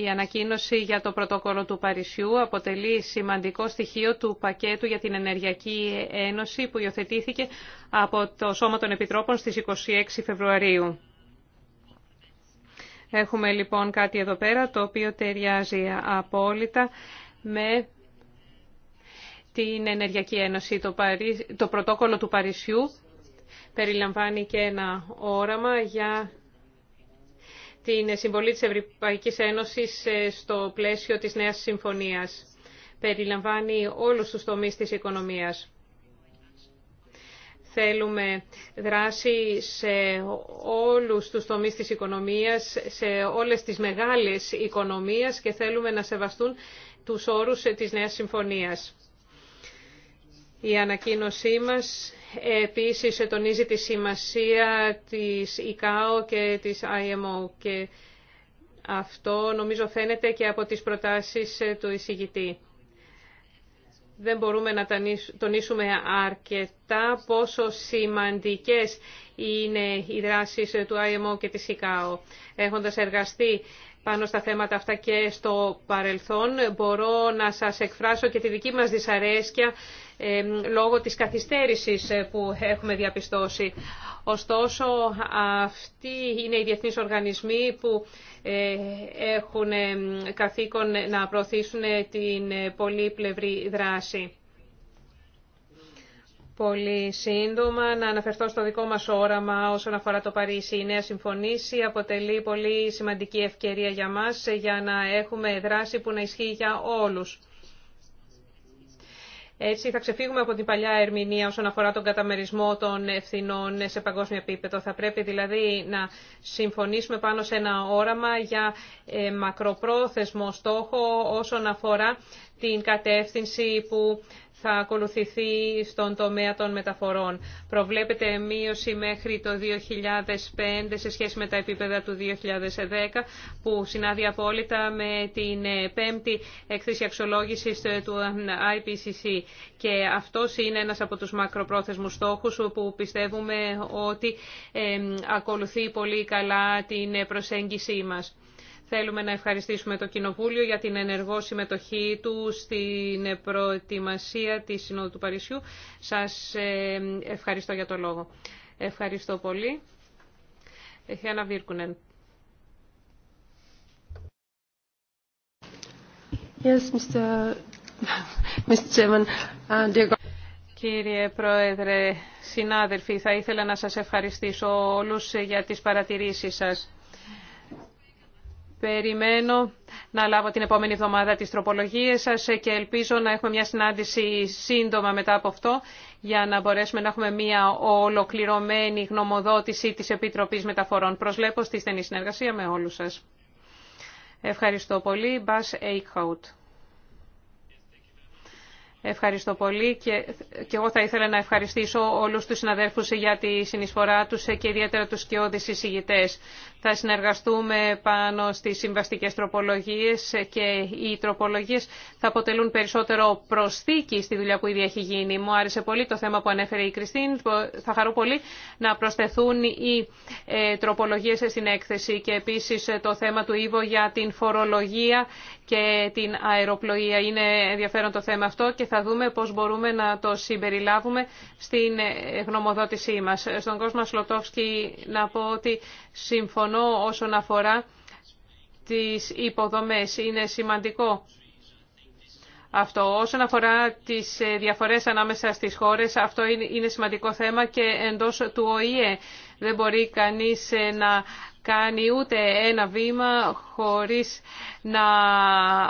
Η ανακοίνωση για το πρωτόκολλο του Παρισιού αποτελεί σημαντικό στοιχείο του πακέτου για την Ενεργειακή Ένωση που υιοθετήθηκε από το Σώμα των Επιτρόπων στις 26 Φεβρουαρίου. Έχουμε λοιπόν κάτι εδώ πέρα το οποίο ταιριάζει απόλυτα με την Ενεργειακή Ένωση. Το, το πρωτόκολλο του Παρισιού περιλαμβάνει και ένα όραμα για την συμβολή της Ευρωπαϊκής Ένωσης ε, στο πλαίσιο της νέας συμφωνίας. Περιλαμβάνει όλους τους τομείς της οικονομίας. Θέλουμε δράση σε όλους τους τομείς της οικονομίας, σε όλες τις μεγάλες οικονομίες και θέλουμε να σεβαστούν τους όρους της νέας συμφωνίας. Η ανακοίνωσή μας επίσης τονίζει τη σημασία της ΙΚΑΟ και της IMO και αυτό νομίζω φαίνεται και από τις προτάσεις του εισηγητή. Δεν μπορούμε να τονίσουμε αρκετά πόσο σημαντικές είναι οι δράσεις του IMO και της ΙΚΑΟ. Έχοντας εργαστεί πάνω στα θέματα αυτά και στο παρελθόν, μπορώ να σας εκφράσω και τη δική μας δυσαρέσκεια λόγω της καθυστέρησης ε, που έχουμε διαπιστώσει. Ωστόσο, αυτοί είναι οι διεθνείς οργανισμοί που ε, έχουν καθήκον να προωθήσουν την πολύπλευρη δράση. Πολύ σύντομα να αναφερθώ στο δικό μας όραμα όσον αφορά το Παρίσι. Η νέα συμφωνήση αποτελεί πολύ σημαντική ευκαιρία για μας για να έχουμε δράση που να ισχύει για όλους. Έτσι θα ξεφύγουμε από την παλιά ερμηνεία όσον αφορά τον καταμερισμό των ευθυνών σε παγκόσμιο επίπεδο. Θα πρέπει δηλαδή να συμφωνήσουμε πάνω σε ένα όραμα για ε, μακροπρόθεσμο στόχο όσον αφορά την κατεύθυνση που θα ακολουθηθεί στον τομέα των μεταφορών. Προβλέπεται μείωση μέχρι το 2005 σε σχέση με τα επίπεδα του 2010 που συνάδει απόλυτα με την ε, πέμπτη έκθεση αξιολόγηση ε, του ε, IPCC και αυτό είναι ένας από τους μακροπρόθεσμους στόχους που πιστεύουμε ότι ακολουθεί πολύ καλά την προσέγγιση μας. Θέλουμε να ευχαριστήσουμε το Κοινοβούλιο για την ενεργό συμμετοχή του στην προετοιμασία της Συνόδου του Παρισιού. Σας ε, ευχαριστώ για το λόγο. Ευχαριστώ πολύ. Ε, Βίρκουνεν. Yes, Mr. Uh, Κύριε Πρόεδρε, συνάδελφοι, θα ήθελα να σας ευχαριστήσω όλους για τις παρατηρήσεις σας. Περιμένω να λάβω την επόμενη εβδομάδα τις τροπολογίες σας και ελπίζω να έχουμε μια συνάντηση σύντομα μετά από αυτό για να μπορέσουμε να έχουμε μια ολοκληρωμένη γνωμοδότηση της Επιτροπής Μεταφορών. Προσλέπω στη στενή συνεργασία με όλους σας. Ευχαριστώ πολύ. Μπας Eichhout. Ευχαριστώ πολύ και, και εγώ θα ήθελα να ευχαριστήσω όλους τους συναδέλφους για τη συνεισφορά τους και ιδιαίτερα τους σκιώδεις εισηγητές. Θα συνεργαστούμε πάνω στις συμβαστικές τροπολογίες και οι τροπολογίες θα αποτελούν περισσότερο προσθήκη στη δουλειά που ήδη έχει γίνει. Μου άρεσε πολύ το θέμα που ανέφερε η Κριστίν. Θα χαρώ πολύ να προσθεθούν οι ε, τροπολογίες στην έκθεση και επίσης ε, το θέμα του Ήβο για την φορολογία και την αεροπλοεία. Είναι ενδιαφέρον το θέμα αυτό και θα δούμε πώς μπορούμε να το συμπεριλάβουμε στην ε, γνωμοδότησή μας. Στον κόσμο Σλοτόφσκι να πω ότι συμφωνώ όσον αφορά τις υποδομές. Είναι σημαντικό αυτό. Όσον αφορά τις ε, διαφορές ανάμεσα στις χώρες, αυτό είναι σημαντικό θέμα και εντός του ΟΗΕ. Δεν μπορεί κανείς ε, να κάνει ούτε ένα βήμα χωρίς να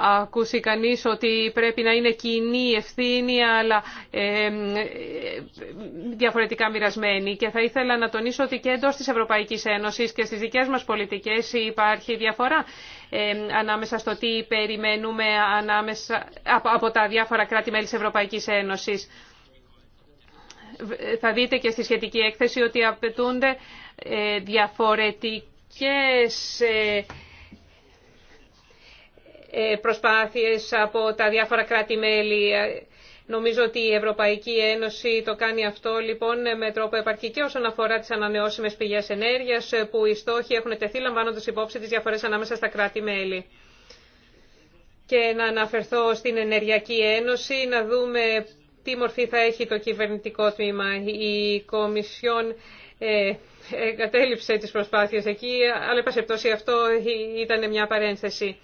ακούσει κανείς ότι πρέπει να είναι κοινή ευθύνη αλλά ε, διαφορετικά μοιρασμένη. Και θα ήθελα να τονίσω ότι και εντός της Ευρωπαϊκής Ένωσης και στις δικές μας πολιτικές υπάρχει διαφορά ε, ανάμεσα στο τι περιμένουμε ανάμεσα, από, από τα διάφορα κράτη-μέλη της Ευρωπαϊκής Ένωσης θα δείτε και στη σχετική έκθεση ότι απαιτούνται ε, διαφορετικές ε, ε, προσπάθειες από τα διάφορα κράτη-μέλη. Νομίζω ότι η Ευρωπαϊκή Ένωση το κάνει αυτό λοιπόν με τρόπο επαρκή και όσον αφορά τις ανανεώσιμες πηγές ενέργειας που οι στόχοι έχουν τεθεί λαμβάνοντας υπόψη τις διαφορές ανάμεσα στα κράτη-μέλη. Και να αναφερθώ στην Ενεργειακή Ένωση, να δούμε τι μορφή θα έχει το κυβερνητικό τμήμα. Η Κομισιόν ε, εγκατέλειψε τις προσπάθειες εκεί, αλλά πτώση αυτό ήταν μια παρένθεση.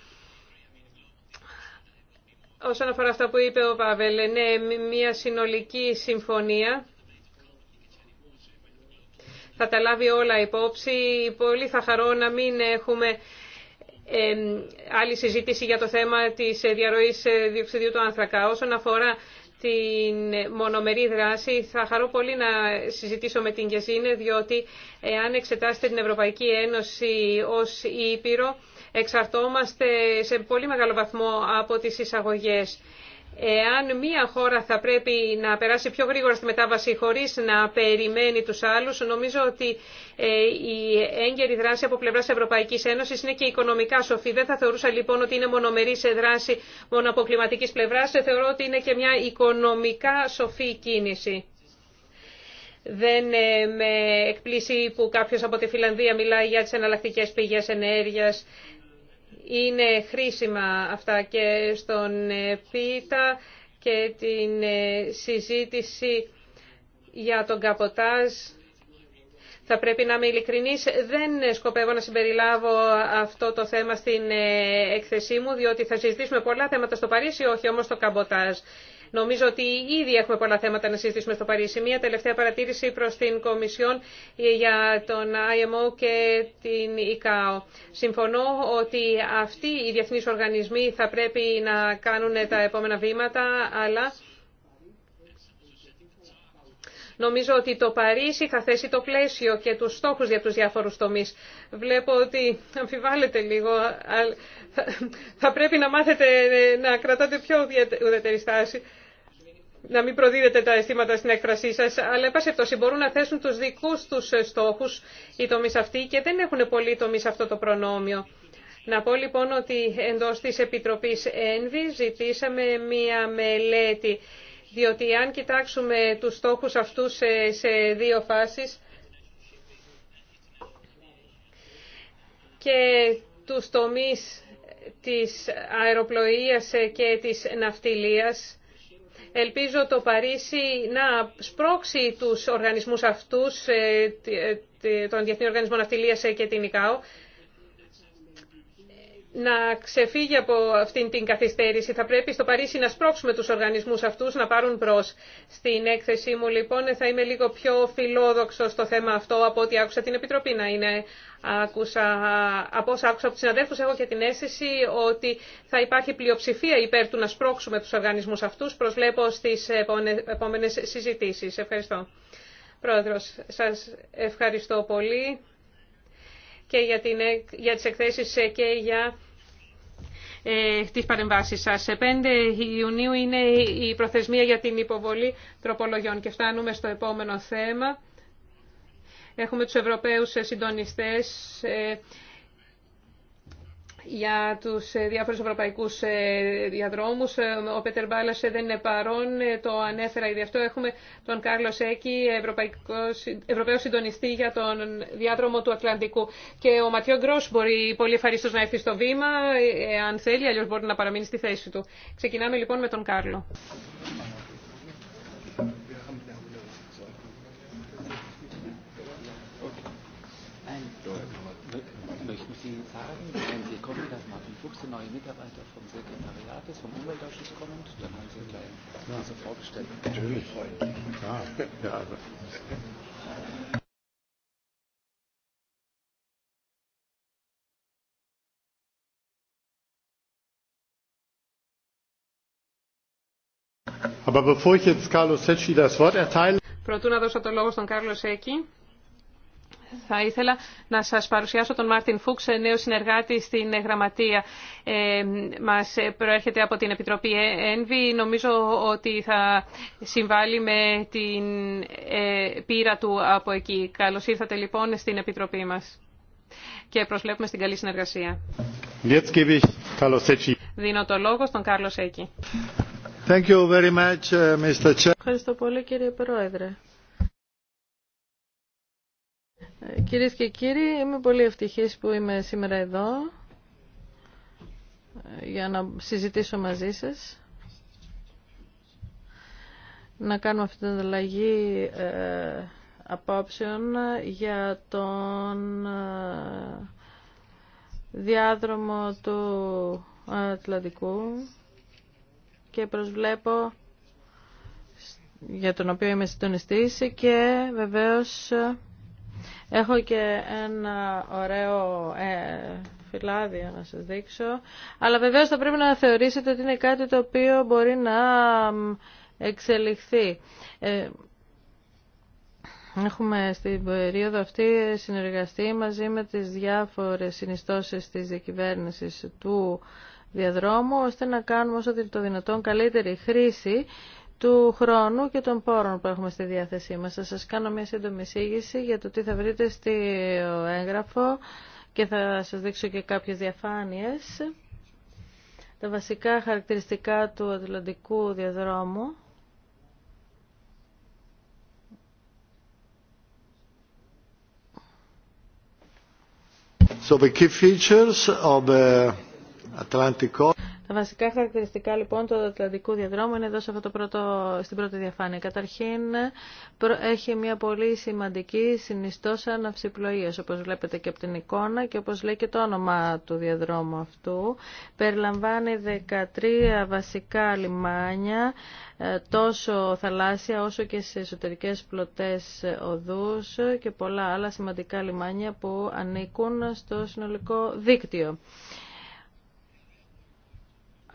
Όσον αφορά αυτά που είπε ο Παβέλ, ναι, μια συνολική συμφωνία θα τα λάβει όλα υπόψη. Πολύ θα χαρώ να μην έχουμε ε, άλλη συζήτηση για το θέμα της ε, διαρροής ε, διοξιδίου του άνθρακα. Όσον αφορά την μονομερή δράση. Θα χαρώ πολύ να συζητήσω με την Γεζίνε, διότι εάν εξετάσετε την Ευρωπαϊκή Ένωση ως Ήπειρο, εξαρτώμαστε σε πολύ μεγάλο βαθμό από τις εισαγωγές. Εάν μία χώρα θα πρέπει να περάσει πιο γρήγορα στη μετάβαση χωρίς να περιμένει τους άλλους, νομίζω ότι ε, η έγκαιρη δράση από πλευράς Ευρωπαϊκής Ένωσης είναι και οικονομικά σοφή. Δεν θα θεωρούσα λοιπόν ότι είναι μονομερή σε δράση μόνο από κλιματικής πλευράς. Θεωρώ ότι είναι και μια οικονομικά σοφή κίνηση. Δεν ε, με εκπλήσει που κάποιος από τη Φιλανδία μιλάει για τις εναλλακτικές πηγές ενέργειας είναι χρήσιμα αυτά και στον ε, ΠΙΤΑ και την ε, συζήτηση για τον καποτάζ. Θα πρέπει να είμαι ειλικρινής, δεν σκοπεύω να συμπεριλάβω αυτό το θέμα στην ε, έκθεσή μου, διότι θα συζητήσουμε πολλά θέματα στο Παρίσι, όχι όμως στο καμποτάζ. Νομίζω ότι ήδη έχουμε πολλά θέματα να συζητήσουμε στο Παρίσι. Μία τελευταία παρατήρηση προς την Κομισιόν για τον IMO και την ICAO. Συμφωνώ ότι αυτοί οι διεθνεί οργανισμοί θα πρέπει να κάνουν τα επόμενα βήματα, αλλά... Νομίζω ότι το Παρίσι θα θέσει το πλαίσιο και τους στόχους για τους διάφορους τομείς. Βλέπω ότι αμφιβάλλετε λίγο. Θα πρέπει να μάθετε να κρατάτε πιο ουδετερή στάση να μην προδίδετε τα αισθήματα στην έκφρασή σα, αλλά αυτό, μπορούν να θέσουν τους δικούς τους ε, στόχους οι τομεί αυτοί και δεν έχουν πολλοί τομεί αυτό το προνόμιο. Να πω λοιπόν ότι εντός της Επιτροπής ΕΝΒΗ ζητήσαμε μία μελέτη, διότι αν κοιτάξουμε τους στόχους αυτούς ε, σε δύο φάσεις και τους τομείς της αεροπλοείας ε, και της ναυτιλίας, Ελπίζω το Παρίσι να σπρώξει τους οργανισμούς αυτούς, ε, ε, τον Διεθνή Οργανισμό Ναυτιλίας ε, και την ΙΚΑΟ, να ξεφύγει από αυτήν την καθυστέρηση. Θα πρέπει στο Παρίσι να σπρώξουμε τους οργανισμούς αυτούς να πάρουν προς. Στην έκθεσή μου λοιπόν θα είμαι λίγο πιο φιλόδοξο στο θέμα αυτό από ό,τι άκουσα την Επιτροπή να είναι. Άκουσα, από όσα άκουσα από τους συναδέλφους έχω και την αίσθηση ότι θα υπάρχει πλειοψηφία υπέρ του να σπρώξουμε τους οργανισμούς αυτούς. Προσβλέπω στις επόμενες συζητήσεις. Ευχαριστώ. Πρόεδρος, σας ευχαριστώ πολύ και για, την, για τις εκθέσεις και για ε, τις παρεμβάσεις σας. 5 ε, Ιουνίου είναι η προθεσμία για την υποβολή τροπολογιών και φτάνουμε στο επόμενο θέμα. Έχουμε τους Ευρωπαίους συντονιστές ε, για τους ε, διάφορους ευρωπαϊκούς ε, διαδρόμους. Ε, ο Πέτερ Μπάλας δεν είναι παρόν, το ανέφερα ήδη αυτό. Έχουμε τον Κάρλο Σέκη, Ευρωπαίο Συντονιστή για τον διάδρομο του Ατλαντικού. Και ο Ματιό Γκρό μπορεί πολύ ευχαριστώ να έρθει στο βήμα, αν θέλει, αλλιώς μπορεί να παραμείνει στη θέση του. Ξεκινάμε λοιπόν με τον Κάρλο. Sie sagen, wenn Sie dass Martin Fuchs, der neue Mitarbeiter vom Sekretariat des, vom Umweltausschuss kommt, dann haben Sie gleich ja. so vorgestellt. Natürlich. Freundlich. Ja, ja, also. Aber bevor ich jetzt Carlos Secchi das Wort erteile. Προτού να δώσω το λόγο στον Κάρλο Σέκη, θα ήθελα να σας παρουσιάσω τον Μάρτιν Φούξ, νέο συνεργάτη στην Γραμματεία. Ε, μας προέρχεται από την Επιτροπή ΕΝΒΗ. Νομίζω ότι θα συμβάλλει με την ε, πείρα του από εκεί. Καλώς ήρθατε λοιπόν στην Επιτροπή μας και προσλέπουμε στην καλή συνεργασία. Δίνω το λόγο στον Κάρλος Έκη. Thank you very much, ε, Mr. Ευχαριστώ πολύ κύριε Πρόεδρε. Κυρίε και κύριοι, είμαι πολύ ευτυχής που είμαι σήμερα εδώ ε, για να συζητήσω μαζί σας. Να κάνουμε αυτή την αλλαγή ε, απόψεων για τον ε, διάδρομο του Ατλαντικού και προσβλέπω για τον οποίο είμαι συντονιστής και βεβαίως Έχω και ένα ωραίο ε, να σας δείξω. Αλλά βεβαίως θα πρέπει να θεωρήσετε ότι είναι κάτι το οποίο μπορεί να εξελιχθεί. Ε, έχουμε στην περίοδο αυτή συνεργαστεί μαζί με τις διάφορες συνιστώσεις της διακυβέρνηση του διαδρόμου, ώστε να κάνουμε όσο το δυνατόν καλύτερη χρήση του χρόνου και των πόρων που έχουμε στη διάθεσή μας. Θα σας κάνω μια σύντομη εισήγηση για το τι θα βρείτε στο έγγραφο και θα σας δείξω και κάποιες διαφάνειες. Τα βασικά χαρακτηριστικά του Ατλαντικού διαδρόμου. So the key features of Atlantic τα βασικά χαρακτηριστικά λοιπόν του Ατλαντικού διαδρόμου είναι εδώ σε αυτό το πρώτο, στην πρώτη διαφάνεια. Καταρχήν έχει μια πολύ σημαντική συνιστόσα αναψυπλοεία, όπως βλέπετε και από την εικόνα και όπως λέει και το όνομα του διαδρόμου αυτού. Περιλαμβάνει 13 βασικά λιμάνια ε, τόσο θαλάσσια όσο και σε εσωτερικέ πλωτέ οδού και πολλά άλλα σημαντικά λιμάνια που ανήκουν στο συνολικό δίκτυο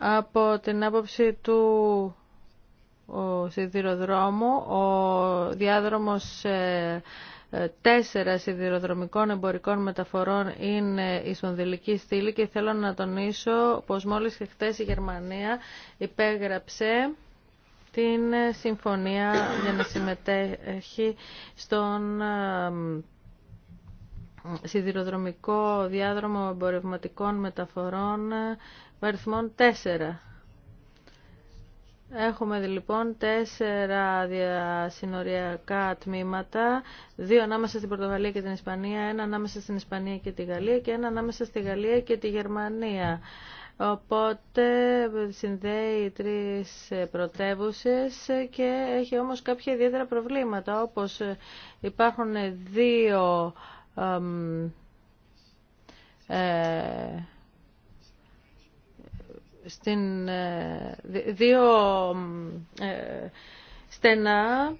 από την άποψη του ο σιδηροδρόμου, ο διάδρομος ε, ε, τέσσερα σιδηροδρομικών εμπορικών μεταφορών είναι η σπονδυλική στήλη και θέλω να τονίσω πως μόλις χθες η Γερμανία υπέγραψε την συμφωνία για να συμμετέχει στον ε, σιδηροδρομικό διάδρομο εμπορευματικών μεταφορών ε, αριθμών 4. Έχουμε λοιπόν τέσσερα διασυνοριακά τμήματα, δύο ανάμεσα στην Πορτογαλία και την Ισπανία, ένα ανάμεσα στην Ισπανία και τη Γαλλία και ένα ανάμεσα στη Γαλλία και τη Γερμανία. Οπότε ε, συνδέει τρεις ε, πρωτεύουσες και έχει όμως κάποια ιδιαίτερα προβλήματα, όπως υπάρχουν δύο ε, στην ε, δύο ε, στενά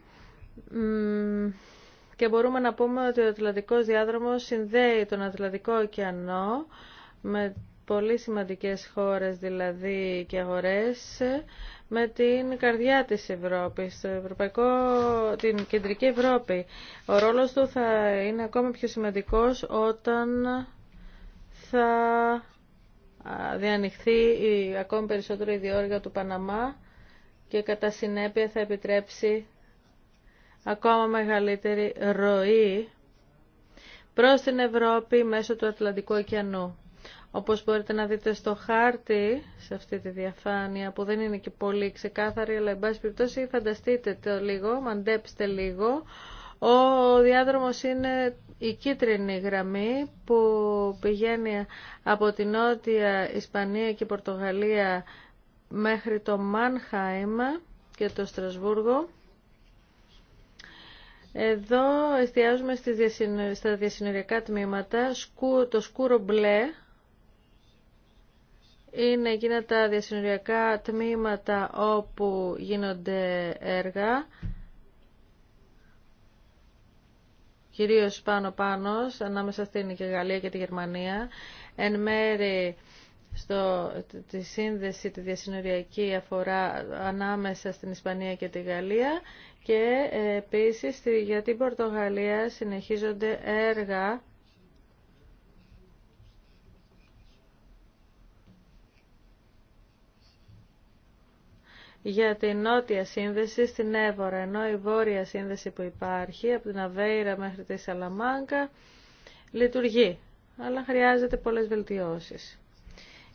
και μπορούμε να πούμε ότι ο Ατλαντικός διάδρομος συνδέει τον Ατλαντικό ωκεανό με πολύ σημαντικές χώρες δηλαδή και αγορές με την καρδιά της Ευρώπης, Ευρωπαϊκό, την Κεντρική Ευρώπη. Ο ρόλος του θα είναι ακόμα πιο σημαντικός όταν θα διανοιχθεί η, ακόμη περισσότερο η διόρυγα του Παναμά και κατά συνέπεια θα επιτρέψει ακόμα μεγαλύτερη ροή προς την Ευρώπη μέσω του Ατλαντικού ωκεανού. Όπως μπορείτε να δείτε στο χάρτη, σε αυτή τη διαφάνεια που δεν είναι και πολύ ξεκάθαρη, αλλά εν πάση περιπτώσει φανταστείτε το λίγο, μαντέψτε λίγο. Ο διάδρομος είναι η κίτρινη γραμμή που πηγαίνει από την νότια Ισπανία και Πορτογαλία μέχρι το Μάνχαϊμ και το Στρασβούργο. Εδώ εστιάζουμε στις στα διασυνοριακά τμήματα, το σκούρο μπλε, είναι εκείνα τα διασυνοριακά τμήματα όπου γίνονται έργα κυρίως πάνω-πάνω ανάμεσα στην Γαλλία και τη Γερμανία εν μέρη στο, τη σύνδεση τη διασυνοριακή αφορά ανάμεσα στην Ισπανία και τη Γαλλία και ε, επίσης για την Πορτογαλία συνεχίζονται έργα για την νότια σύνδεση στην Εύωρα, ενώ η βόρεια σύνδεση που υπάρχει από την Αβέιρα μέχρι τη Σαλαμάνκα λειτουργεί, αλλά χρειάζεται πολλές βελτιώσεις,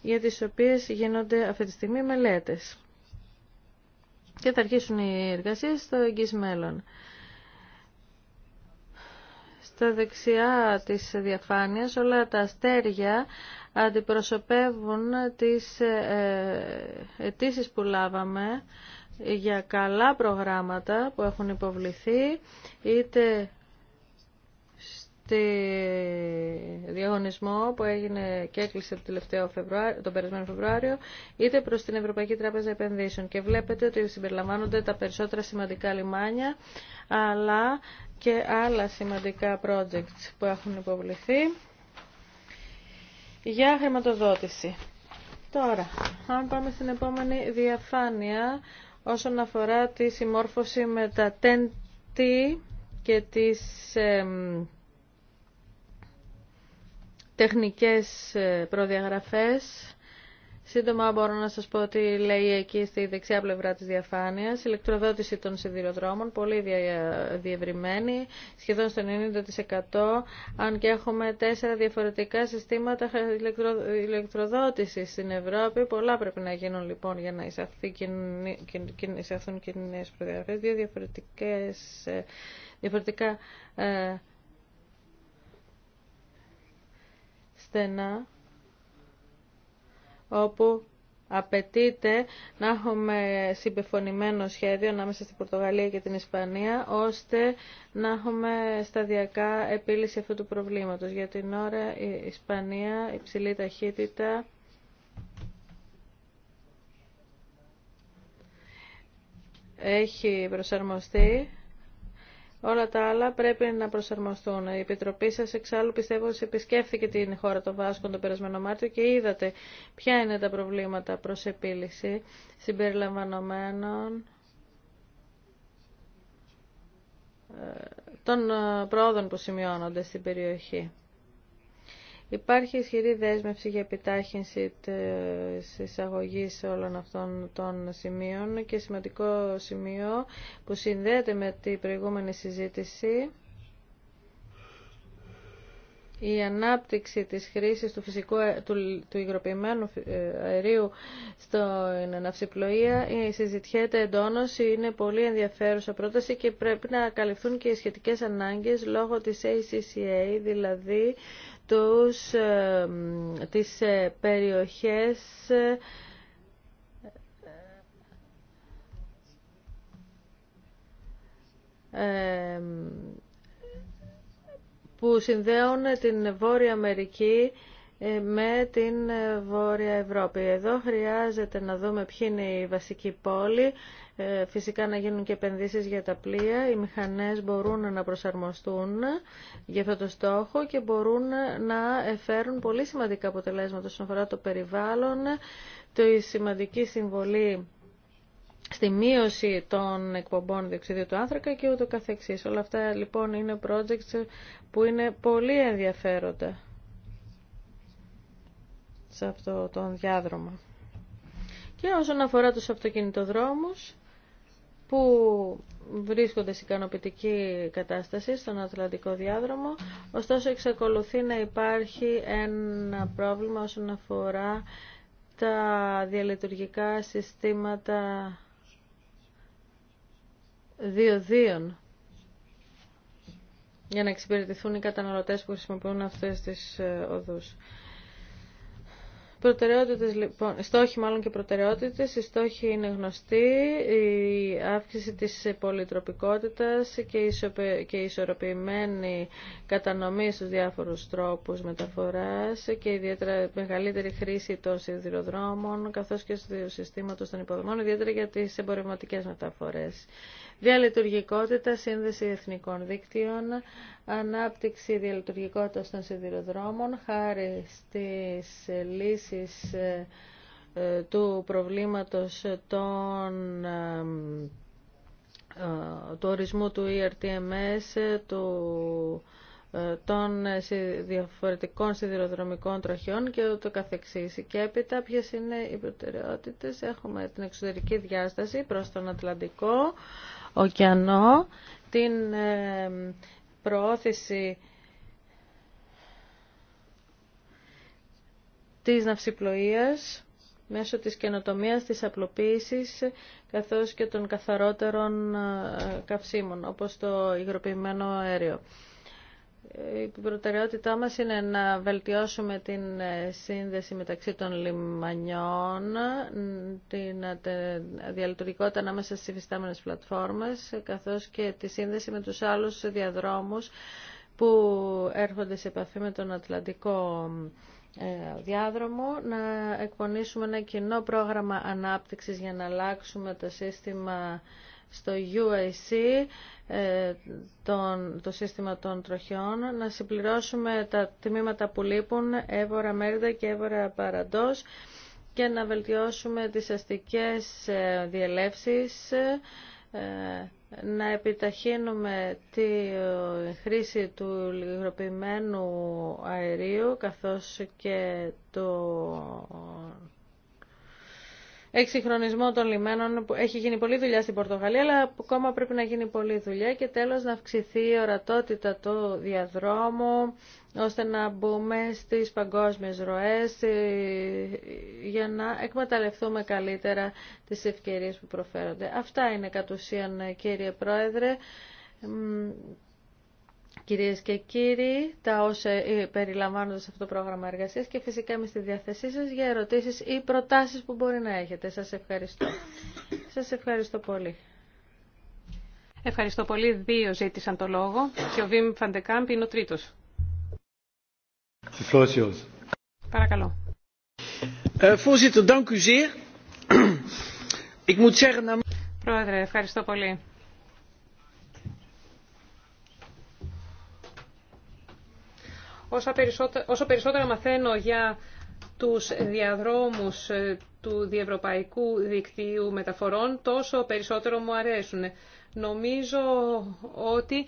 για τις οποίες γίνονται αυτή τη στιγμή μελέτες. Και θα αρχίσουν οι εργασίες στο εγγύς μέλλον. Στα δεξιά της διαφάνειας όλα τα αστέρια αντιπροσωπεύουν τις ε, αιτήσει που λάβαμε για καλά προγράμματα που έχουν υποβληθεί είτε στη διαγωνισμό που έγινε και έκλεισε το τελευταίο Φεβρουάριο, τον περασμένο Φεβρουάριο, είτε προς την Ευρωπαϊκή Τράπεζα Επενδύσεων. Και βλέπετε ότι συμπεριλαμβάνονται τα περισσότερα σημαντικά λιμάνια, αλλά και άλλα σημαντικά projects που έχουν υποβληθεί για χρηματοδότηση. Τώρα, αν πάμε στην επόμενη διαφάνεια όσον αφορά τη συμμόρφωση με τα τέντη και τις τεχνικές ε, προδιαγραφές Σύντομα μπορώ να σας πω ότι λέει εκεί στη δεξιά πλευρά της διαφάνειας ηλεκτροδότηση των σιδηροδρόμων, πολύ διευρυμένη, σχεδόν στο 90% αν και έχουμε τέσσερα διαφορετικά συστήματα ηλεκτροδότησης στην Ευρώπη. Πολλά πρέπει να γίνουν λοιπόν για να εισαχθούν κοινέ προδιαγραφές. Δύο διαφορετικές, ε, διαφορετικά ε, στενά όπου απαιτείται να έχουμε συμπεφωνημένο σχέδιο ανάμεσα στην Πορτογαλία και την Ισπανία, ώστε να έχουμε σταδιακά επίλυση αυτού του προβλήματος. Για την ώρα η Ισπανία υψηλή ταχύτητα έχει προσαρμοστεί Όλα τα άλλα πρέπει να προσαρμοστούν. Η Επιτροπή σα εξάλλου πιστεύω ότι επισκέφθηκε την χώρα των Βάσκων τον περασμένο Μάρτιο και είδατε ποια είναι τα προβλήματα προς επίλυση συμπεριλαμβανομένων ε, των ε, πρόοδων που σημειώνονται στην περιοχή. Υπάρχει ισχυρή δέσμευση για επιτάχυνση της εισαγωγής όλων αυτών των σημείων και σημαντικό σημείο που συνδέεται με την προηγούμενη συζήτηση η ανάπτυξη της χρήσης του, φυσικού, του, του υγροποιημένου ε, αερίου στην αναψυπλοεία. συζητιέται εντόνως, είναι πολύ ενδιαφέρουσα πρόταση και πρέπει να καλυφθούν και οι σχετικές ανάγκες λόγω της ACCA, δηλαδή τους, ε, τις ε, περιοχές ε, που συνδέουν την Βόρεια Αμερική με την Βόρεια Ευρώπη. Εδώ χρειάζεται να δούμε ποιοι είναι οι βασικοί πόλοι, ε, φυσικά να γίνουν και επενδύσεις για τα πλοία. Οι μηχανές μπορούν να προσαρμοστούν για αυτό το στόχο και μπορούν να εφέρουν πολύ σημαντικά αποτελέσματα όσον αφορά το περιβάλλον, τη σημαντική συμβολή στη μείωση των εκπομπών διοξιδίου του άνθρακα και ούτω καθεξής. Όλα αυτά λοιπόν είναι projects που είναι πολύ ενδιαφέροντα σε αυτό τον διάδρομο. Και όσον αφορά τους αυτοκινητοδρόμους, που βρίσκονται σε ικανοποιητική κατάσταση στον Ατλαντικό διάδρομο, ωστόσο εξακολουθεί να υπάρχει ένα πρόβλημα όσον αφορά τα διαλειτουργικά συστήματα διοδίων για να εξυπηρετηθούν οι καταναλωτές που χρησιμοποιούν αυτές τις ε, οδούς. Προτεραιότητες, λοιπόν, στόχοι μάλλον και προτεραιότητες, οι στόχοι είναι γνωστοί, η αύξηση της πολυτροπικότητας και η ισορροπημένη κατανομή στους διάφορους τρόπους μεταφοράς και ιδιαίτερα μεγαλύτερη χρήση των σιδηροδρόμων καθώς και του συστήματος των υποδομών, ιδιαίτερα για τις εμπορευματικές μεταφορές διαλειτουργικότητα, σύνδεση εθνικών δίκτυων, ανάπτυξη διαλειτουργικότητας των σιδηροδρόμων, χάρη στις λύσεις ε, ε, του προβλήματος των, ε, του ορισμού του ERTMS, του των διαφορετικών σιδηροδρομικών τροχιών και ούτω καθεξής. Και έπειτα ποιες είναι οι προτεραιότητες. Έχουμε την εξωτερική διάσταση προς τον Ατλαντικό, ωκεανό, την προώθηση της ναυσιπλοείας μέσω της καινοτομίας, της απλοποίησης, καθώς και των καθαρότερων ε, καυσίμων, όπως το υγροποιημένο αέριο η προτεραιότητά μας είναι να βελτιώσουμε την ε, σύνδεση μεταξύ των λιμανιών, την διαλειτουργικότητα ανάμεσα στις υφιστάμενες πλατφόρμες, καθώς και τη σύνδεση με τους άλλους διαδρόμους που έρχονται σε επαφή με τον Ατλαντικό ε, διάδρομο, να εκπονήσουμε ένα κοινό πρόγραμμα ανάπτυξης για να αλλάξουμε το σύστημα στο UIC ε, τον, το σύστημα των τροχιών, να συμπληρώσουμε τα τμήματα που λείπουν, έβορα Μέρδα και έβορα Παραντός, και να βελτιώσουμε τις αστικές ε, διελεύσεις, ε, να επιταχύνουμε τη χρήση του λιγροποιημένου αερίου καθώς και το εξυγχρονισμό των λιμένων. Έχει γίνει πολλή δουλειά στην Πορτογαλία, αλλά ακόμα πρέπει να γίνει πολλή δουλειά. Και τέλος να αυξηθεί η ορατότητα του διαδρόμου, ώστε να μπούμε στις παγκόσμιες ροές, ε, για να εκμεταλλευτούμε καλύτερα τις ευκαιρίες που προφέρονται. Αυτά είναι κατ' ουσίαν, ε, κύριε Πρόεδρε Κυρίες και κύριοι, τα όσα ε, περιλαμβάνονται σε αυτό το πρόγραμμα εργασίας και φυσικά είμαι στη διάθεσή σας για ερωτήσεις ή προτάσεις που μπορεί να έχετε. Σας ευχαριστώ. Σας ευχαριστώ πολύ. Ευχαριστώ πολύ. Δύο ζήτησαν το λόγο και ο Βίμ Φαντεκάμπ είναι ο τρίτος. Παρακαλώ. Ε, Πρόεδρε, ευχαριστώ πολύ. Όσο περισσότερα μαθαίνω για τους διαδρόμους ε, του διευρωπαϊκού δικτύου μεταφορών, τόσο περισσότερο μου αρέσουν. Νομίζω ότι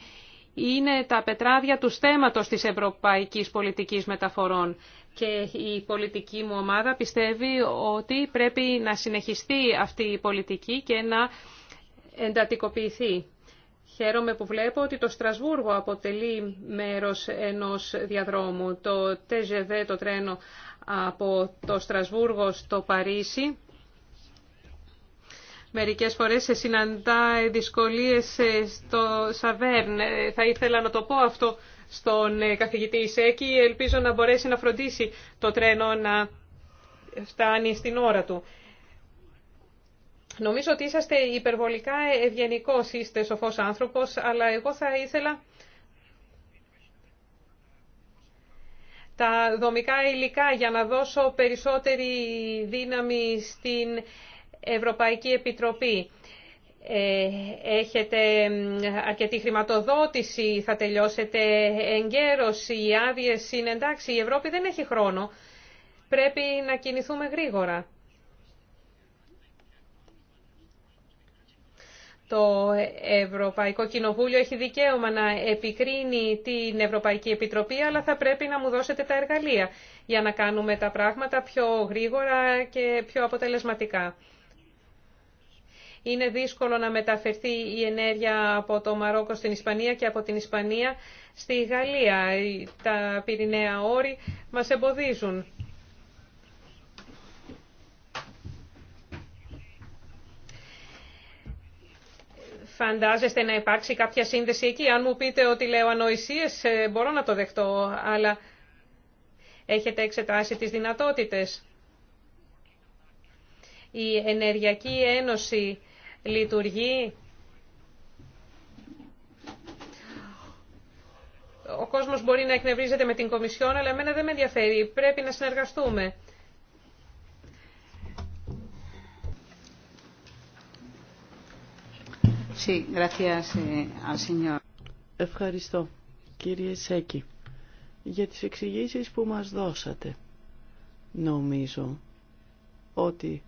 είναι τα πετράδια του στέματος της ευρωπαϊκής πολιτικής μεταφορών. Και η πολιτική μου ομάδα πιστεύει ότι πρέπει να συνεχιστεί αυτή η πολιτική και να εντατικοποιηθεί. Χαίρομαι που βλέπω ότι το Στρασβούργο αποτελεί μέρος ενός διαδρόμου. Το TGV, το τρένο από το Στρασβούργο στο Παρίσι, μερικές φορές συναντά δυσκολίες ε, στο Σαβέρν. Ε, θα ήθελα να το πω αυτό στον ε, καθηγητή Ισέκη. Ελπίζω να μπορέσει να φροντίσει το τρένο να φτάνει στην ώρα του. Νομίζω ότι είσαστε υπερβολικά ευγενικό είστε σοφός άνθρωπος, αλλά εγώ θα ήθελα τα δομικά υλικά για να δώσω περισσότερη δύναμη στην Ευρωπαϊκή Επιτροπή. Ε, έχετε αρκετή χρηματοδότηση, θα τελειώσετε εγκαίρως, οι άδειε είναι εντάξει, η Ευρώπη δεν έχει χρόνο. Πρέπει να κινηθούμε γρήγορα. Το Ευρωπαϊκό Κοινοβούλιο έχει δικαίωμα να επικρίνει την Ευρωπαϊκή Επιτροπή, αλλά θα πρέπει να μου δώσετε τα εργαλεία για να κάνουμε τα πράγματα πιο γρήγορα και πιο αποτελεσματικά. Είναι δύσκολο να μεταφερθεί η ενέργεια από το Μαρόκο στην Ισπανία και από την Ισπανία στη Γαλλία. Τα πυρηναία όρη μας εμποδίζουν. φαντάζεστε να υπάρξει κάποια σύνδεση εκεί. Αν μου πείτε ότι λέω ανοησίες, ε, μπορώ να το δεχτώ, αλλά έχετε εξετάσει τις δυνατότητες. Η Ενεργειακή Ένωση λειτουργεί. Ο κόσμος μπορεί να εκνευρίζεται με την Κομισιόν, αλλά εμένα δεν με ενδιαφέρει. Πρέπει να συνεργαστούμε. Eh, Ευχαριστώ, κύριε Σέκη, για τις εξηγήσεις που μας δώσατε. Νομίζω ότι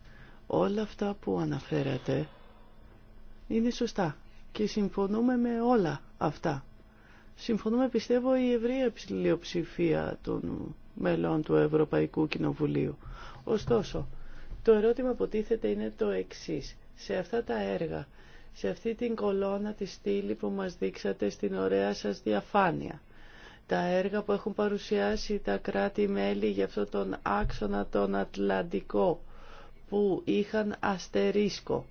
όλα αυτά που αναφέρατε είναι σωστά και συμφωνούμε με όλα αυτά. Συμφωνούμε, πιστεύω, η ευρεία πλειοψηφία των μελών του Ευρωπαϊκού Κοινοβουλίου. Ωστόσο, το ερώτημα που τίθεται είναι το εξής. Σε αυτά τα έργα σε αυτή την κολόνα τη στήλη που μας δείξατε στην ωραία σας διαφάνεια. Τα έργα που έχουν παρουσιάσει τα κράτη-μέλη για αυτόν τον άξονα τον Ατλαντικό που είχαν αστερίσκο.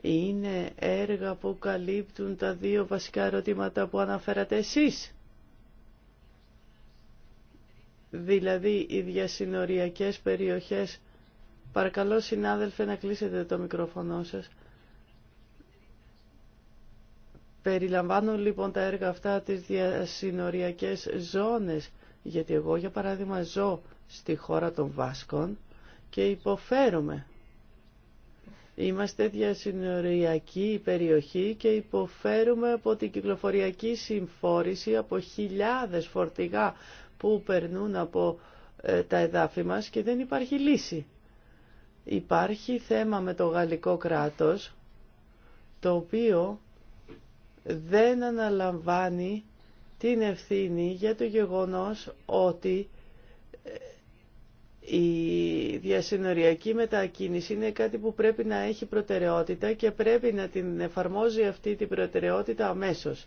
Είναι έργα που καλύπτουν τα δύο βασικά ερωτήματα που αναφέρατε εσείς. Δηλαδή οι διασυνοριακές περιοχές. Παρακαλώ συνάδελφε να κλείσετε το μικρόφωνο σας. Περιλαμβάνουν λοιπόν τα έργα αυτά τις διασυνοριακές ζώνες, γιατί εγώ για παράδειγμα ζω στη χώρα των Βάσκων και υποφέρομαι. Είμαστε διασυνοριακή περιοχή και υποφέρουμε από την κυκλοφοριακή συμφόρηση από χιλιάδες φορτηγά που περνούν από ε, τα εδάφη μας και δεν υπάρχει λύση. Υπάρχει θέμα με το γαλλικό κράτος, το οποίο δεν αναλαμβάνει την ευθύνη για το γεγονός ότι ε, η διασυνοριακή μετακίνηση είναι κάτι που πρέπει να έχει προτεραιότητα και πρέπει να την εφαρμόζει αυτή την προτεραιότητα αμέσως.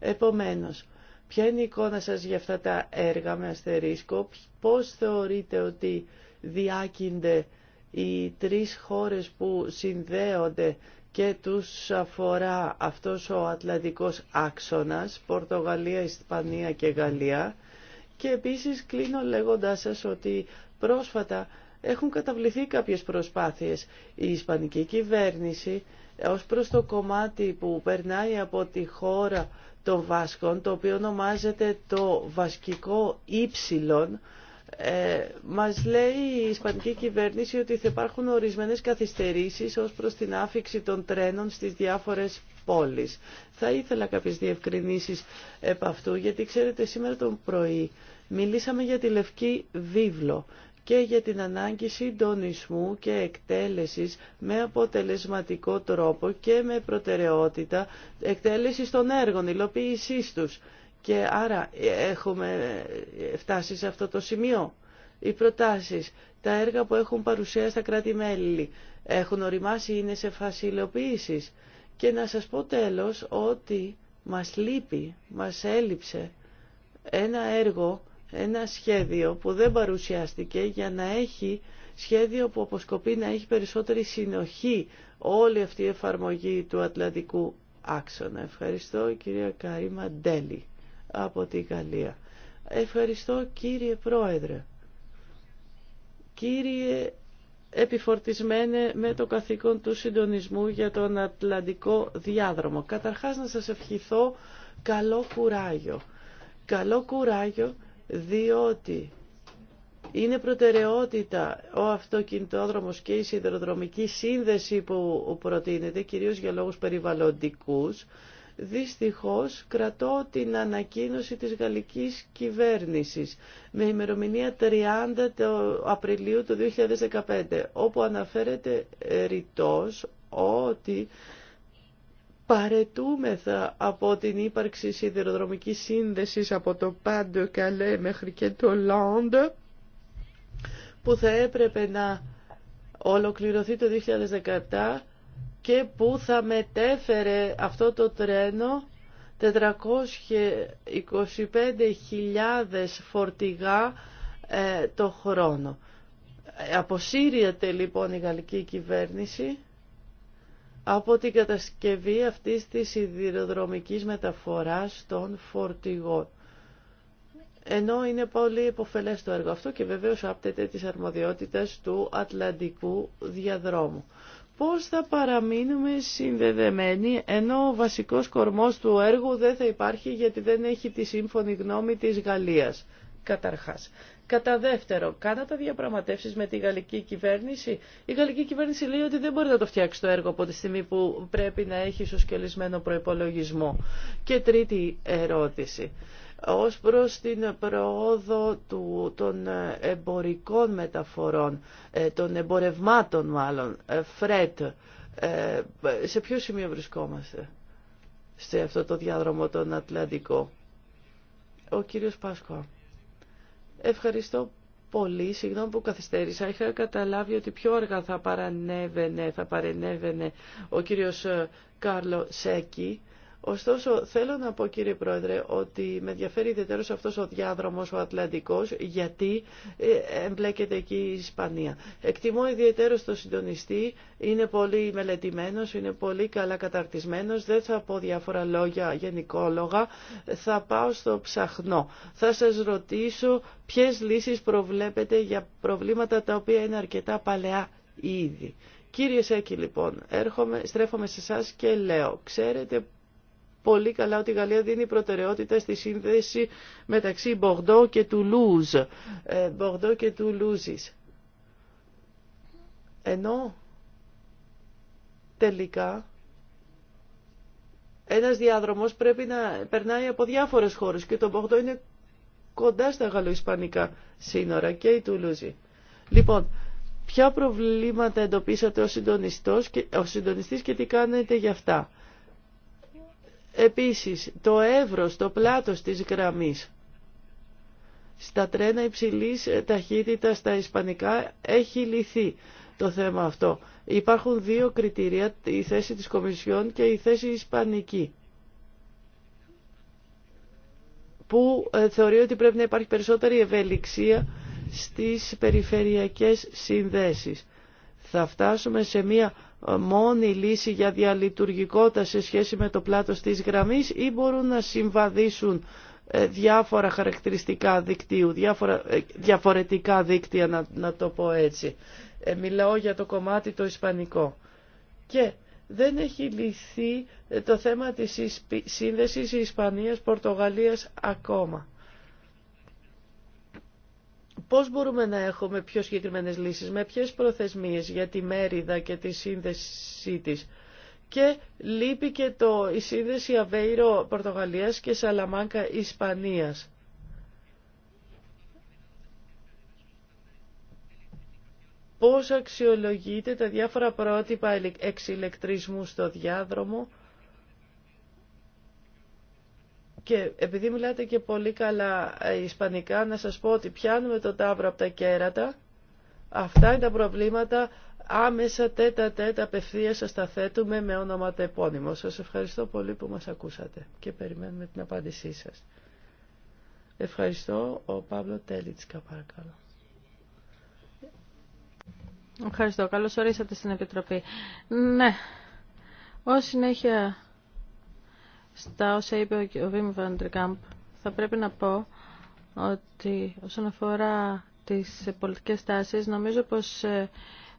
Επομένως, ποια είναι η εικόνα σας για αυτά τα έργα με αστερίσκο, πώς θεωρείτε ότι διάκυνται οι τρεις χώρες που συνδέονται και τους αφορά αυτός ο Ατλαντικός άξονας, Πορτογαλία, Ισπανία και Γαλλία. Και επίσης κλείνω λέγοντάς σας ότι πρόσφατα έχουν καταβληθεί κάποιες προσπάθειες. Η Ισπανική κυβέρνηση ως προς το κομμάτι που περνάει από τη χώρα των Βάσκων, το οποίο ονομάζεται το Βασκικό Ήψιλον, ε, μας λέει η Ισπανική κυβέρνηση ότι θα υπάρχουν ορισμένες καθυστερήσεις ως προς την άφηξη των τρένων στις διάφορες πόλεις. Θα ήθελα κάποιες διευκρινήσεις επ' αυτού, γιατί ξέρετε σήμερα τον πρωί μιλήσαμε για τη Λευκή Βίβλο και για την ανάγκη συντονισμού και εκτέλεσης με αποτελεσματικό τρόπο και με προτεραιότητα εκτέλεσης των έργων, υλοποίησής τους. Και άρα ε, έχουμε φτάσει σε αυτό το σημείο. Οι προτάσεις, τα έργα που έχουν παρουσία στα κράτη-μέλη έχουν οριμάσει, είναι σε φάση Και να σας πω τέλος ότι μας λείπει, μας έλειψε ένα έργο, ένα σχέδιο που δεν παρουσιάστηκε για να έχει σχέδιο που αποσκοπεί να έχει περισσότερη συνοχή όλη αυτή η εφαρμογή του Ατλαντικού άξονα. Ευχαριστώ κυρία Καρίμα Ντέλη από τη Γαλλία. Ευχαριστώ κύριε Πρόεδρε. Κύριε επιφορτισμένε με το καθήκον του συντονισμού για τον Ατλαντικό διάδρομο. Καταρχάς να σας ευχηθώ καλό κουράγιο. Καλό κουράγιο διότι είναι προτεραιότητα ο αυτοκινητόδρομος και η σιδηροδρομική σύνδεση που προτείνεται, κυρίως για λόγους περιβαλλοντικούς, Δυστυχώς κρατώ την ανακοίνωση της γαλλικής κυβέρνησης με ημερομηνία 30 Απριλίου του 2015 όπου αναφέρεται ρητός ότι παρετούμεθα από την ύπαρξη σιδηροδρομικής σύνδεσης από το Πάντο Καλέ μέχρι και το Λόντ που θα έπρεπε να ολοκληρωθεί το 2017 και που θα μετέφερε αυτό το τρένο 425.000 φορτηγά ε, το χρόνο. Ε, Αποσύριεται λοιπόν η γαλλική κυβέρνηση από την κατασκευή αυτής της σιδηροδρομικής μεταφοράς των φορτηγών. Ενώ είναι πολύ υποφελές το έργο αυτό και βεβαίως άπτεται της αρμοδιότητας του Ατλαντικού διαδρόμου πώς θα παραμείνουμε συνδεδεμένοι ενώ ο βασικός κορμός του έργου δεν θα υπάρχει γιατί δεν έχει τη σύμφωνη γνώμη της Γαλλίας καταρχάς. Κατά δεύτερο, κάνατε διαπραγματεύσεις με τη γαλλική κυβέρνηση. Η γαλλική κυβέρνηση λέει ότι δεν μπορεί να το φτιάξει το έργο από τη στιγμή που πρέπει να έχει ισοσκελισμένο προϋπολογισμό. Και τρίτη ερώτηση ως προς την προόδο του, των εμπορικών μεταφορών, ε, των εμπορευμάτων μάλλον, ε, φρέτ, ε, σε ποιο σημείο βρισκόμαστε σε αυτό το διάδρομο τον Ατλαντικό. Ο κύριος Πάσκο. Ευχαριστώ πολύ. Συγγνώμη που καθυστέρησα. Είχα καταλάβει ότι πιο αργά θα παρανέβαινε, θα παρενέβαινε ο κύριος Κάρλο Σέκη. Ωστόσο, θέλω να πω κύριε Πρόεδρε ότι με ενδιαφέρει ιδιαίτερο αυτός ο διάδρομος ο Ατλαντικός γιατί ε, εμπλέκεται εκεί η Ισπανία. Εκτιμώ ιδιαίτερο τον συντονιστή, είναι πολύ μελετημένος, είναι πολύ καλά καταρτισμένος, δεν θα πω διάφορα λόγια γενικόλογα, θα πάω στο ψαχνό. Θα σας ρωτήσω ποιες λύσεις προβλέπετε για προβλήματα τα οποία είναι αρκετά παλαιά ήδη. Κύριε Σέκη, λοιπόν, έρχομαι, στρέφομαι σε εσά και λέω, ξέρετε πολύ καλά ότι η Γαλλία δίνει προτεραιότητα στη σύνδεση μεταξύ Μπορντό και Λούζ, Μπορντό ε, και Τουλούζης. Ενώ τελικά ένας διάδρομος πρέπει να περνάει από διάφορες χώρες και το Μπορντό είναι κοντά στα γαλλοϊσπανικά σύνορα και η Τουλούζη. Λοιπόν, ποια προβλήματα εντοπίσατε ο συντονιστής και τι κάνετε για αυτά. Επίσης, το εύρος, το πλάτος της γραμμής στα τρένα υψηλής ταχύτητας στα ισπανικά έχει λυθεί το θέμα αυτό. Υπάρχουν δύο κριτήρια, η θέση της Κομισιόν και η θέση ισπανική που ε, θεωρεί ότι πρέπει να υπάρχει περισσότερη ευελιξία στις περιφερειακές συνδέσεις. Θα φτάσουμε σε μια ε, μόνη λύση για διαλειτουργικότητα σε σχέση με το πλάτος της γραμμής ή μπορούν να συμβαδίσουν ε, διάφορα χαρακτηριστικά δικτύου, ε, διαφορετικά δίκτυα να, το πω έτσι. μιλάω για το κομμάτι το ισπανικό. Και δεν έχει λυθεί το θέμα της σύνδεσης Ισπανίας-Πορτογαλίας ακόμα. Πώς μπορούμε να έχουμε πιο συγκεκριμένες λύσεις, με ποιες προθεσμίες για τη μέριδα και τη σύνδεσή της. Και λείπει και το, η σύνδεση Αβέιρο Πορτογαλίας και Σαλαμάνκα Ισπανίας. Πώς αξιολογείται τα διάφορα πρότυπα εξηλεκτρισμού στο διάδρομο Και επειδή μιλάτε και πολύ καλά ε, ισπανικά, να σας πω ότι πιάνουμε το τάβρο από τα κέρατα. Αυτά είναι τα προβλήματα. Άμεσα τέτα τέτα απευθεία σας τα θέτουμε με όνοματα επώνυμο. Σας ευχαριστώ πολύ που μας ακούσατε και περιμένουμε την απάντησή σας. Ευχαριστώ. Ο Παύλο Τέλιτσκα παρακαλώ. Ευχαριστώ. Καλώς ορίσατε στην Επιτροπή. Ναι. Ως συνέχεια στα όσα είπε ο Βίμ Βαντρικάμπ. Θα πρέπει να πω ότι όσον αφορά τις ε, πολιτικές τάσεις, νομίζω πως ε,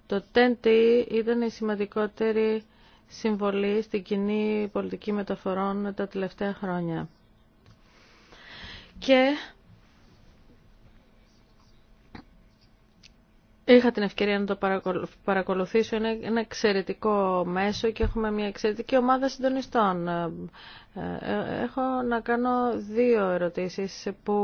το TNT ήταν η σημαντικότερη συμβολή στην κοινή πολιτική μεταφορών τα τελευταία χρόνια. Και Είχα την ευκαιρία να το παρακολουθήσω. Είναι ένα εξαιρετικό μέσο και έχουμε μια εξαιρετική ομάδα συντονιστών. Ε, ε, έχω να κάνω δύο ερωτήσεις που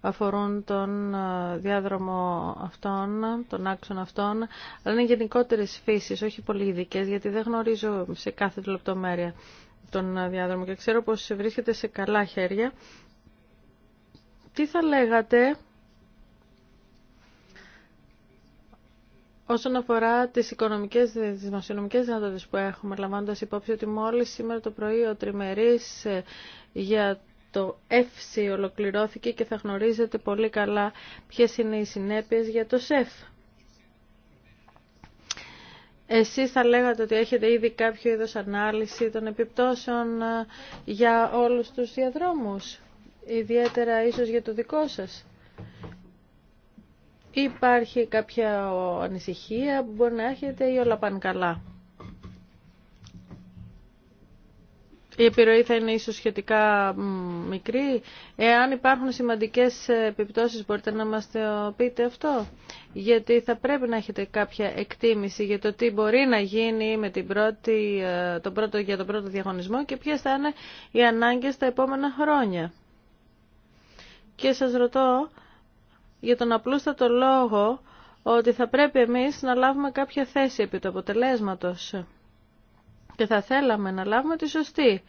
αφορούν τον ε, διάδρομο αυτών, τον άξονα αυτών, αλλά είναι γενικότερες φύσεις, όχι πολύ ειδικέ, γιατί δεν γνωρίζω σε κάθε λεπτομέρεια τον διάδρομο και ξέρω πως βρίσκεται σε καλά χέρια. Τι θα λέγατε Όσον αφορά τι οικονομικέ, τις δυνατότητες που έχουμε, λαμβάνοντα υπόψη ότι μόλι σήμερα το πρωί ο τριμερή ε, για το ΕΦΣΙ ολοκληρώθηκε και θα γνωρίζετε πολύ καλά ποιε είναι οι συνέπειες για το ΣΕΦ. Εσείς θα λέγατε ότι έχετε ήδη κάποιο είδος ανάλυση των επιπτώσεων ε, για όλους τους διαδρόμους, ιδιαίτερα ίσως για το δικό σας. Υπάρχει κάποια ανησυχία που μπορεί να έχετε ή όλα πάνε καλά. Η επιρροή θα είναι ίσως σχετικά μικρή. Εάν υπάρχουν σημαντικές επιπτώσεις μπορείτε να μας πείτε αυτό. Γιατί θα πρέπει να έχετε κάποια εκτίμηση για το τι μπορεί να γίνει με την πρώτη, ε, το πρώτο, για τον πρώτο διαγωνισμό και ποιες θα είναι οι ανάγκες τα επόμενα χρόνια. Και σας ρωτώ για τον απλούστατο λόγο ότι θα πρέπει εμείς να λάβουμε κάποια θέση επί του αποτελέσματος και θα θέλαμε να λάβουμε τη σωστή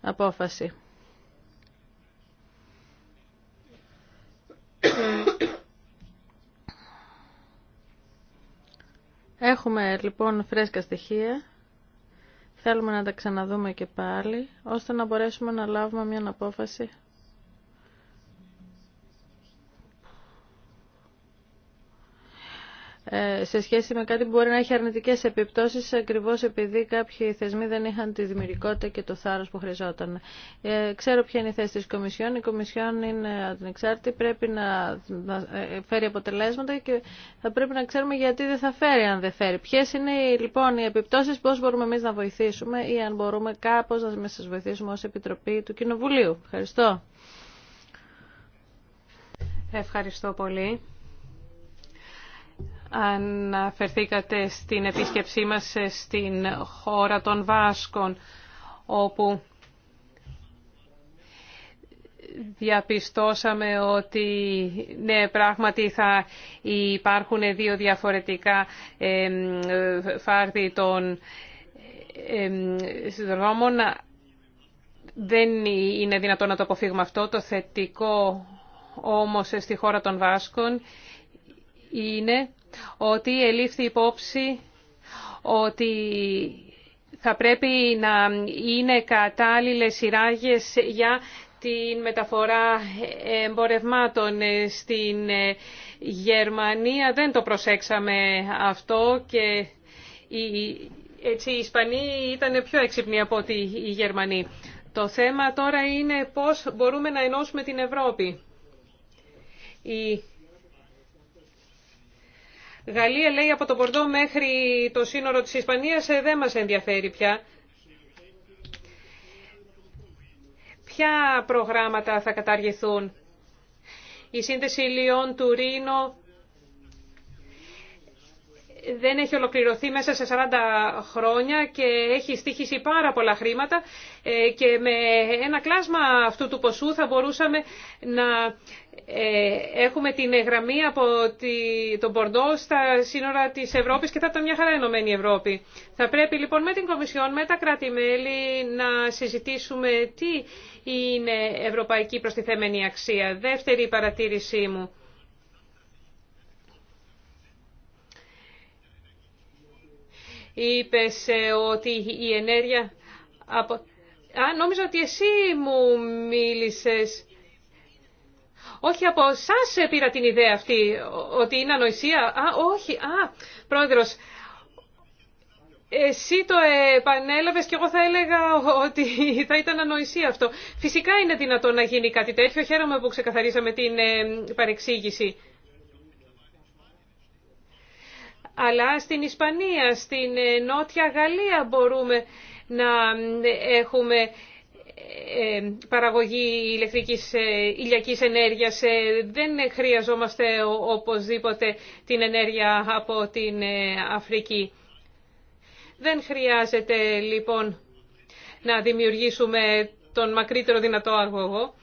απόφαση. Έχουμε λοιπόν φρέσκα στοιχεία. Θέλουμε να τα ξαναδούμε και πάλι, ώστε να μπορέσουμε να λάβουμε μια απόφαση Ε, σε σχέση με κάτι που μπορεί να έχει αρνητικές επιπτώσεις ακριβώς επειδή κάποιοι θεσμοί δεν είχαν τη δημιουργικότητα και το θάρρος που χρειαζόταν. Ε, ξέρω ποια είναι η θέση της Κομισιόν. Η Κομισιόν είναι ανεξάρτητη, πρέπει να, ε, φέρει αποτελέσματα και θα πρέπει να ξέρουμε γιατί δεν θα φέρει αν δεν φέρει. Ποιες είναι λοιπόν οι επιπτώσεις, πώς μπορούμε εμείς να βοηθήσουμε ή αν μπορούμε κάπως να σας βοηθήσουμε ως Επιτροπή του Κοινοβουλίου. Ευχαριστώ. Ευχαριστώ πολύ. Αναφερθήκατε στην επίσκεψή μας στην χώρα των Βάσκων, όπου διαπιστώσαμε ότι ναι, πράγματι θα υπάρχουν δύο διαφορετικά φάρδι των συνδρόμων. Δεν είναι δυνατόν να το αποφύγουμε αυτό. Το θετικό όμως στη χώρα των Βάσκων είναι ότι ελήφθη υπόψη ότι θα πρέπει να είναι κατάλληλες σειράγες για την μεταφορά εμπορευμάτων στην Γερμανία. Δεν το προσέξαμε αυτό και έτσι, οι Ισπανοί ήταν πιο έξυπνοι από ότι οι Γερμανοί. Το θέμα τώρα είναι πώς μπορούμε να ενώσουμε την Ευρώπη. Γαλλία λέει από το Πορδό μέχρι το σύνορο της Ισπανίας ε, δεν μας ενδιαφέρει πια. Ποια προγράμματα θα καταργηθούν. Η σύνδεση Λιών του δεν έχει ολοκληρωθεί μέσα σε 40 χρόνια και έχει στήχησει πάρα πολλά χρήματα ε, και με ένα κλάσμα αυτού του ποσού θα μπορούσαμε να ε, έχουμε την γραμμή από τον Πορντό στα σύνορα της Ευρώπης και θα ήταν μια χαρά ενωμένη Ευρώπη. Θα πρέπει λοιπόν με την Κομισιόν, με τα κράτη-μέλη να συζητήσουμε τι είναι ευρωπαϊκή προστιθέμενη αξία. Δεύτερη παρατήρησή μου. Είπες ε, ότι η ενέργεια... Από... Α, νόμιζα ότι εσύ μου μίλησες όχι από εσά πήρα την ιδέα αυτή ότι είναι ανοησία. Α, όχι. Α, πρόεδρος, εσύ το επανέλαβες και εγώ θα έλεγα ότι θα ήταν ανοησία αυτό. Φυσικά είναι δυνατόν να γίνει κάτι τέτοιο. Χαίρομαι που ξεκαθαρίσαμε την ε, παρεξήγηση. Αλλά στην Ισπανία, στην ε, Νότια Γαλλία μπορούμε να ε, έχουμε ε, παραγωγή ηλεκτρικής ε, ηλιακής ενέργειας. Ε, δεν χρειαζόμαστε οπωσδήποτε την ενέργεια από την Αφρική. Δεν χρειάζεται λοιπόν να δημιουργήσουμε τον μακρύτερο δυνατό αγωγό.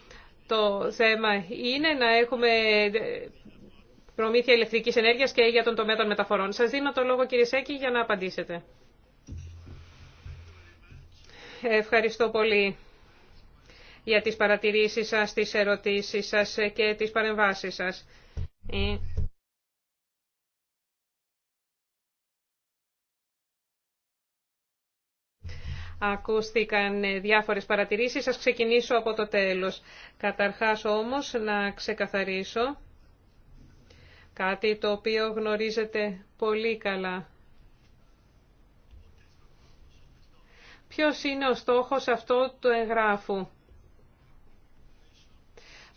Το θέμα είναι να έχουμε προμήθεια ηλεκτρικής ενέργειας και για τον τομέα των μεταφορών. Σας δίνω το λόγο κύριε Σέκη για να απαντήσετε. Ευχαριστώ πολύ για τις παρατηρήσεις σας, τις ερωτήσεις σας και τις παρεμβάσεις σας. Ε, ακούστηκαν διάφορες παρατηρήσεις, σας ξεκινήσω από το τέλος. Καταρχάς όμως να ξεκαθαρίσω κάτι το οποίο γνωρίζετε πολύ καλά. Ποιος είναι ο στόχος αυτό του εγγράφου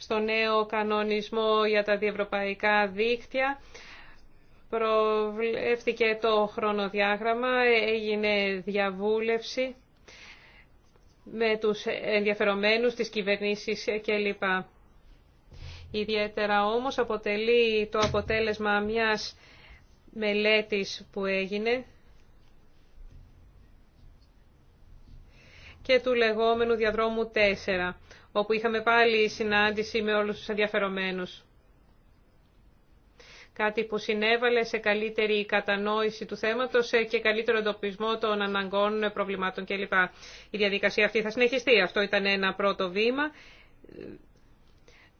στο νέο κανονισμό για τα διευρωπαϊκά δίκτυα. Προβλέφθηκε το χρονοδιάγραμμα, έγινε διαβούλευση με τους ενδιαφερομένους, τις κυβερνήσεις κλπ. Ιδιαίτερα όμως αποτελεί το αποτέλεσμα μιας μελέτης που έγινε και του λεγόμενου διαδρόμου 4 όπου είχαμε πάλι συνάντηση με όλους τους ενδιαφερομένους. Κάτι που συνέβαλε σε καλύτερη κατανόηση του θέματος ε, και καλύτερο εντοπισμό των αναγκών ε, προβλημάτων κλπ. Η διαδικασία αυτή θα συνεχιστεί. Αυτό ήταν ένα πρώτο βήμα.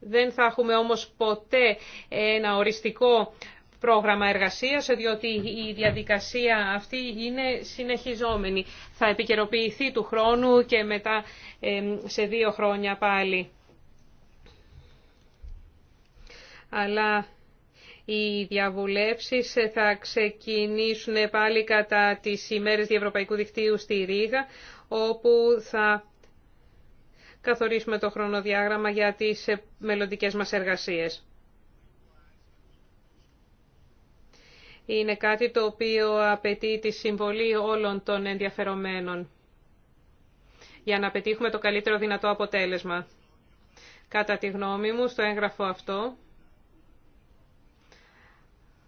Δεν θα έχουμε όμως ποτέ ένα οριστικό πρόγραμμα εργασίας, διότι η διαδικασία αυτή είναι συνεχιζόμενη. Θα επικαιροποιηθεί του χρόνου και μετά σε δύο χρόνια πάλι. Αλλά οι διαβουλεύσεις θα ξεκινήσουν πάλι κατά τις ημέρες Διευρωπαϊκού Δικτύου στη Ρήγα, όπου θα καθορίσουμε το χρονοδιάγραμμα για τις μελλοντικές μας εργασίες. είναι κάτι το οποίο απαιτεί τη συμβολή όλων των ενδιαφερομένων για να πετύχουμε το καλύτερο δυνατό αποτέλεσμα. Κατά τη γνώμη μου, στο έγγραφο αυτό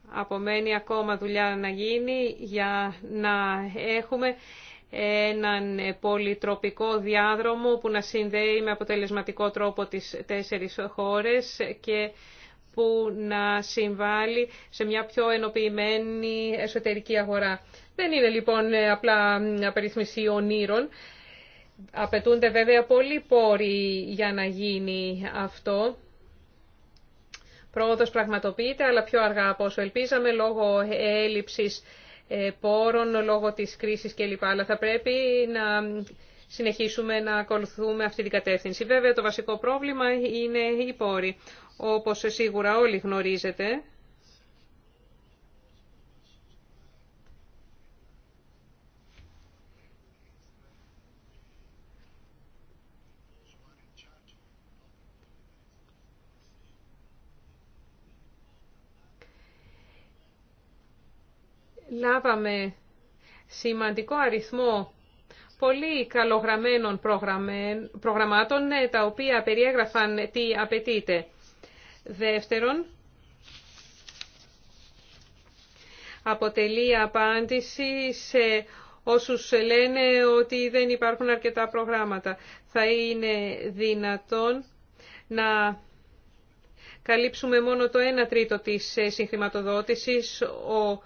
απομένει ακόμα δουλειά να γίνει για να έχουμε έναν πολυτροπικό διάδρομο που να συνδέει με αποτελεσματικό τρόπο τις τέσσερις χώρες και που να συμβάλλει σε μια πιο ενοποιημένη εσωτερική αγορά. Δεν είναι λοιπόν απλά απεριθμισή ονείρων. Απαιτούνται βέβαια πολλοί πόροι για να γίνει αυτό. Πρόοδος πραγματοποιείται, αλλά πιο αργά από όσο ελπίζαμε, λόγω έλλειψης ε, πόρων, λόγω της κρίσης κλπ. Αλλά θα πρέπει να συνεχίσουμε να ακολουθούμε αυτή την κατεύθυνση. Βέβαια, το βασικό πρόβλημα είναι οι πόροι. Όπως σίγουρα όλοι γνωρίζετε, λάβαμε σημαντικό αριθμό πολύ καλογραμμένων προγραμμάτων ναι, τα οποία περιέγραφαν τι απαιτείται. Δεύτερον, αποτελεί απάντηση σε όσους λένε ότι δεν υπάρχουν αρκετά προγράμματα. Θα είναι δυνατόν να καλύψουμε μόνο το 1 τρίτο της ε, συγχρηματοδότησης. Ο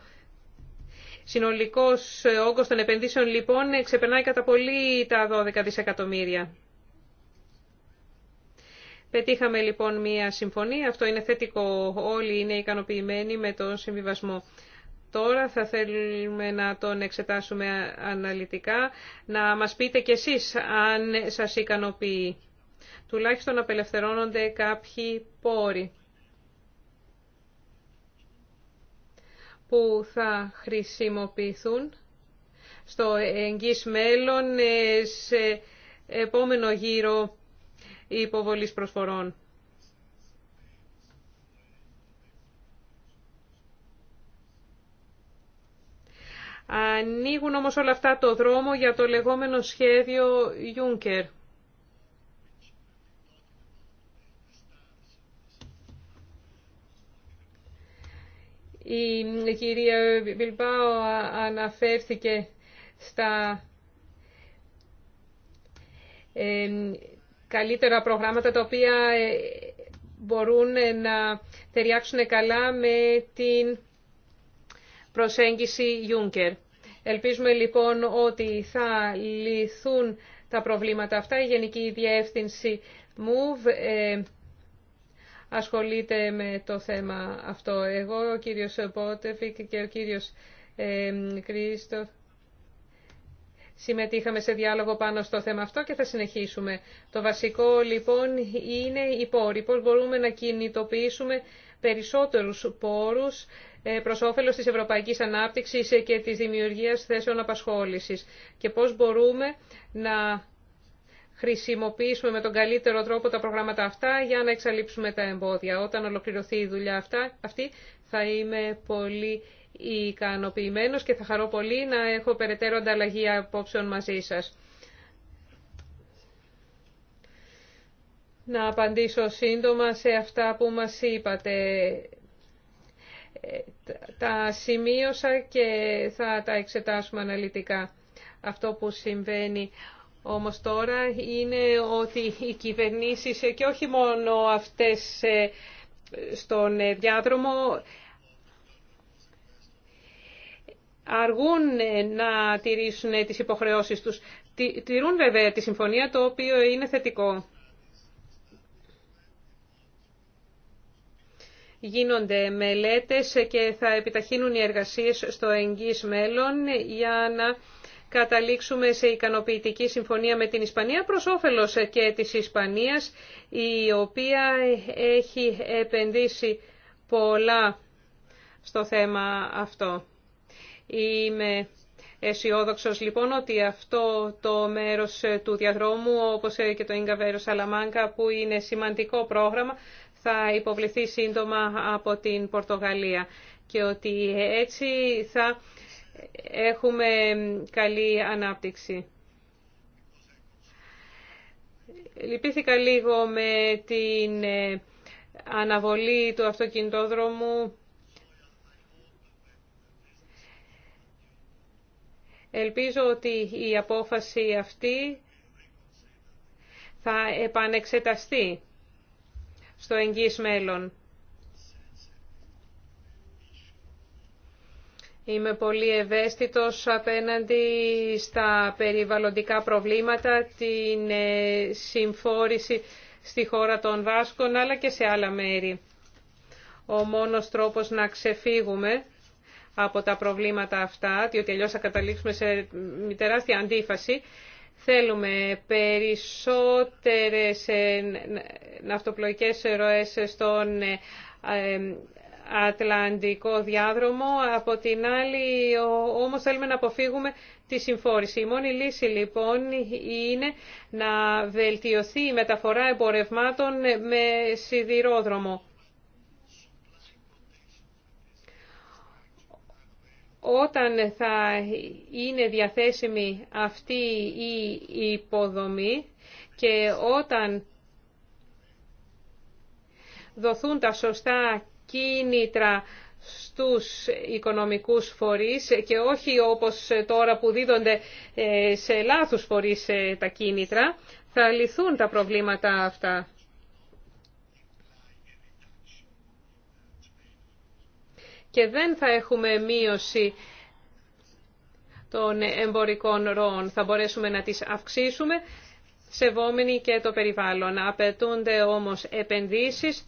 συνολικός όγκος των επενδύσεων λοιπόν ξεπερνάει κατά πολύ τα 12 δισεκατομμύρια. Πετύχαμε λοιπόν μία συμφωνία, αυτό είναι θετικό, όλοι είναι ικανοποιημένοι με τον συμβιβασμό. Τώρα θα θέλουμε να τον εξετάσουμε αναλυτικά, να μας πείτε κι εσείς αν σας ικανοποιεί. Τουλάχιστον απελευθερώνονται κάποιοι πόροι που θα χρησιμοποιηθούν στο εγγύς μέλλον ε, σε επόμενο γύρο υποβολή προσφορών. Ανοίγουν όμως όλα αυτά το δρόμο για το λεγόμενο σχέδιο Juncker. Η κυρία Μπιλπάο αναφέρθηκε στα ε, καλύτερα προγράμματα τα οποία ε, μπορούν ε, να ταιριάξουν καλά με την προσέγγιση Juncker. Ελπίζουμε λοιπόν ότι θα λυθούν τα προβλήματα αυτά. Η Γενική Διεύθυνση MOVE ε, ασχολείται με το θέμα αυτό. Εγώ, ο κύριος Πότεφικ και ο κύριος Κρίστοφ συμμετείχαμε σε διάλογο πάνω στο θέμα αυτό και θα συνεχίσουμε. Το βασικό λοιπόν είναι οι πόροι. Πώς μπορούμε να κινητοποιήσουμε περισσότερους πόρους ε, προς όφελος της ευρωπαϊκής ανάπτυξης και της δημιουργίας θέσεων απασχόλησης και πώς μπορούμε να χρησιμοποιήσουμε με τον καλύτερο τρόπο τα προγράμματα αυτά για να εξαλείψουμε τα εμπόδια. Όταν ολοκληρωθεί η δουλειά αυτή θα είμαι πολύ ικανοποιημένος και θα χαρώ πολύ να έχω περαιτέρω ανταλλαγή απόψεων μαζί σας. Να απαντήσω σύντομα σε αυτά που μας είπατε. Ε, τα σημείωσα και θα τα εξετάσουμε αναλυτικά. Αυτό που συμβαίνει όμως τώρα είναι ότι οι κυβερνήσεις ε, και όχι μόνο αυτές ε, στον διάδρομο αργούν ε, να τηρήσουν ε, τις υποχρεώσεις τους. Τηρούν βέβαια τη συμφωνία, το οποίο είναι θετικό. Γίνονται μελέτες και θα επιταχύνουν οι εργασίες στο εγγύς μέλλον για να καταλήξουμε σε ικανοποιητική συμφωνία με την Ισπανία προς όφελος ε, και της Ισπανίας, η οποία έχει επενδύσει πολλά στο θέμα αυτό. Είμαι αισιόδοξο λοιπόν ότι αυτό το μέρος του διαδρόμου, όπως και το Ίγκαβέρο Σαλαμάνκα, που είναι σημαντικό πρόγραμμα, θα υποβληθεί σύντομα από την Πορτογαλία και ότι έτσι θα έχουμε καλή ανάπτυξη. Λυπήθηκα λίγο με την ε, αναβολή του αυτοκινητόδρομου Ελπίζω ότι η απόφαση αυτή θα επανεξεταστεί στο εγγύς μέλλον. Είμαι πολύ ευαίσθητος απέναντι στα περιβαλλοντικά προβλήματα, την ε, συμφόρηση στη χώρα των Βάσκων αλλά και σε άλλα μέρη. Ο μόνος τρόπος να ξεφύγουμε από τα προβλήματα αυτά, διότι αλλιώς θα καταλήξουμε σε τεράστια αντίφαση. Θέλουμε περισσότερες ε, ναυτοπλοϊκές ροές στον ε, Ατλαντικό διάδρομο, από την άλλη όμως θέλουμε να αποφύγουμε τη συμφόρηση. Η μόνη λύση λοιπόν είναι να βελτιωθεί η μεταφορά εμπορευμάτων με σιδηρόδρομο. όταν θα είναι διαθέσιμη αυτή η υποδομή και όταν δοθούν τα σωστά κίνητρα στους οικονομικούς φορείς και όχι όπως τώρα που δίδονται ε, σε λάθους φορείς ε, τα κίνητρα, θα λυθούν τα προβλήματα αυτά. και δεν θα έχουμε μείωση των εμπορικών ροών. Θα μπορέσουμε να τις αυξήσουμε σεβόμενοι και το περιβάλλον. Απαιτούνται όμως επενδύσεις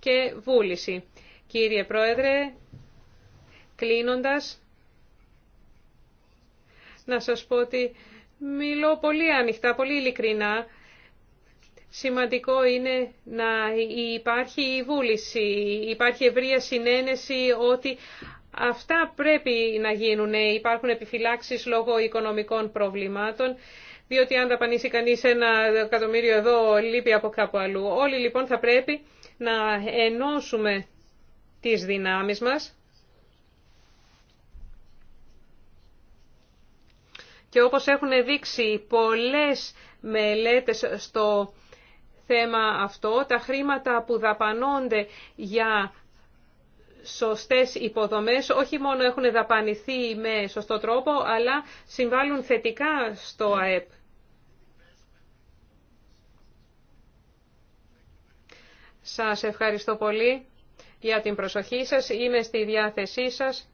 και βούληση. Κύριε Πρόεδρε, κλείνοντας, να σας πω ότι μιλώ πολύ ανοιχτά, πολύ ειλικρινά Σημαντικό είναι να υπάρχει η βούληση, υπάρχει ευρεία συνένεση ότι αυτά πρέπει να γίνουν. Ε, υπάρχουν επιφυλάξεις λόγω οικονομικών προβλημάτων, διότι αν δαπανίσει κανείς ένα εκατομμύριο εδώ, λείπει από κάπου αλλού. Όλοι λοιπόν θα πρέπει να ενώσουμε τις δυνάμεις μας. Και όπως έχουν δείξει πολλές μελέτες στο θέμα αυτό. Τα χρήματα που δαπανώνται για σωστές υποδομές όχι μόνο έχουν δαπανηθεί με σωστό τρόπο, αλλά συμβάλλουν θετικά στο ΑΕΠ. Σας ευχαριστώ πολύ για την προσοχή σας. Είμαι στη διάθεσή σας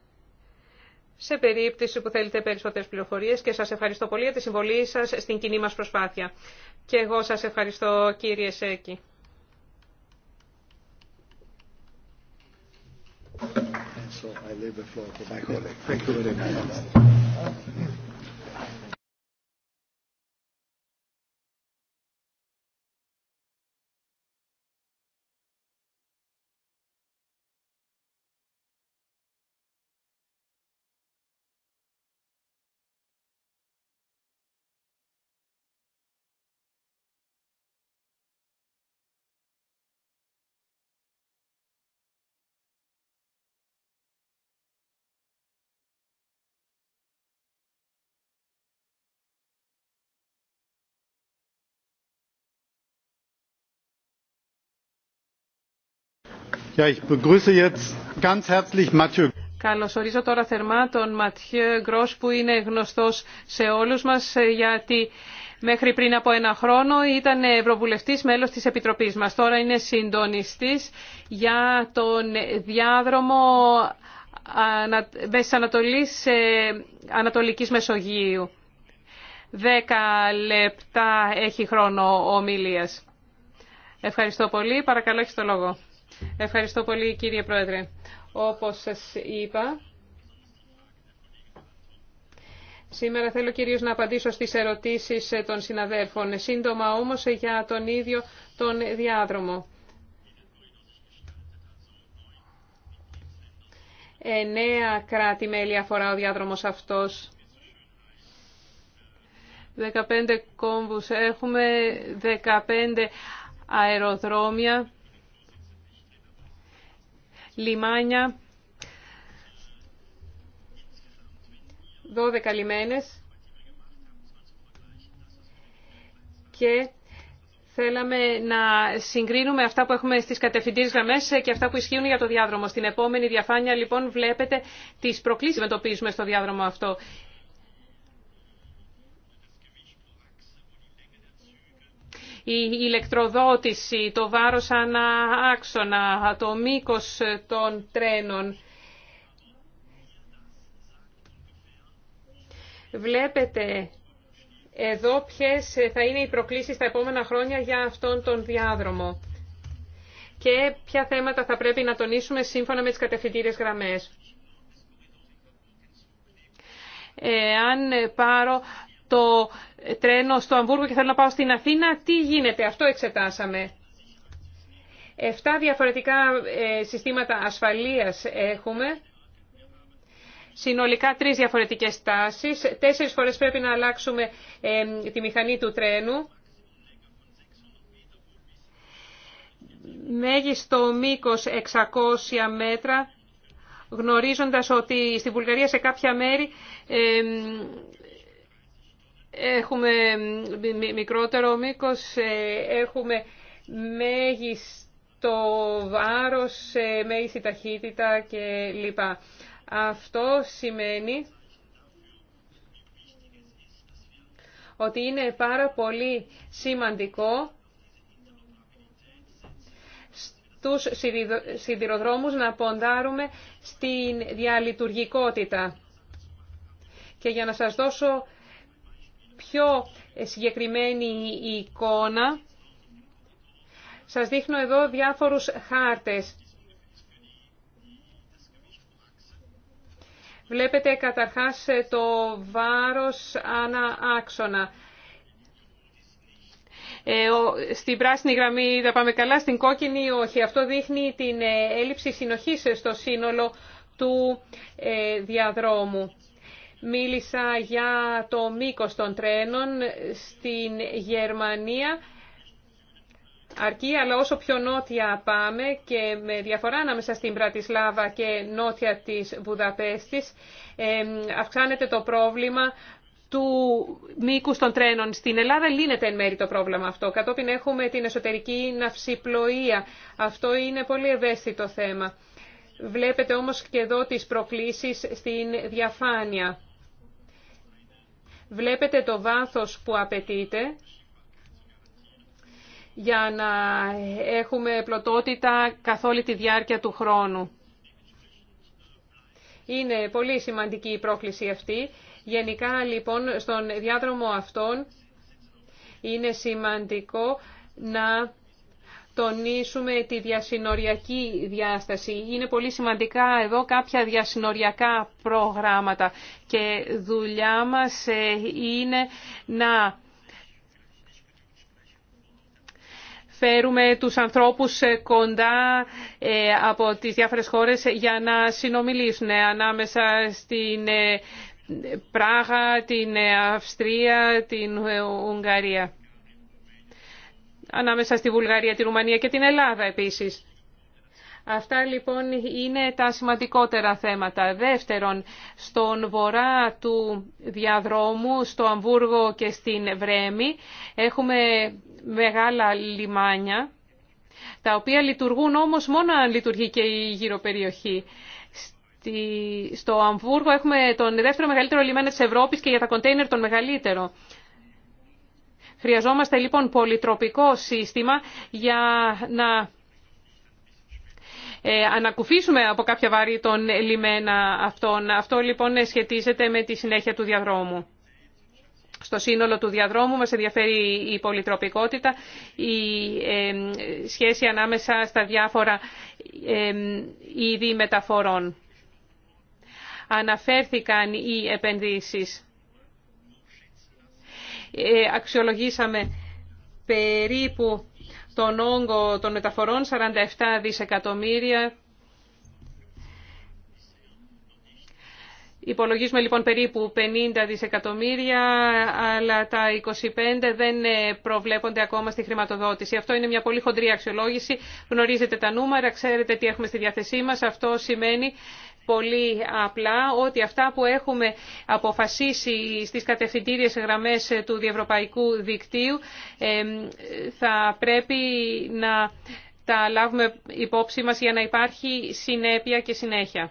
σε περίπτωση που θέλετε περισσότερες πληροφορίες και σας ευχαριστώ πολύ για τη συμβολή σας στην κοινή μας προσπάθεια. Και εγώ σας ευχαριστώ κύριε Σέκη. And so I leave the floor to my colleague. Thank you very much. ich Καλωσορίζω τώρα θερμά τον Ματιέ Γκρός που είναι γνωστός σε όλους μας ε, γιατί μέχρι πριν από ένα χρόνο ήταν Ευρωβουλευτής μέλος της Επιτροπής μας. Τώρα είναι συντονιστής για τον διάδρομο Μέσης Ανατολής ε, Ανατολικής Μεσογείου. Δέκα λεπτά έχει χρόνο ομιλίας. Ευχαριστώ πολύ. Παρακαλώ έχεις το λόγο. Ευχαριστώ πολύ κύριε Πρόεδρε. Όπως σας είπα, σήμερα θέλω κυρίως να απαντήσω στις ερωτήσεις των συναδέλφων. Σύντομα όμως για τον ίδιο τον διάδρομο. Εννέα κράτη-μέλη αφορά ο διάδρομος αυτός. 15 κόμβους έχουμε, 15 αεροδρόμια λιμάνια, 12 λιμένες και θέλαμε να συγκρίνουμε αυτά που έχουμε στις κατευθυντήρες γραμμές και αυτά που ισχύουν για το διάδρομο. Στην επόμενη διαφάνεια λοιπόν βλέπετε τις προκλήσεις που αντιμετωπίζουμε στο διάδρομο αυτό. η ηλεκτροδότηση, το βάρος ανά άξονα, το μήκος των τρένων. Βλέπετε εδώ ποιες θα είναι οι προκλήσεις τα επόμενα χρόνια για αυτόν τον διάδρομο και ποια θέματα θα πρέπει να τονίσουμε σύμφωνα με τις κατευθυντήριες γραμμές. Ε, αν πάρω το τρένο στο Αμβούργο και θέλω να πάω στην Αθήνα, τι γίνεται, αυτό εξετάσαμε. Εφτά διαφορετικά ε, συστήματα ασφαλείας έχουμε. Συνολικά τρεις διαφορετικές τάσεις. Τέσσερις φορές πρέπει να αλλάξουμε ε, τη μηχανή του τρένου. Μέγιστο μήκος 600 μέτρα, γνωρίζοντας ότι στη Βουλγαρία σε κάποια μέρη ε, Έχουμε μικρότερο μήκος, ε, έχουμε μέγιστο βάρος, ε, μέγιστη ταχύτητα κλπ. Αυτό σημαίνει ότι είναι πάρα πολύ σημαντικό στους σιδηροδρόμους να ποντάρουμε στην διαλειτουργικότητα. Και για να σας δώσω πιο συγκεκριμένη η εικόνα. Σας δείχνω εδώ διάφορους χάρτες. Βλέπετε καταρχάς το βάρος ανά άξονα. Ε, στην πράσινη γραμμή τα πάμε καλά, στην κόκκινη όχι. Αυτό δείχνει την ε, έλλειψη συνοχής στο σύνολο του ε, διαδρόμου. Μίλησα για το μήκος των τρένων στην Γερμανία. Αρκεί, αλλά όσο πιο νότια πάμε και με διαφορά ανάμεσα στην Πρατισλάβα και νότια της Βουδαπέστης, αυξάνεται το πρόβλημα του μήκου των τρένων. Στην Ελλάδα λύνεται εν μέρη το πρόβλημα αυτό. Κατόπιν έχουμε την εσωτερική ναυσιπλοεία. Αυτό είναι πολύ ευαίσθητο θέμα. Βλέπετε όμως και εδώ τις προκλήσεις στην διαφάνεια. Βλέπετε το βάθος που απαιτείται για να έχουμε πλωτότητα καθ' όλη τη διάρκεια του χρόνου. Είναι πολύ σημαντική η πρόκληση αυτή. Γενικά, λοιπόν, στον διάδρομο αυτόν είναι σημαντικό να τονίσουμε τη διασυνοριακή διάσταση. Είναι πολύ σημαντικά εδώ κάποια διασυνοριακά προγράμματα και δουλειά μας ε, είναι να φέρουμε τους ανθρώπους ε, κοντά ε, από τις διάφορες χώρες για να συνομιλήσουν ανάμεσα στην Πράγα, την Αυστρία, την Ουγγαρία ανάμεσα στη Βουλγαρία, τη Ρουμανία και την Ελλάδα επίσης. Αυτά λοιπόν είναι τα σημαντικότερα θέματα. Δεύτερον, στον βορρά του διαδρόμου, στο Αμβούργο και στην Βρέμη, έχουμε μεγάλα λιμάνια, τα οποία λειτουργούν όμως μόνο αν λειτουργεί και η γύρω περιοχή. Στο Αμβούργο έχουμε τον δεύτερο μεγαλύτερο λιμάνι της Ευρώπης και για τα κοντέινερ τον μεγαλύτερο. Χρειαζόμαστε λοιπόν πολυτροπικό σύστημα για να ε, ανακουφίσουμε από κάποια βάρη τον λιμένα αυτόν. Αυτό λοιπόν σχετίζεται με τη συνέχεια του διαδρόμου. Στο σύνολο του διαδρόμου μας ενδιαφέρει η πολυτροπικότητα, η ε, σχέση ανάμεσα στα διάφορα ε, είδη μεταφορών. Αναφέρθηκαν οι επενδύσεις. Ε, αξιολογήσαμε περίπου τον όγκο των μεταφορών, 47 δισεκατομμύρια. Υπολογίζουμε λοιπόν περίπου 50 δισεκατομμύρια, αλλά τα 25 δεν ε, προβλέπονται ακόμα στη χρηματοδότηση. Αυτό είναι μια πολύ χοντρή αξιολόγηση. Γνωρίζετε τα νούμερα, ξέρετε τι έχουμε στη διάθεσή μας. Αυτό σημαίνει πολύ απλά ότι αυτά που έχουμε αποφασίσει στις κατευθυντήριες γραμμές του διευρωπαϊκού δικτύου θα πρέπει να τα λάβουμε υπόψη μας για να υπάρχει συνέπεια και συνέχεια.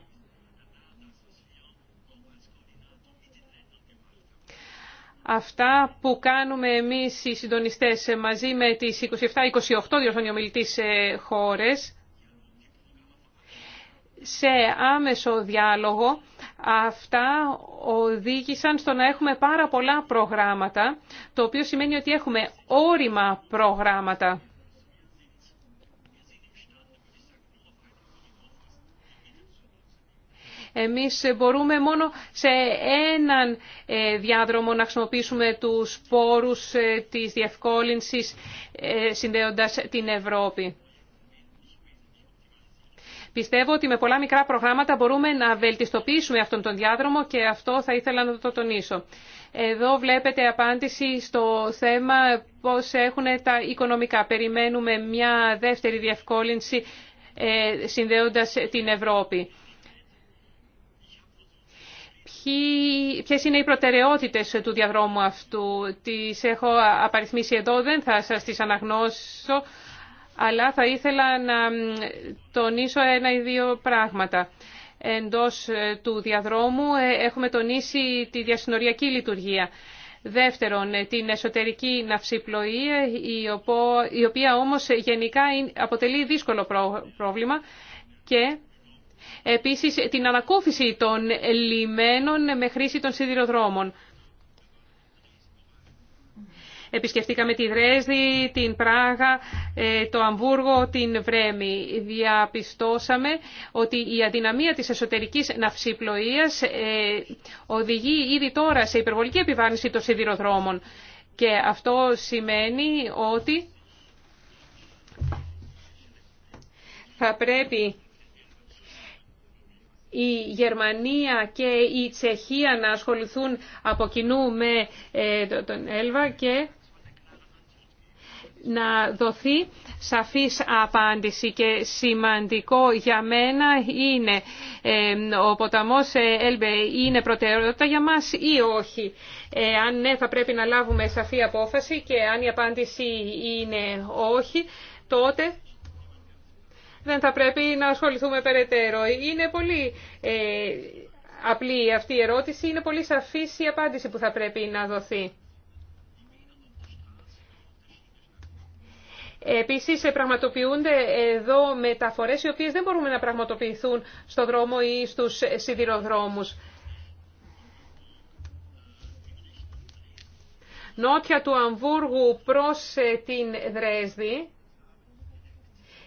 Αυτά που κάνουμε εμείς οι συντονιστές μαζί με τις 27-28 διορθώνει ομιλητής ε, χώρες σε άμεσο διάλογο αυτά οδήγησαν στο να έχουμε πάρα πολλά προγράμματα, το οποίο σημαίνει ότι έχουμε όριμα προγράμματα. Εμείς μπορούμε μόνο σε έναν ε, διάδρομο να χρησιμοποιήσουμε τους πόρους ε, της διευκόλυνσης ε, συνδέοντας την Ευρώπη. Πιστεύω ότι με πολλά μικρά προγράμματα μπορούμε να βελτιστοποιήσουμε αυτόν τον διάδρομο και αυτό θα ήθελα να το τονίσω. Εδώ βλέπετε απάντηση στο θέμα πώς έχουν τα οικονομικά. Περιμένουμε μια δεύτερη διευκόλυνση ε, συνδέοντας την Ευρώπη. Ποιες είναι οι προτεραιότητες του διαδρόμου αυτού. Τις έχω απαριθμίσει εδώ, δεν θα σας τις αναγνώσω αλλά θα ήθελα να τονίσω ένα ή δύο πράγματα. Εντός ε, του διαδρόμου ε, έχουμε τονίσει τη διασυνοριακή λειτουργία. Δεύτερον, ε, την εσωτερική ναυσιπλοεία, η οποία όμως γενικά αποτελεί δύσκολο πρόβλημα και επίσης την ανακούφιση των λιμένων με χρήση των σιδηροδρόμων. Επισκεφτήκαμε τη Δρέσδη, την Πράγα, ε, το Αμβούργο, την Βρέμη. Διαπιστώσαμε ότι η αδυναμία της εσωτερικής ναυσιπλοείας ε, οδηγεί ήδη τώρα σε υπερβολική επιβάρυνση των σιδηροδρόμων. Και αυτό σημαίνει ότι θα πρέπει η Γερμανία και η Τσεχία να ασχοληθούν από κοινού με ε, τον Έλβα και να δοθεί σαφής απάντηση και σημαντικό για μένα είναι ο ποταμός ε, Έλμπε είναι προτεραιότητα για μας ή όχι. Ε, αν ναι θα πρέπει να λάβουμε σαφή απόφαση και αν η απάντηση είναι όχι τότε δεν θα πρέπει να ασχοληθούμε περαιτέρω. Είναι πολύ ε, απλή αυτή η ερώτηση, είναι πολύ σαφής η απάντηση που θα πρέπει να δοθεί. Επίση πραγματοποιούνται εδώ μεταφορές οι οποίες δεν μπορούμε να πραγματοποιηθούν στο δρόμο ή στους σιδηροδρόμους. Νότια του Αμβούργου προς ε, την Δρέσδη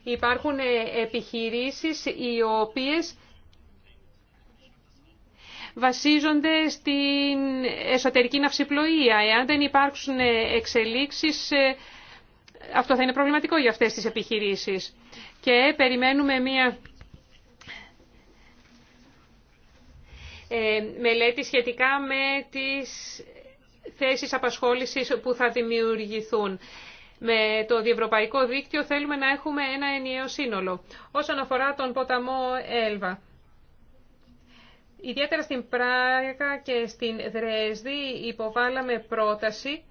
υπάρχουν ε, επιχειρήσεις οι οποίες βασίζονται στην εσωτερική ναυσιπλοεία. Εάν δεν υπάρξουν ε, εξελίξεις αυτό θα είναι προβληματικό για αυτές τις επιχειρήσεις. Και περιμένουμε μία ε, μελέτη σχετικά με τις θέσεις απασχόλησης που θα δημιουργηθούν. Με το διευρωπαϊκό δίκτυο θέλουμε να έχουμε ένα ενιαίο σύνολο. Όσον αφορά τον ποταμό Έλβα, ιδιαίτερα στην Πράγα και στην Δρέσδη υποβάλαμε πρόταση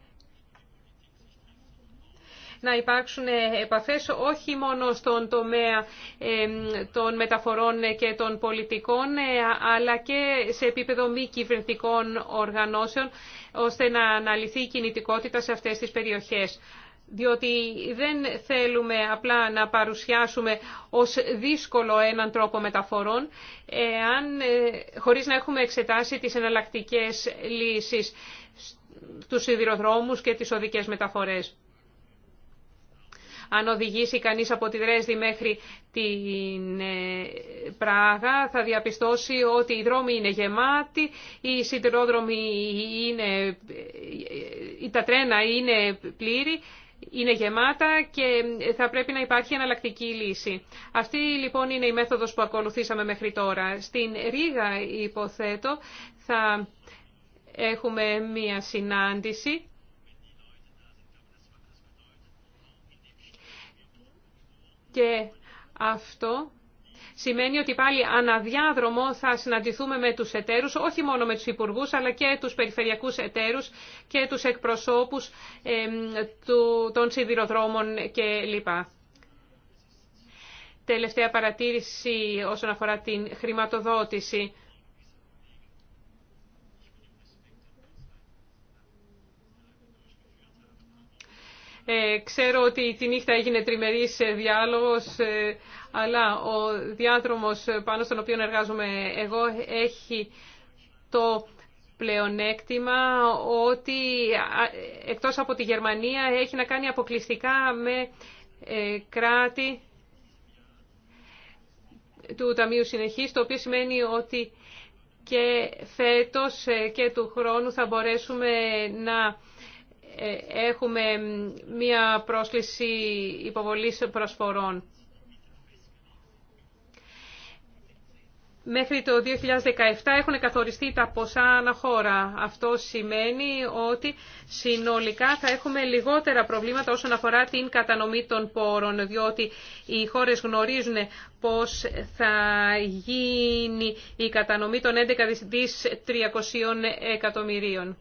να υπάρξουν ε, επαφές όχι μόνο στον τομέα ε, των μεταφορών και των πολιτικών, ε, αλλά και σε επίπεδο μη κυβερνητικών οργανώσεων, ώστε να αναλυθεί η κινητικότητα σε αυτές τις περιοχές διότι δεν θέλουμε απλά να παρουσιάσουμε ως δύσκολο έναν τρόπο μεταφορών, εάν, χωρίς να έχουμε εξετάσει τις εναλλακτικές λύσεις στους σιδηροδρόμους και τις οδικές μεταφορές. Αν οδηγήσει κανείς από τη Δρέσδη μέχρι την ε, Πράγα θα διαπιστώσει ότι οι δρόμοι είναι γεμάτοι, οι σιδηρόδρομοι είναι, ε, τα τρένα είναι πλήρη είναι γεμάτα και θα πρέπει να υπάρχει εναλλακτική λύση. Αυτή λοιπόν είναι η μέθοδος που ακολουθήσαμε μέχρι τώρα. Στην Ρήγα υποθέτω θα έχουμε μία συνάντηση Και αυτό σημαίνει ότι πάλι αναδιάδρομο θα συναντηθούμε με τους εταίρους, όχι μόνο με τους υπουργούς, αλλά και τους περιφερειακούς εταίρους και τους εκπροσώπους των σιδηροδρόμων κλπ. Τελευταία παρατήρηση όσον αφορά την χρηματοδότηση. Ε, ξέρω ότι τη νύχτα έγινε τριμερής ε, διάλογος, ε, αλλά ο διάδρομος πάνω στον οποίο εργάζομαι εγώ έχει το πλεονέκτημα ότι εκτός από τη Γερμανία έχει να κάνει αποκλειστικά με κράτη του Ταμείου Συνεχής, το οποίο σημαίνει ότι και φέτος και του χρόνου θα μπορέσουμε να ε, έχουμε μία πρόσκληση υποβολής προσφορών. Μέχρι το 2017 έχουν καθοριστεί τα ποσά αναχώρα. Αυτό σημαίνει ότι συνολικά θα έχουμε λιγότερα προβλήματα όσον αφορά την κατανομή των πόρων, διότι οι χώρες γνωρίζουν πώς θα γίνει η κατανομή των 11 300 εκατομμυρίων.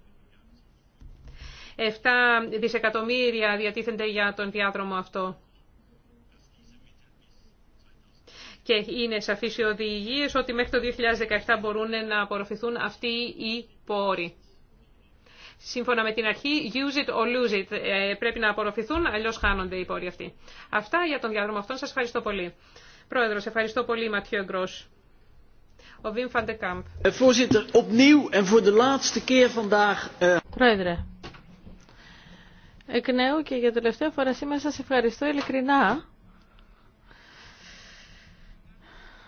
7 δισεκατομμύρια διατίθενται για τον διάδρομο αυτό. Και είναι σαφή οι οδηγίες ότι μέχρι το 2017 μπορούν να απορροφηθούν αυτοί οι πόροι. Σύμφωνα με την αρχή, use it or lose it. Ε, πρέπει να απορροφηθούν, αλλιώς χάνονται οι πόροι αυτοί. Αυτά για τον διάδρομο αυτόν. Σας ευχαριστώ πολύ. Πρόεδρος, ευχαριστώ πολύ, Ματιό Γκρός. Ο Βιμ Φαντεκάμπ. Πρόεδρε, εκ νέου και για τελευταία φορά σήμερα σας ευχαριστώ ειλικρινά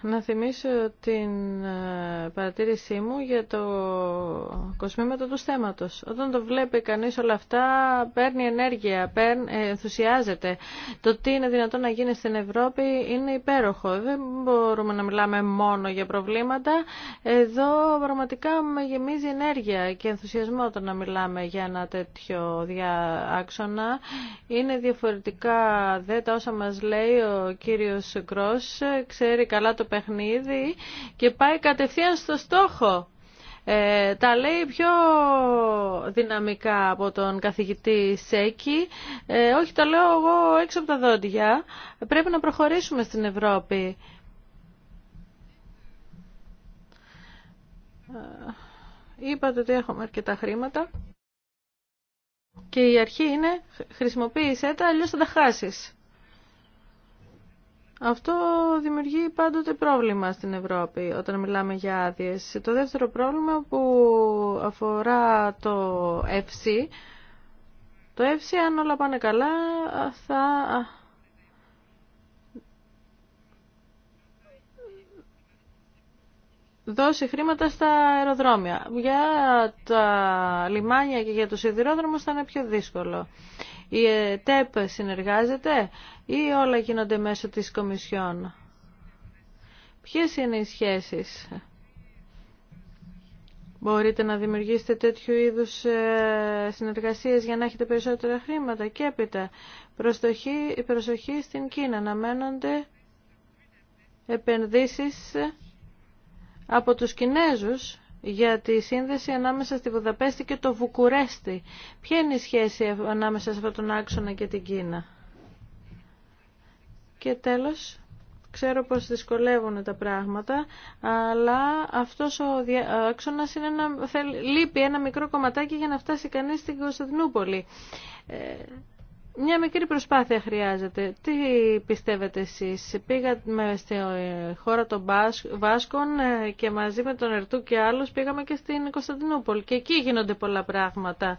να θυμίσω την ε, παρατήρησή μου για το κοσμήματο του θέματος. Όταν το βλέπει κανείς όλα αυτά, παίρνει ενέργεια, παίρνει, ενθουσιάζεται. Το τι είναι δυνατόν να γίνει στην Ευρώπη είναι υπέροχο. Δεν μπορούμε να μιλάμε μόνο για προβλήματα. Εδώ πραγματικά με γεμίζει ενέργεια και ενθουσιασμό όταν να μιλάμε για ένα τέτοιο διάξονα. Είναι διαφορετικά δε τα όσα μας λέει ο κύριος Κρός. Ξέρει καλά το παιχνίδι και πάει κατευθείαν στο στόχο. Ε, τα λέει πιο δυναμικά από τον καθηγητή Σέκη. Ε, όχι, τα λέω εγώ έξω από τα δόντια. Πρέπει να προχωρήσουμε στην Ευρώπη. Ε, είπατε ότι έχουμε αρκετά χρήματα. Και η αρχή είναι χρησιμοποίησέ τα, αλλιώς θα τα χάσεις. Αυτό δημιουργεί πάντοτε πρόβλημα στην Ευρώπη όταν μιλάμε για άδειε. Το δεύτερο πρόβλημα που αφορά το FC, το FC αν όλα πάνε καλά θα δώσει χρήματα στα αεροδρόμια. Για τα λιμάνια και για τους σιδηρόδρομους θα είναι πιο δύσκολο. Η ΕΤΕΠ συνεργάζεται ή όλα γίνονται μέσω της Κομισιόν. Ποιες είναι οι σχέσεις. Μπορείτε να δημιουργήσετε τέτοιου είδους ε, συνεργασίες για να έχετε περισσότερα χρήματα. Και έπειτα, η προσοχή στην Κίνα. Να μένονται επενδύσεις από τους Κινέζους για τη σύνδεση ανάμεσα στη Βουδαπέστη και το Βουκουρέστι. Ποια είναι η σχέση ανάμεσα σε αυτόν τον άξονα και την Κίνα. Και τέλος, ξέρω πως δυσκολεύουν τα πράγματα, αλλά αυτός ο άξονας είναι ένα, λείπει ένα μικρό κομματάκι για να φτάσει κανείς στην Κωνσταντινούπολη. Ε, μια μικρή προσπάθεια χρειάζεται. Τι πιστεύετε εσείς. Πήγαμε στη χώρα των Βάσκων ε, και μαζί με τον Ερτού και άλλους πήγαμε και στην Κωνσταντινούπολη. Και εκεί γίνονται πολλά πράγματα.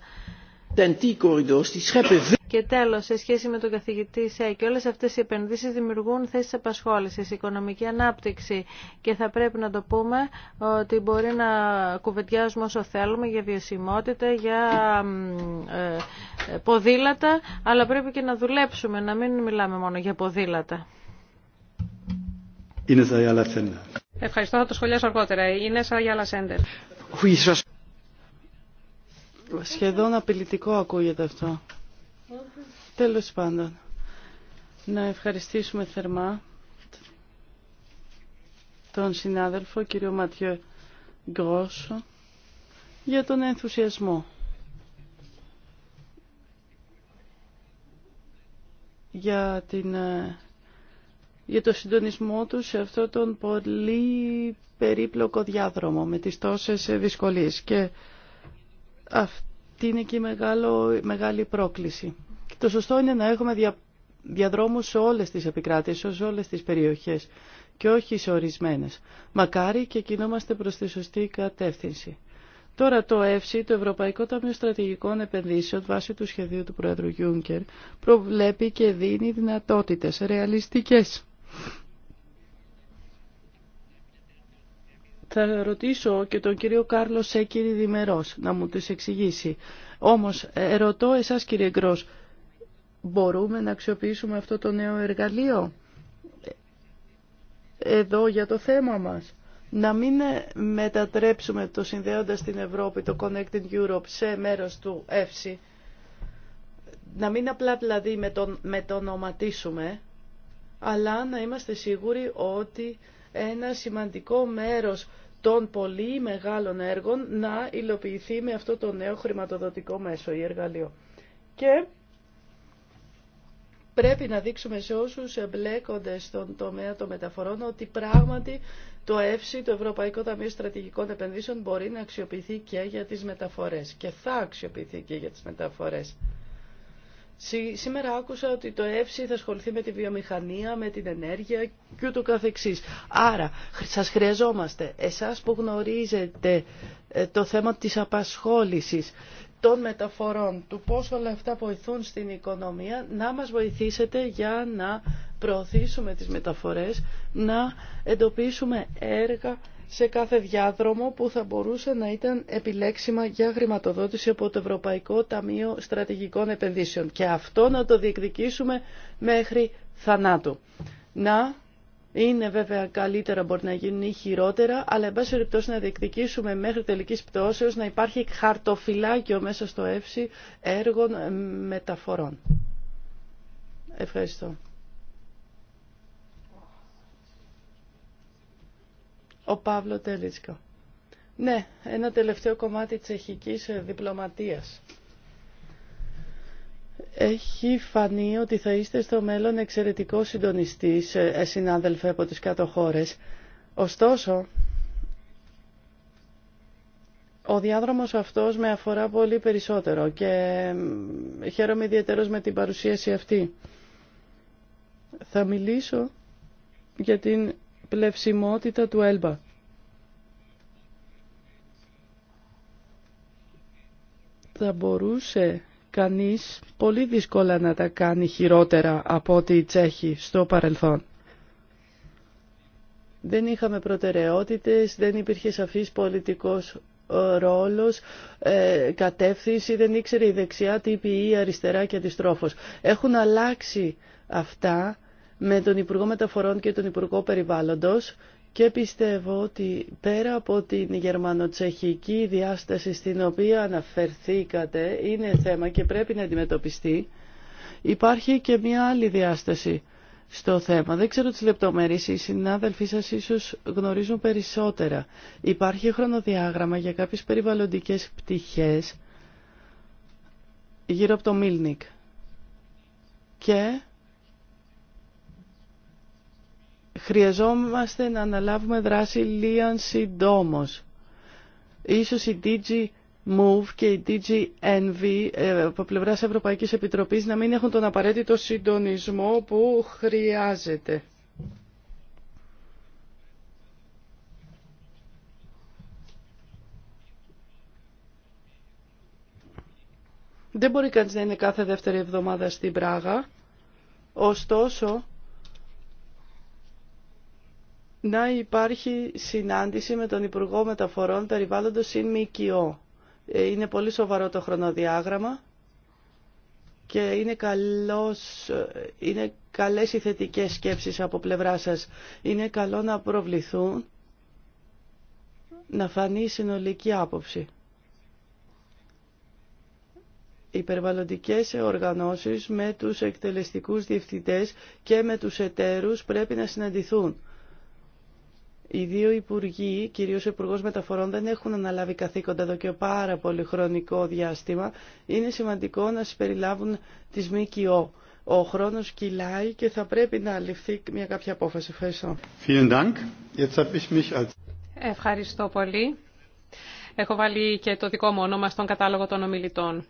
Και τέλος, σε σχέση με τον καθηγητή ΣΕΚ, όλες αυτές οι επενδύσεις δημιουργούν θέσεις απασχόλησης, οικονομική ανάπτυξη και θα πρέπει να το πούμε ότι μπορεί να κουβεντιάζουμε όσο θέλουμε για βιωσιμότητα, για ε, ποδήλατα, αλλά πρέπει και να δουλέψουμε, να μην μιλάμε μόνο για ποδήλατα. Ευχαριστώ, θα το σχολιάσω αργότερα. Σαγιάλα Σέντερ. Σχεδόν απειλητικό ακούγεται αυτό. Τέλος πάντων, να ευχαριστήσουμε θερμά τον συνάδελφο κύριο Ματιό Γκρόσο για τον ενθουσιασμό. Για, την, ε, για το συντονισμό του σε αυτό τον πολύ περίπλοκο διάδρομο με τις τόσες δυσκολίες και αυτή είναι και η μεγάλο, μεγάλη πρόκληση. το σωστό είναι να έχουμε δια, διαδρόμους σε όλες τις επικράτειες, σε όλες τις περιοχές και όχι σε ορισμένες. Μακάρι και κινούμαστε προς τη σωστή κατεύθυνση. Τώρα το ΕΦΣΥ, το Ευρωπαϊκό Ταμείο Στρατηγικών Επενδύσεων, βάσει του σχεδίου του Πρόεδρου Γιούνκερ, προβλέπει και δίνει δυνατότητες ρεαλιστικές Θα ρωτήσω και τον κύριο Κάρλο Σέκυρη Δημερός να μου τις εξηγήσει. Όμως, ε, ρωτώ εσάς κύριε Γκρός, μπορούμε να αξιοποιήσουμε αυτό το νέο εργαλείο ε, εδώ για το θέμα μας. Να μην ε, μετατρέψουμε το συνδέοντας την Ευρώπη, το Connecting Europe, σε μέρος του ΕΦΣΥ. Να μην απλά δηλαδή με το ονοματίσουμε, αλλά να είμαστε σίγουροι ότι ένα σημαντικό μέρος των πολύ μεγάλων έργων να υλοποιηθεί με αυτό το νέο χρηματοδοτικό μέσο ή εργαλείο. Και πρέπει να δείξουμε σε όσους εμπλέκονται στον τομέα των μεταφορών ότι πράγματι το ΕΦΣΙ, το Ευρωπαϊκό Ταμείο Στρατηγικών Επενδύσεων, μπορεί να αξιοποιηθεί και για τις μεταφορές και θα αξιοποιηθεί και για τις μεταφορές. Σήμερα άκουσα ότι το ΕΦΣΙ θα ασχοληθεί με τη βιομηχανία, με την ενέργεια και ούτω καθεξής. Άρα, σας χρειαζόμαστε, εσάς που γνωρίζετε ε, το θέμα της απασχόλησης, των μεταφορών, του πώς όλα αυτά βοηθούν στην οικονομία, να μας βοηθήσετε για να προωθήσουμε τις μεταφορές, να εντοπίσουμε έργα σε κάθε διάδρομο που θα μπορούσε να ήταν επιλέξιμα για χρηματοδότηση από το Ευρωπαϊκό Ταμείο Στρατηγικών Επενδύσεων. Και αυτό να το διεκδικήσουμε μέχρι θανάτου. Να είναι βέβαια καλύτερα, μπορεί να γίνουν ή χειρότερα, αλλά εν πάση περιπτώσει να διεκδικήσουμε μέχρι τελική πτώσεως να υπάρχει χαρτοφυλάκιο μέσα στο ΕΦΣΥ έργων μεταφορών. Ευχαριστώ. Ο Παύλο Τελίτσκα. Ναι, ένα τελευταίο κομμάτι τσεχικής ε, διπλωματίας. Έχει φανεί ότι θα είστε στο μέλλον εξαιρετικό συντονιστής, ε, ε, συνάδελφε από τις κάτω χώρες. Ωστόσο, ο διάδρομος αυτός με αφορά πολύ περισσότερο και χαίρομαι ιδιαίτερο με την παρουσίαση αυτή. Θα μιλήσω για την πλευσιμότητα του ΕΛΜΠΑ. Θα μπορούσε κανείς πολύ δύσκολα να τα κάνει χειρότερα από ό,τι οι στο παρελθόν. Δεν είχαμε προτεραιότητες, δεν υπήρχε σαφής πολιτικός ε, ρόλος, ε, κατεύθυνση, δεν ήξερε η δεξιά τι είπε η αριστερά και αντιστρόφως. Έχουν αλλάξει αυτά με τον Υπουργό Μεταφορών και τον Υπουργό Περιβάλλοντος και πιστεύω ότι πέρα από την γερμανοτσεχική διάσταση στην οποία αναφερθήκατε είναι θέμα και πρέπει να αντιμετωπιστεί, υπάρχει και μια άλλη διάσταση στο θέμα. Δεν ξέρω τις λεπτομέρειες, οι συνάδελφοί σας ίσως γνωρίζουν περισσότερα. Υπάρχει χρονοδιάγραμμα για κάποιες περιβαλλοντικές πτυχές γύρω από το Μίλνικ και Χρειαζόμαστε να αναλάβουμε δράση λίαν συντόμως. Ίσως η DG MOVE και η DG ENVY ε, από πλευρά Ευρωπαϊκής Επιτροπής να μην έχουν τον απαραίτητο συντονισμό που χρειάζεται. Δεν μπορεί κανείς να είναι κάθε δεύτερη εβδομάδα στην Πράγα. Ωστόσο, να υπάρχει συνάντηση με τον Υπουργό Μεταφορών Περιβάλλοντος ΣΥΝ ΜΚΟ. Ε, είναι πολύ σοβαρό το χρονοδιάγραμμα και είναι, καλός, ε, είναι καλές οι θετικές σκέψεις από πλευρά σας. Είναι καλό να προβληθούν, να φανεί η συνολική άποψη. Οι περιβαλλοντικές οργανώσεις με τους εκτελεστικούς διευθυντές και με τους εταίρους πρέπει να συναντηθούν οι δύο υπουργοί, κυρίως ο Υπουργό Μεταφορών, δεν έχουν αναλάβει καθήκοντα εδώ και πάρα πολύ χρονικό διάστημα. Είναι σημαντικό να συμπεριλάβουν τις ΜΚΟ. Ο χρόνος κυλάει και θα πρέπει να ληφθεί μια κάποια απόφαση. Ευχαριστώ. Ευχαριστώ πολύ. Έχω βάλει και το δικό μου όνομα στον κατάλογο των ομιλητών.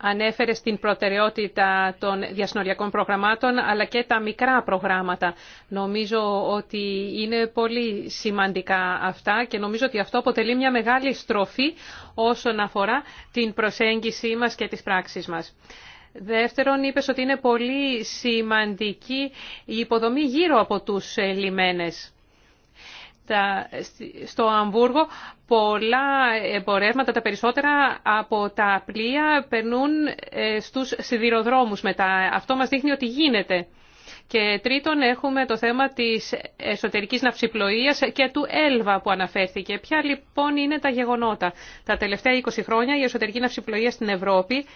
ανέφερε στην προτεραιότητα των διασυνοριακών προγραμμάτων, αλλά και τα μικρά προγράμματα. Νομίζω ότι είναι πολύ σημαντικά αυτά και νομίζω ότι αυτό αποτελεί μια μεγάλη στροφή όσον αφορά την προσέγγιση μας και τις πράξεις μας. Δεύτερον, είπε ότι είναι πολύ σημαντική η υποδομή γύρω από τους λιμένες στο Αμβούργο πολλά εμπορεύματα, τα περισσότερα από τα πλοία περνούν ε, στους σιδηροδρόμους μετά. Αυτό μας δείχνει ότι γίνεται. Και τρίτον έχουμε το θέμα της εσωτερικής ναυσιπλοείας και του ΕΛΒΑ που αναφέρθηκε. Ποια λοιπόν είναι τα γεγονότα. Τα τελευταία 20 χρόνια η εσωτερική ναυσιπλοεία στην Ευρώπη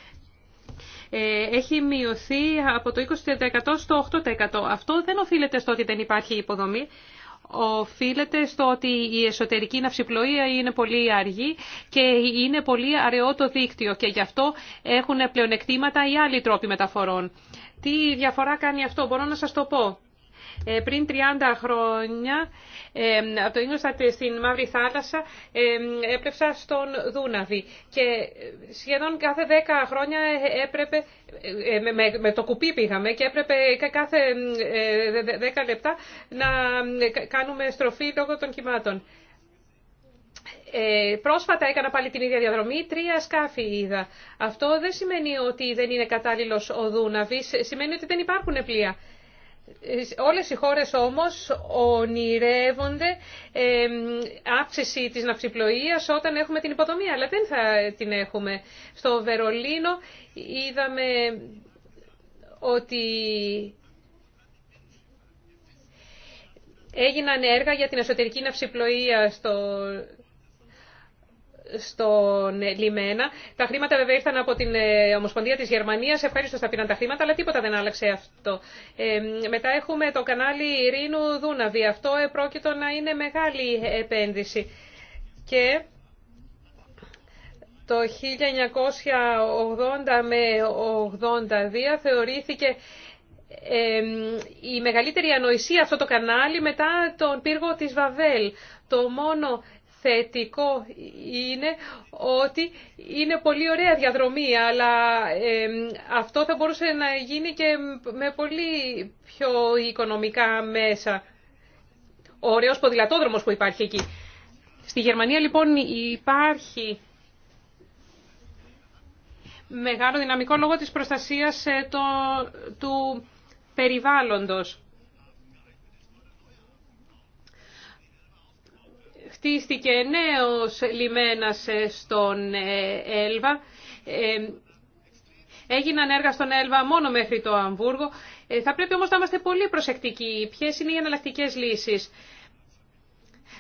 ε, έχει μειωθεί από το 20% στο 8%. Αυτό δεν οφείλεται στο ότι δεν υπάρχει υποδομή, οφείλεται στο ότι η εσωτερική ναυσιπλοεία είναι πολύ αργή και είναι πολύ αραιό το δίκτυο και γι' αυτό έχουν πλεονεκτήματα οι άλλοι τρόποι μεταφορών. Τι διαφορά κάνει αυτό, μπορώ να σας το πω. Ε, πριν 30 χρόνια από το Ίγκοστατ στην Μαύρη Θάλασσα έπρεψα στον Δούναβη και ε, σχεδόν κάθε 10 χρόνια ε, έπρεπε, με, το κουπί πήγαμε και έπρεπε κάθε 10 λεπτά να κάνουμε στροφή λόγω των κυμάτων. Ε, πρόσφατα έκανα πάλι την ίδια διαδρομή, τρία σκάφη είδα. Αυτό δεν σημαίνει ότι δεν είναι κατάλληλο ο Δούναβη, σημαίνει ότι δεν υπάρχουν πλοία. Όλες οι χώρες όμως ονειρεύονται αύξηση της ναυσιπλοείας όταν έχουμε την υποδομή, αλλά δεν θα την έχουμε. Στο Βερολίνο είδαμε ότι έγιναν έργα για την εσωτερική ναυσιπλοεία στο στον ε, λιμένα. Τα χρήματα βέβαια ήρθαν από την ε, Ομοσπονδία της Γερμανίας, ευχαριστώ στα πήραν τα χρήματα, αλλά τίποτα δεν άλλαξε αυτό. Ε, μετά έχουμε το κανάλι Ειρηνού Δούναβη. Αυτό επρόκειτο να είναι μεγάλη επένδυση. Και το 1980 με 82 θεωρήθηκε ε, η μεγαλύτερη ανοησία αυτό το κανάλι μετά τον πύργο της Βαβέλ. Το μόνο θετικό είναι ότι είναι πολύ ωραία διαδρομή, αλλά αυτό θα μπορούσε να γίνει και με πολύ πιο οικονομικά μέσα. Ο ωραίος ποδηλατόδρομος που υπάρχει εκεί. Στη Γερμανία λοιπόν υπάρχει μεγάλο δυναμικό λόγο της προστασίας ε, το, του περιβάλλοντος. χτίστηκε νέος λιμένας ε, στον ε, Έλβα. Ε, έγιναν έργα στον Έλβα μόνο μέχρι το Αμβούργο. Θα πρέπει όμως να είμαστε πολύ προσεκτικοί. Ποιες είναι οι εναλλακτικέ λύσεις.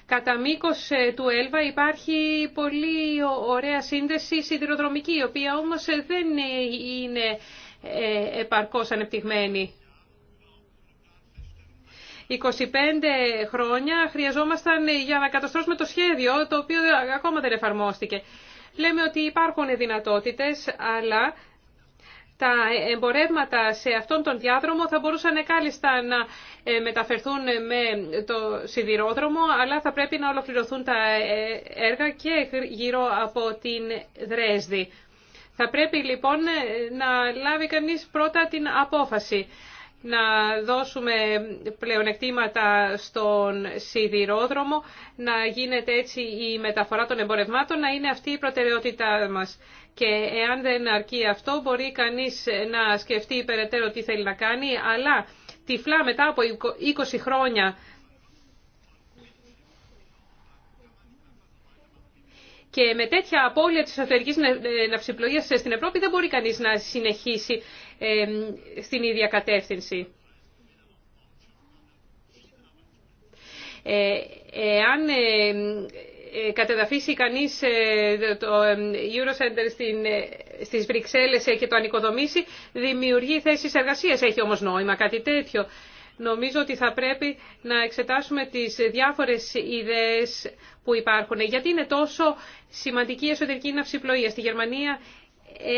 Κατά μήκο του Έλβα υπάρχει πολύ ωραία σύνδεση σιδηροδρομική, η οποία όμως δεν είναι επαρκώς ανεπτυγμένη. 25 χρόνια χρειαζόμασταν για να καταστρώσουμε το σχέδιο, το οποίο ακόμα δεν εφαρμόστηκε. Λέμε ότι υπάρχουν δυνατότητες, αλλά τα εμπορεύματα σε αυτόν τον διάδρομο θα μπορούσαν κάλλιστα να ε, μεταφερθούν με το σιδηρόδρομο, αλλά θα πρέπει να ολοκληρωθούν τα ε, έργα και γύρω από την Δρέσδη. Θα πρέπει λοιπόν να λάβει κανείς πρώτα την απόφαση να δώσουμε πλεονεκτήματα στον σιδηρόδρομο, να γίνεται έτσι η μεταφορά των εμπορευμάτων, να είναι αυτή η προτεραιότητά μας. Και εάν δεν αρκεί αυτό, μπορεί κανείς να σκεφτεί περαιτέρω τι θέλει να κάνει, αλλά τυφλά μετά από 20 χρόνια Και με τέτοια απώλεια της εσωτερικής ε, ναυσιπλοείας στην Ευρώπη δεν μπορεί κανείς να συνεχίσει στην ίδια κατεύθυνση. Ε, εάν ε, κατεδαφίσει κανείς το Eurocenter στις Βρυξέλλες και το ανοικοδομήσει, δημιουργεί θέσεις εργασίας. Έχει όμως νόημα κάτι τέτοιο νομίζω ότι θα πρέπει να εξετάσουμε τις διάφορες ιδέες που υπάρχουν. Γιατί είναι τόσο σημαντική η εσωτερική ναυσιπλοεία. Στη Γερμανία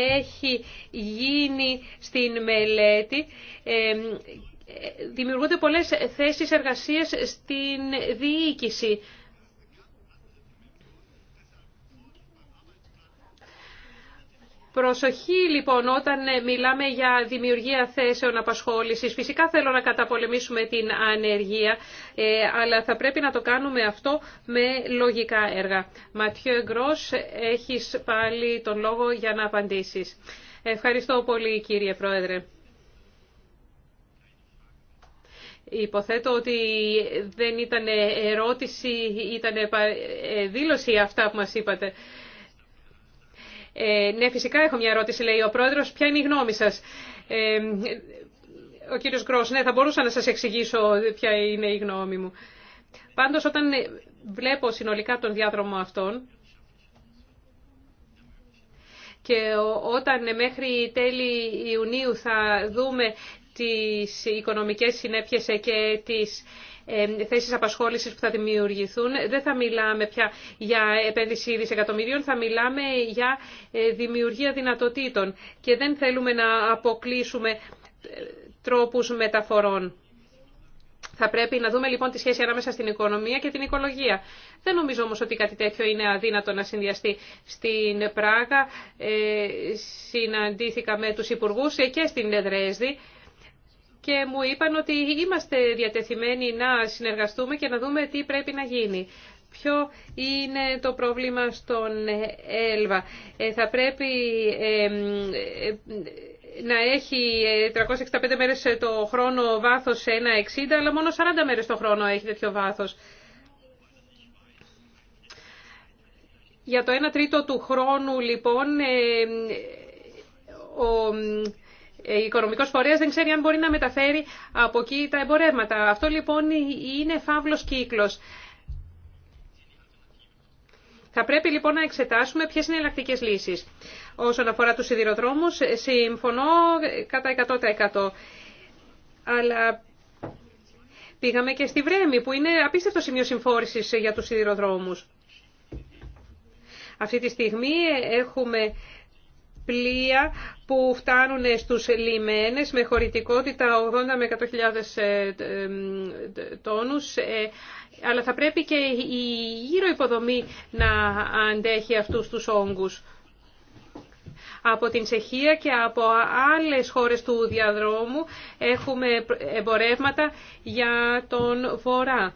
έχει γίνει στην μελέτη ε, δημιουργούνται πολλές θέσεις εργασίας στην διοίκηση. Προσοχή λοιπόν όταν ε, μιλάμε για δημιουργία θέσεων απασχόλησης. Φυσικά θέλω να καταπολεμήσουμε την ανεργία, ε, αλλά θα πρέπει να το κάνουμε αυτό με λογικά έργα. Ματιό Εγκρός, έχεις πάλι τον λόγο για να απαντήσεις. Ευχαριστώ πολύ κύριε Πρόεδρε. Υποθέτω ότι δεν ήταν ερώτηση, ήταν ε, δήλωση αυτά που μας είπατε. Ε, ναι, φυσικά έχω μια ερώτηση, λέει ο πρόεδρο. Ποια είναι η γνώμη σα. Ε, ο κύριο Γκρό, ναι, θα μπορούσα να σα εξηγήσω ποια είναι η γνώμη μου. Πάντω, όταν βλέπω συνολικά τον διάδρομο αυτόν, και όταν μέχρι τέλη Ιουνίου θα δούμε τις οικονομικές συνέπειες και τις Θέσει απασχόληση που θα δημιουργηθούν. Δεν θα μιλάμε πια για επένδυση δισεκατομμυρίων, θα μιλάμε για ε, δημιουργία δυνατοτήτων και δεν θέλουμε να αποκλείσουμε ε, τρόπους μεταφορών. Θα πρέπει να δούμε λοιπόν τη σχέση ανάμεσα στην οικονομία και την οικολογία. Δεν νομίζω όμως ότι κάτι τέτοιο είναι αδύνατο να συνδυαστεί. Στην Πράγα ε, συναντήθηκα με τους υπουργούς και στην Δρέσδη και μου είπαν ότι είμαστε διατεθειμένοι να συνεργαστούμε και να δούμε τι πρέπει να γίνει. Ποιο είναι το πρόβλημα στον Έλβα. Ε, θα πρέπει ε, να έχει 365 ε, μέρες το χρόνο βάθος 1,60, αλλά μόνο 40 μέρες το χρόνο έχει τέτοιο βάθος. Για το 1 τρίτο του χρόνου, λοιπόν, ο ο ε, οικονομικός φορέας δεν ξέρει αν μπορεί να μεταφέρει από εκεί τα εμπορεύματα. Αυτό λοιπόν είναι φαύλος κύκλος. Θα πρέπει λοιπόν να εξετάσουμε ποιες είναι οι ελλακτικές λύσεις. Όσον αφορά τους σιδηροδρόμους, ε, συμφωνώ κατά 100%. Αλλά πήγαμε και στη Βρέμη, που είναι απίστευτο σημείο συμφόρησης ε, για τους σιδηροδρόμους. Αυτή τη στιγμή έχουμε πλοία που φτάνουν στους λιμένες με χωρητικότητα 80 με 100.000 ε, ε, τόνους, ε, αλλά θα πρέπει και η γύρω υποδομή να αντέχει αυτούς τους όγκους. Από την Σεχία και από άλλες χώρες του διαδρόμου έχουμε εμπορεύματα για τον Βορρά.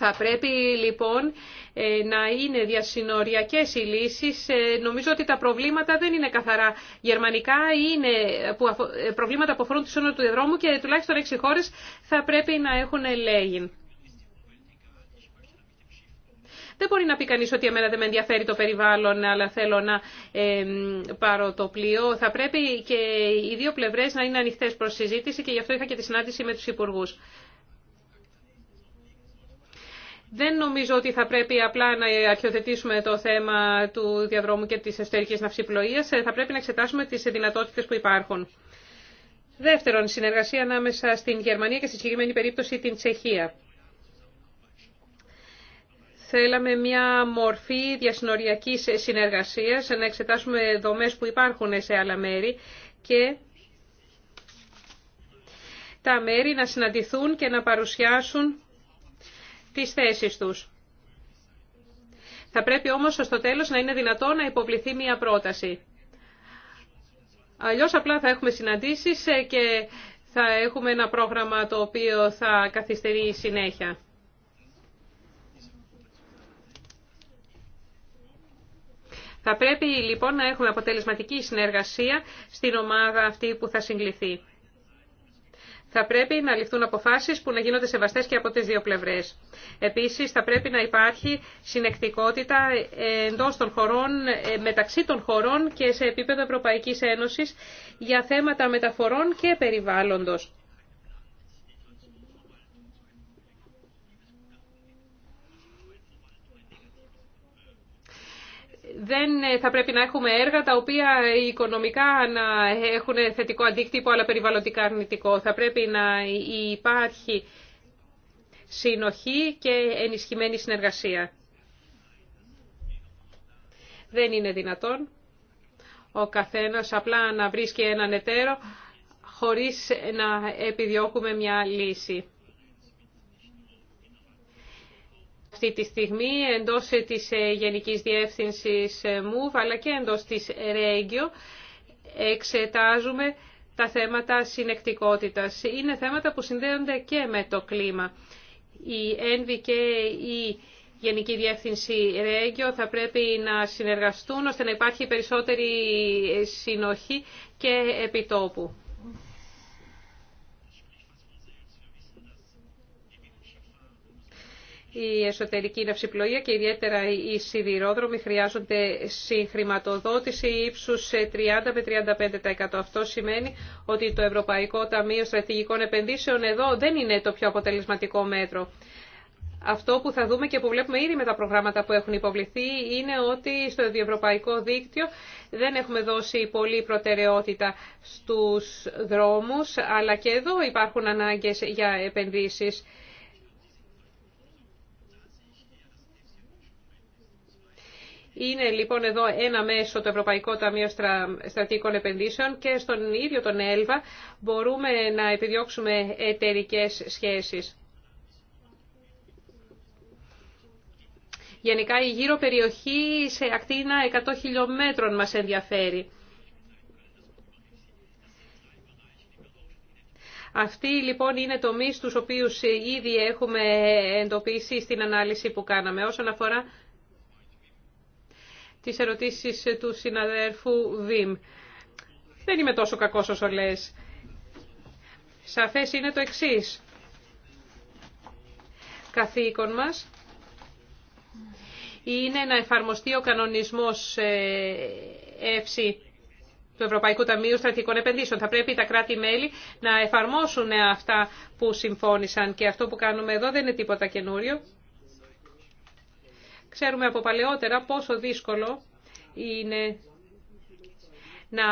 Θα πρέπει λοιπόν ε, να είναι διασυνοριακές οι λύσεις. Ε, νομίζω ότι τα προβλήματα δεν είναι καθαρά γερμανικά, είναι ε, προβλήματα που αφορούν τη σύνορα του δρόμου και τουλάχιστον έξι χώρες θα πρέπει να έχουν λέγη. Δεν μπορεί να πει κανείς ότι εμένα δεν με ενδιαφέρει το περιβάλλον, αλλά θέλω να πάρω το πλοίο. Θα πρέπει και οι δύο πλευρές να είναι ανοιχτέ προς συζήτηση και γι' αυτό είχα και τη συνάντηση με τους υπουργού. Δεν νομίζω ότι θα πρέπει απλά να αρχιοθετήσουμε το θέμα του διαδρόμου και της εσωτερικής ναυσιπλοείας. Ε, θα πρέπει να εξετάσουμε τις δυνατότητες που υπάρχουν. Δεύτερον, συνεργασία ανάμεσα στην Γερμανία και στη συγκεκριμένη περίπτωση την Τσεχία. Θέλαμε μια μορφή διασυνοριακής συνεργασίας, να εξετάσουμε δομές που υπάρχουν σε άλλα μέρη και τα μέρη να συναντηθούν και να παρουσιάσουν τις θέσεις τους. Θα πρέπει όμως στο τέλος να είναι δυνατό να υποβληθεί μια πρόταση. Αλλιώς απλά θα έχουμε συναντήσεις ε, και θα έχουμε ένα πρόγραμμα το οποίο θα καθυστερεί η συνέχεια. Θα πρέπει λοιπόν να έχουμε αποτελεσματική συνεργασία στην ομάδα αυτή που θα συγκληθεί θα πρέπει να ληφθούν αποφάσεις που να γίνονται σεβαστές και από τις δύο πλευρές. Επίσης, θα πρέπει να υπάρχει συνεκτικότητα εντός των χωρών, ε, μεταξύ των χωρών και σε επίπεδο Ευρωπαϊκή Ένωση για θέματα μεταφορών και περιβάλλοντος. δεν ε, θα πρέπει να έχουμε έργα τα οποία οικονομικά να έχουν θετικό αντίκτυπο αλλά περιβαλλοντικά αρνητικό. Θα πρέπει να υπάρχει συνοχή και ενισχυμένη συνεργασία. Δεν είναι δυνατόν ο καθένας απλά να βρίσκει έναν εταίρο χωρίς να επιδιώκουμε μια λύση. αυτή τη στιγμή εντός ε, της ε, Γενικής Διεύθυνσης ε, ΜΟΥΒ αλλά και εντός της ΡΕΓΙΟ εξετάζουμε τα θέματα συνεκτικότητας. Είναι θέματα που συνδέονται και με το κλίμα. Η ΕΝΒΙ και η Γενική Διεύθυνση ΡΕΓΙΟ θα πρέπει να συνεργαστούν ώστε να υπάρχει περισσότερη συνοχή και επιτόπου. η εσωτερική ναυσιπλοεία και ιδιαίτερα οι σιδηρόδρομοι χρειάζονται συγχρηματοδότηση ύψους 30 με 35%. Αυτό σημαίνει ότι το Ευρωπαϊκό Ταμείο Στρατηγικών Επενδύσεων εδώ δεν είναι το πιο αποτελεσματικό μέτρο. Αυτό που θα δούμε και που βλέπουμε ήδη με τα προγράμματα που έχουν υποβληθεί είναι ότι στο Ευρωπαϊκό δίκτυο δεν έχουμε δώσει πολλή προτεραιότητα στους δρόμους, αλλά και εδώ υπάρχουν ανάγκες για επενδύσεις. Είναι λοιπόν εδώ ένα μέσο το Ευρωπαϊκό Ταμείο Στρατηγικών Επενδύσεων και στον ίδιο τον ΕΛΒΑ μπορούμε να επιδιώξουμε εταιρικέ σχέσεις. Γενικά η γύρω περιοχή σε ακτίνα 100 χιλιόμετρων μας ενδιαφέρει. Αυτοί λοιπόν είναι τομείς τους οποίους ήδη έχουμε εντοπίσει στην ανάλυση που κάναμε. Όσον αφορά τις ερωτήσεις ε, του συναδέρφου Βιμ. Δεν είμαι τόσο κακός όσο λες. Σαφές είναι το εξής. Καθήκον μας είναι να εφαρμοστεί ο κανονισμός ΕΦΣΥ του Ευρωπαϊκού Ταμείου Στρατηγικών Επενδύσεων. Θα πρέπει τα κράτη-μέλη να εφαρμόσουν αυτά που συμφώνησαν και αυτό που κάνουμε εδώ δεν είναι τίποτα καινούριο. Ξέρουμε από παλαιότερα πόσο δύσκολο είναι να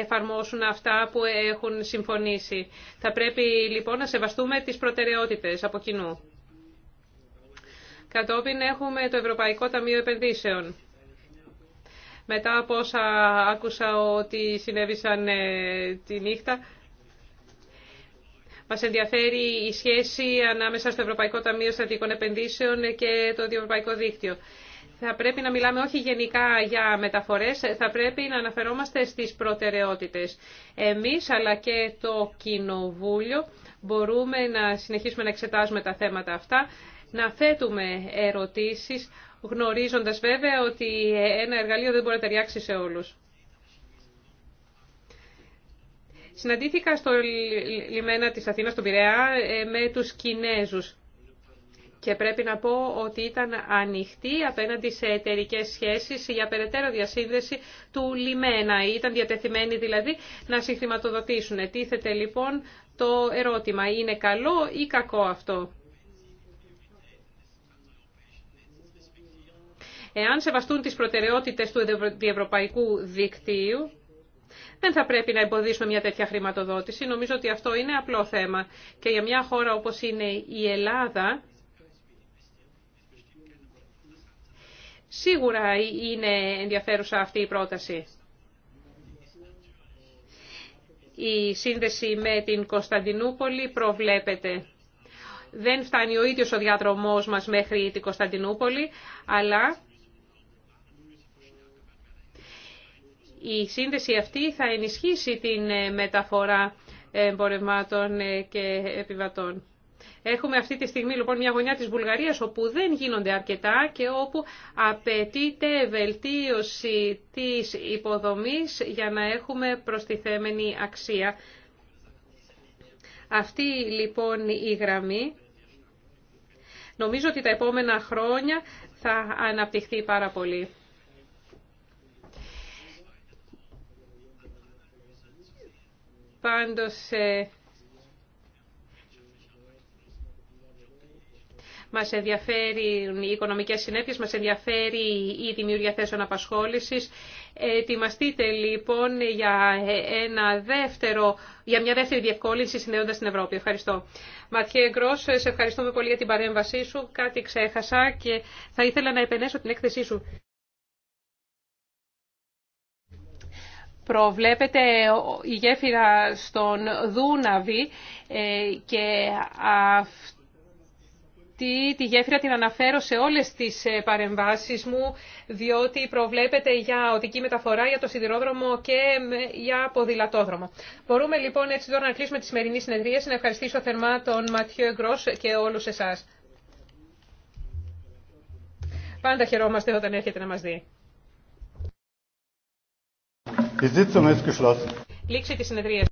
εφαρμόσουν αυτά που έχουν συμφωνήσει. Θα πρέπει λοιπόν να σεβαστούμε τις προτεραιότητες από κοινού. Κατόπιν έχουμε το Ευρωπαϊκό Ταμείο Επενδύσεων. Μετά από όσα άκουσα ότι συνέβησαν ε, τη νύχτα, Μα ενδιαφέρει η σχέση ανάμεσα στο Ευρωπαϊκό Ταμείο Στρατηγικών Επενδύσεων και το Διευρωπαϊκό Δίκτυο. Θα πρέπει να μιλάμε όχι γενικά για μεταφορές, θα πρέπει να αναφερόμαστε στις προτεραιότητες. Εμείς αλλά και το Κοινοβούλιο μπορούμε να συνεχίσουμε να εξετάζουμε τα θέματα αυτά, να θέτουμε ερωτήσεις, γνωρίζοντας βέβαια ότι ένα εργαλείο δεν μπορεί να ταιριάξει σε όλους. Συναντήθηκα στο λιμένα της Αθήνας, στον Πειραιά, ε, με τους Κινέζους. Και πρέπει να πω ότι ήταν ανοιχτή απέναντι σε εταιρικέ σχέσεις για περαιτέρω διασύνδεση του λιμένα. Ήταν διατεθειμένοι δηλαδή να συγχρηματοδοτήσουν. Τίθεται λοιπόν το ερώτημα, είναι καλό ή κακό αυτό. Εάν σεβαστούν τις προτεραιότητες του διευρωπαϊκού δικτύου, δεν θα πρέπει να εμποδίσουμε μια τέτοια χρηματοδότηση. Νομίζω ότι αυτό είναι απλό θέμα. Και για μια χώρα όπως είναι η Ελλάδα, σίγουρα είναι ενδιαφέρουσα αυτή η πρόταση. Η σύνδεση με την Κωνσταντινούπολη προβλέπεται. Δεν φτάνει ο ίδιος ο διάδρομός μας μέχρι την Κωνσταντινούπολη, αλλά Η σύνδεση αυτή θα ενισχύσει την ε, μεταφορά εμπορευμάτων ε, και επιβατών. Έχουμε αυτή τη στιγμή λοιπόν μια γωνιά της Βουλγαρίας όπου δεν γίνονται αρκετά και όπου απαιτείται βελτίωση της υποδομής για να έχουμε προστιθέμενη αξία. Αυτή λοιπόν η γραμμή νομίζω ότι τα επόμενα χρόνια θα αναπτυχθεί πάρα πολύ. Πάντως, ε, μας ενδιαφέρουν οι οικονομικές συνέπειες, μας ενδιαφέρει η δημιουργία θέσεων απασχόλησης. Ετοιμαστείτε λοιπόν για, ένα δεύτερο, για μια δεύτερη διευκόλυνση συνδέοντας την Ευρώπη. Ευχαριστώ. Ματιέ Γκρός, σε ευχαριστούμε πολύ για την παρέμβασή σου. Κάτι ξέχασα και θα ήθελα να επενέσω την έκθεσή σου. προβλέπεται η γέφυρα στον Δούναβη ε, και αυτή τη γέφυρα την αναφέρω σε όλες τις ε, παρεμβάσεις μου διότι προβλέπεται για οδική μεταφορά, για το σιδηρόδρομο και για ποδηλατόδρομο. Μπορούμε λοιπόν έτσι τώρα να κλείσουμε τη σημερινή συνεδρία. Να ευχαριστήσω θερμά τον Ματιό Εγκρός και όλους εσάς. Πάντα χαιρόμαστε όταν έρχεται να μας δει. Η Λήξη τη συνεδρία.